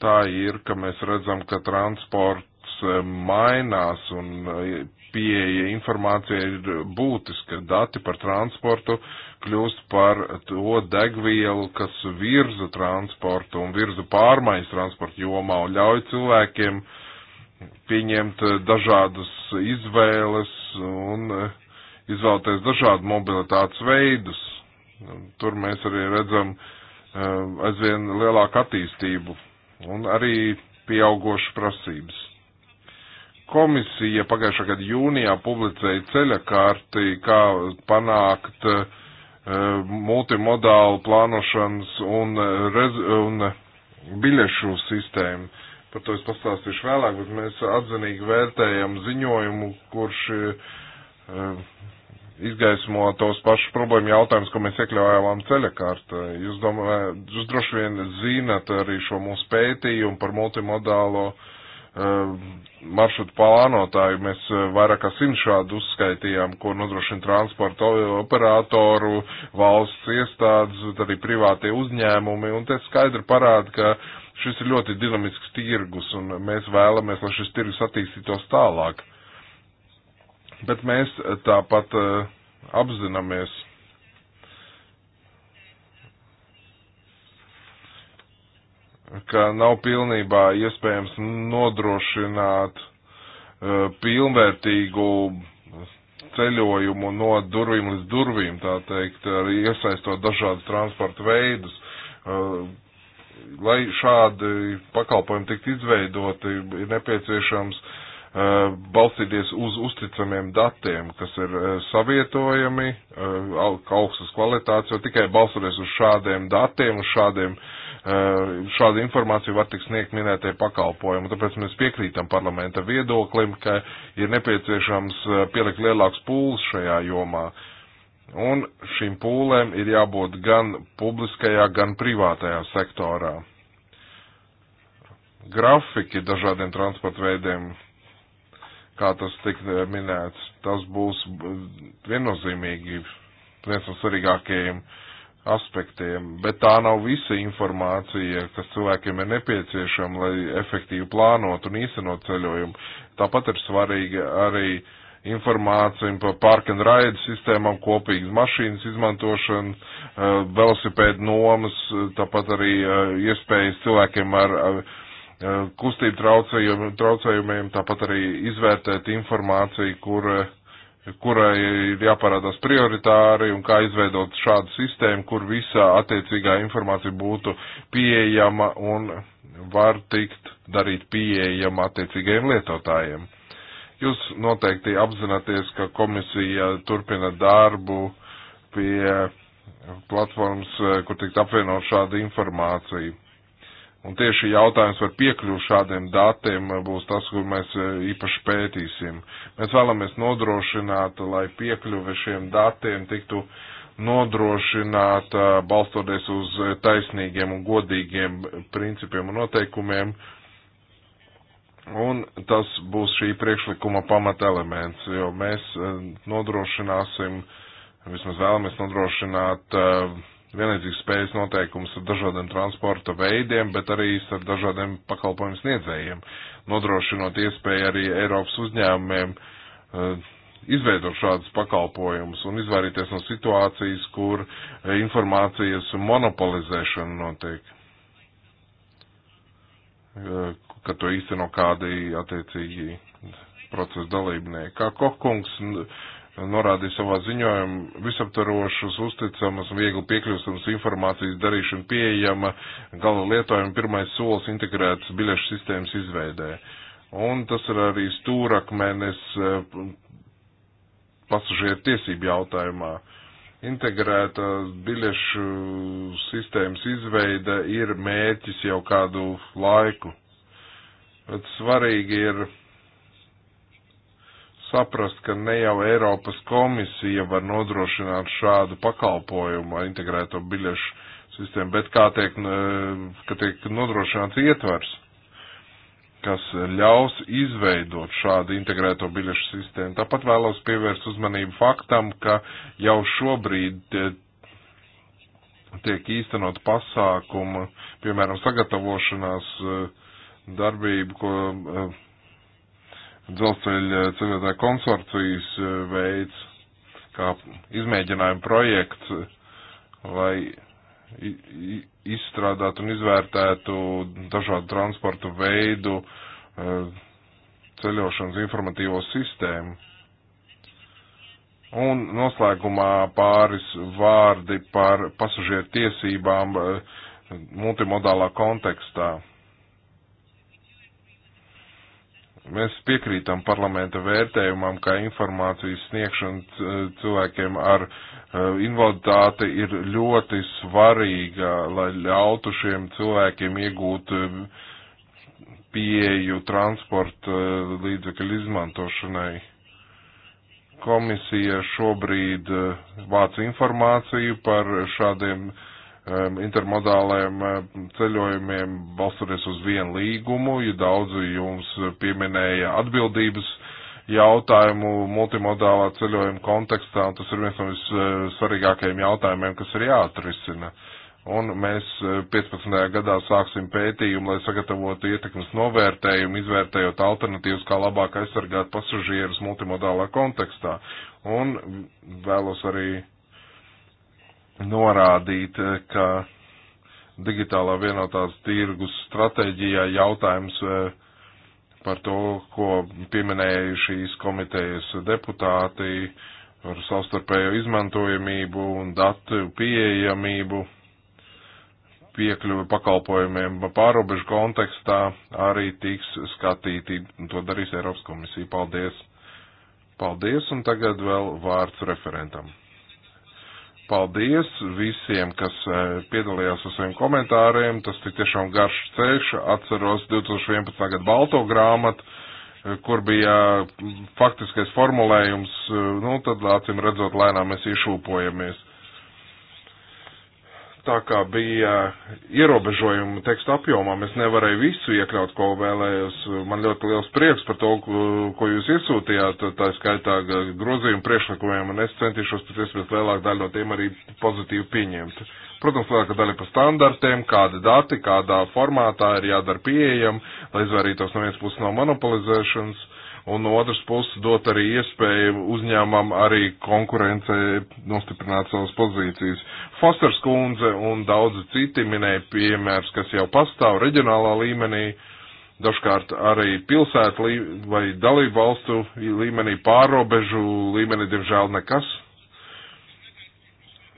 tā ir, ka mēs redzam, ka transports e, mainās un e, pieeja informācija ir būtiska. Dati par transportu kļūst par to degvielu, kas virza transportu un virza pārmaiņas transporta jomā un ļauj cilvēkiem uh, pieņemt eh, dažādas izvēles un eh, izvēlēties dažādu mobilitātes veidus. Tur mēs arī redzam eh, aizvien lielāku attīstību un arī pieaugošu prasības. Komisija pagājušā gada jūnijā publicēja ceļakārti, kā panākt uh, multimodālu plānošanas un, rez, un biļešu sistēmu par to es pastāstīšu vēlāk, bet mēs atzinīgi vērtējam ziņojumu, kurš eh, izgaismo tos pašus problēmu jautājumus, ko mēs iekļaujām ceļa kārtā. Jūs, domā, jūs droši vien zinat arī šo mūsu pētījumu par multimodālo uh, maršrutu plānotāju. Mēs eh, vairāk kā simt šādu uzskaitījām, ko nodrošina transporta operatoru, valsts iestādes, arī privātie uzņēmumi. Un te skaidri parāda, ka Šis ir ļoti dinamisks tirgus, un mēs vēlamies, lai šis tirgus attīstītos tālāk. Bet mēs eh, tāpat uh, apzināmies, ka nav pilnībā iespējams nodrošināt uh, pilnvērtīgu ceļojumu no durvīm līdz durvīm, tā teikt, arī iesaistot dažādus transporta veidus. Uh, lai šādi pakalpojumi tiktu izveidoti, ir nepieciešams uh, balstīties uz uzticamiem datiem, kas ir uh, savietojami, uh, augstas kvalitātes, jo tikai balstoties uz šādiem datiem, uz šādiem, šādu informāciju var tik sniegt minētie pakalpojumi. Tāpēc mēs piekrītam parlamenta viedoklim, ka ir nepieciešams pielikt lielāks pūls šajā jomā. Uh, Un šīm pūlēm ir jābūt gan publiskajā, gan privātajā sektorā. Grafiki dažādiem transporta veidiem, kā tas tika eh, minēts, tas būs viennozīmīgi viens no svarīgākajiem aspektiem, bet tā nav visa informācija, kas cilvēkiem ir nepieciešama, lai efektīvi plānot un īstenot ceļojumu. Tāpat ir svarīgi arī uh, informāciju par park and ride sistēmām, kopīgas mašīnas izmantošanu, eh, velosipēdu nomas, eh, tāpat arī eh, iespējas cilvēkiem ar kustību traucējumiem, traucējumiem tāpat arī izvērtēt informāciju, kur, kurai ir jāparādās prioritāri un kā izveidot šādu sistēmu, kur visā attiecīgā informācija būtu pieejama un var tikt darīt pieejama attiecīgajiem lietotājiem. Jūs noteikti apzināties, ka komisija turpina darbu pie platformas, kur tikt apvienot šādu informāciju. Un tieši jautājums par piekļuvu šādiem datiem būs tas, kur mēs e, īpaši pētīsim. Mēs vēlamies nodrošināt, lai piekļuve šiem datiem tiktu nodrošināta balstoties uz taisnīgiem un godīgiem principiem un noteikumiem, uh, Un tas būs šī priekšlikuma pamata elements, jo mēs eh, nodrošināsim, vismaz vēlamies nodrošināt eh, vienlīdzīgas spējas noteikumus ar dažādiem transporta veidiem, bet arī ar dažādiem pakalpojumu sniedzējiem, nodrošinot iespēju arī Eiropas uzņēmumiem eh, izveidot šādus pakalpojumus un izvairīties no situācijas, kur informācijas monopolizēšana notiek ka to īsteno kādi attiecīgi procesa dalībnieki. Kā Kohkungs norādīja savā ziņojumā, visaptarošas, uzticamas un viegli piekļūstamas informācijas darīšana pieejama gala lietojuma pirmais solis integrētas biļešu sistēmas izveidē. Un tas ir arī stūrakmenis eh, pasažieru tiesību jautājumā. Integrēta biļešu sistēmas izveida ir mērķis jau kādu laiku Bet svarīgi ir saprast, ka ne jau Eiropas komisija var nodrošināt šādu pakalpojumu integrēto biļešu sistēmu, bet kā tiek, ka tiek nodrošināts ietvers, kas ļaus izveidot šādu integrēto biļešu sistēmu. Tāpat vēlos pievērst uzmanību faktam, ka jau šobrīd tiek īstenot pasākumu, piemēram, sagatavošanās uh, darbību, ko uh, dzelzceļa ceļotāju konsorcijas uh, veids, kā izmēģinājuma projekts, lai izstrādātu un izvērtētu dažādu transportu veidu uh, ceļošanas informatīvo sistēmu. Un noslēgumā pāris vārdi par pasažieru tiesībām multimodālā kontekstā. Mēs piekrītam parlamenta vērtējumam, ka informācijas sniegšana cilvēkiem ar e, invaliditāti ir ļoti svarīga, lai ļautu šiem cilvēkiem iegūt e, pieeju transporta e, līdzekļu izmantošanai. Komisija šobrīd vāc informāciju par šādiem uh, intermodālajiem ceļojumiem balstoties uz vienu līgumu, ja daudzi jums pieminēja atbildības jautājumu multimodālā ceļojuma kontekstā, un tas ir viens no vissvarīgākajiem jautājumiem, kas ir jāatrisina. Un mēs 15. Eh, gadā sāksim pētījumu, lai sagatavotu ietekmes novērtējumu, izvērtējot alternatīvas, kā labāk aizsargāt pasažierus multimodālā kontekstā. Un vēlos arī norādīt, eh, ka digitālā vienotās tirgus stratēģijā jautājums eh, par to, ko pieminēja šīs komitejas deputāti par savstarpējo izmantojamību un datu pieejamību, piekļuvi pakalpojumiem pārobežu kontekstā arī tiks skatīti, un to darīs Eiropas komisija. Paldies! Paldies, un tagad vēl vārds referentam paldies visiem, kas e, piedalījās ar saviem komentāriem. Tas tik tiešām garš ceļš. Atceros 2011. gadu balto grāmatu, e, kur bija faktiskais formulējums, e, nu tad acīm redzot lēnām mēs iešūpojamies tā kā bija ierobežojumi tekstu apjomā, es nevarēju visu iekļaut, ko vēlējos. Man ļoti liels prieks par to, ko jūs iesūtījāt, tā skaitā grozījumu priekšlikumiem, un es centīšos pēc iespējas lielāku daļu no tiem arī pozitīvi pieņemt. Protams, lielāka daļa par standartiem, kādi dati, kādā formātā ir jādara pieejam, lai izvairītos no vienas puses no monopolizēšanas. Uh, un no otras puses dot arī iespēju uzņēmumam arī konkurence nostiprināt savas pozīcijas. Fosters kundze un daudzi citi minēja piemērs, kas jau pastāv reģionālā līmenī, dažkārt arī pilsētu vai dalību valstu līmenī, pārobežu līmenī, diemžēl nekas.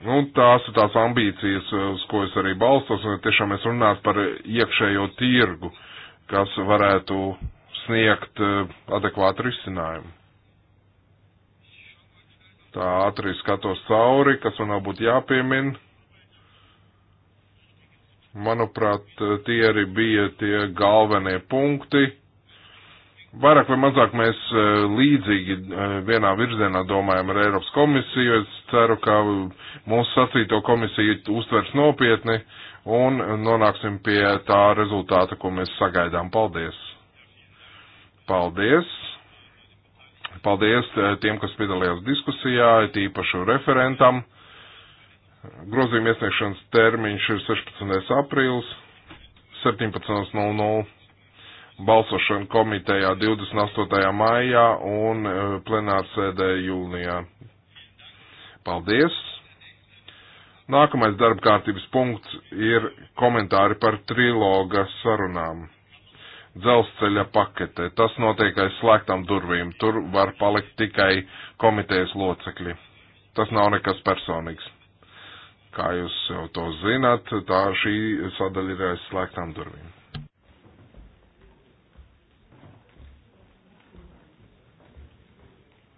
Nu, tās ir tās ambīcijas, uz ko es arī balstos, un tiešām es runātu par iekšējo tirgu, kas varētu sniegt eh, adekvātu risinājumu. Tā ātri skatos cauri, kas man vēl būtu jāpiemin. Manuprāt, eh, tie arī bija tie galvenie punkti. Vairāk vai mazāk mēs eh, līdzīgi vienā virzienā domājam ar Eiropas komisiju. Es ceru, ka mūsu sacīto komisiju uztvers nopietni un nonāksim pie tā rezultāta, ko mēs sagaidām. Paldies! Paldies! Paldies eh, tiem, kas piedalījās diskusijā, tīpašu referentam. Grozījuma iesniegšanas termiņš ir 16. aprīls 17.00. Balsošana komitejā 28. maijā un eh, plenārsēdē jūnijā. Paldies! Nākamais darba kārtības punkts ir komentāri par triloga sarunām dzelzceļa pakete. Tas notiek aiz slēgtām durvīm. Tur var palikt tikai komitejas locekļi. Tas nav nekas personīgs. Kā jūs jau to zināt, tā šī sadaļa ir aiz slēgtām durvīm.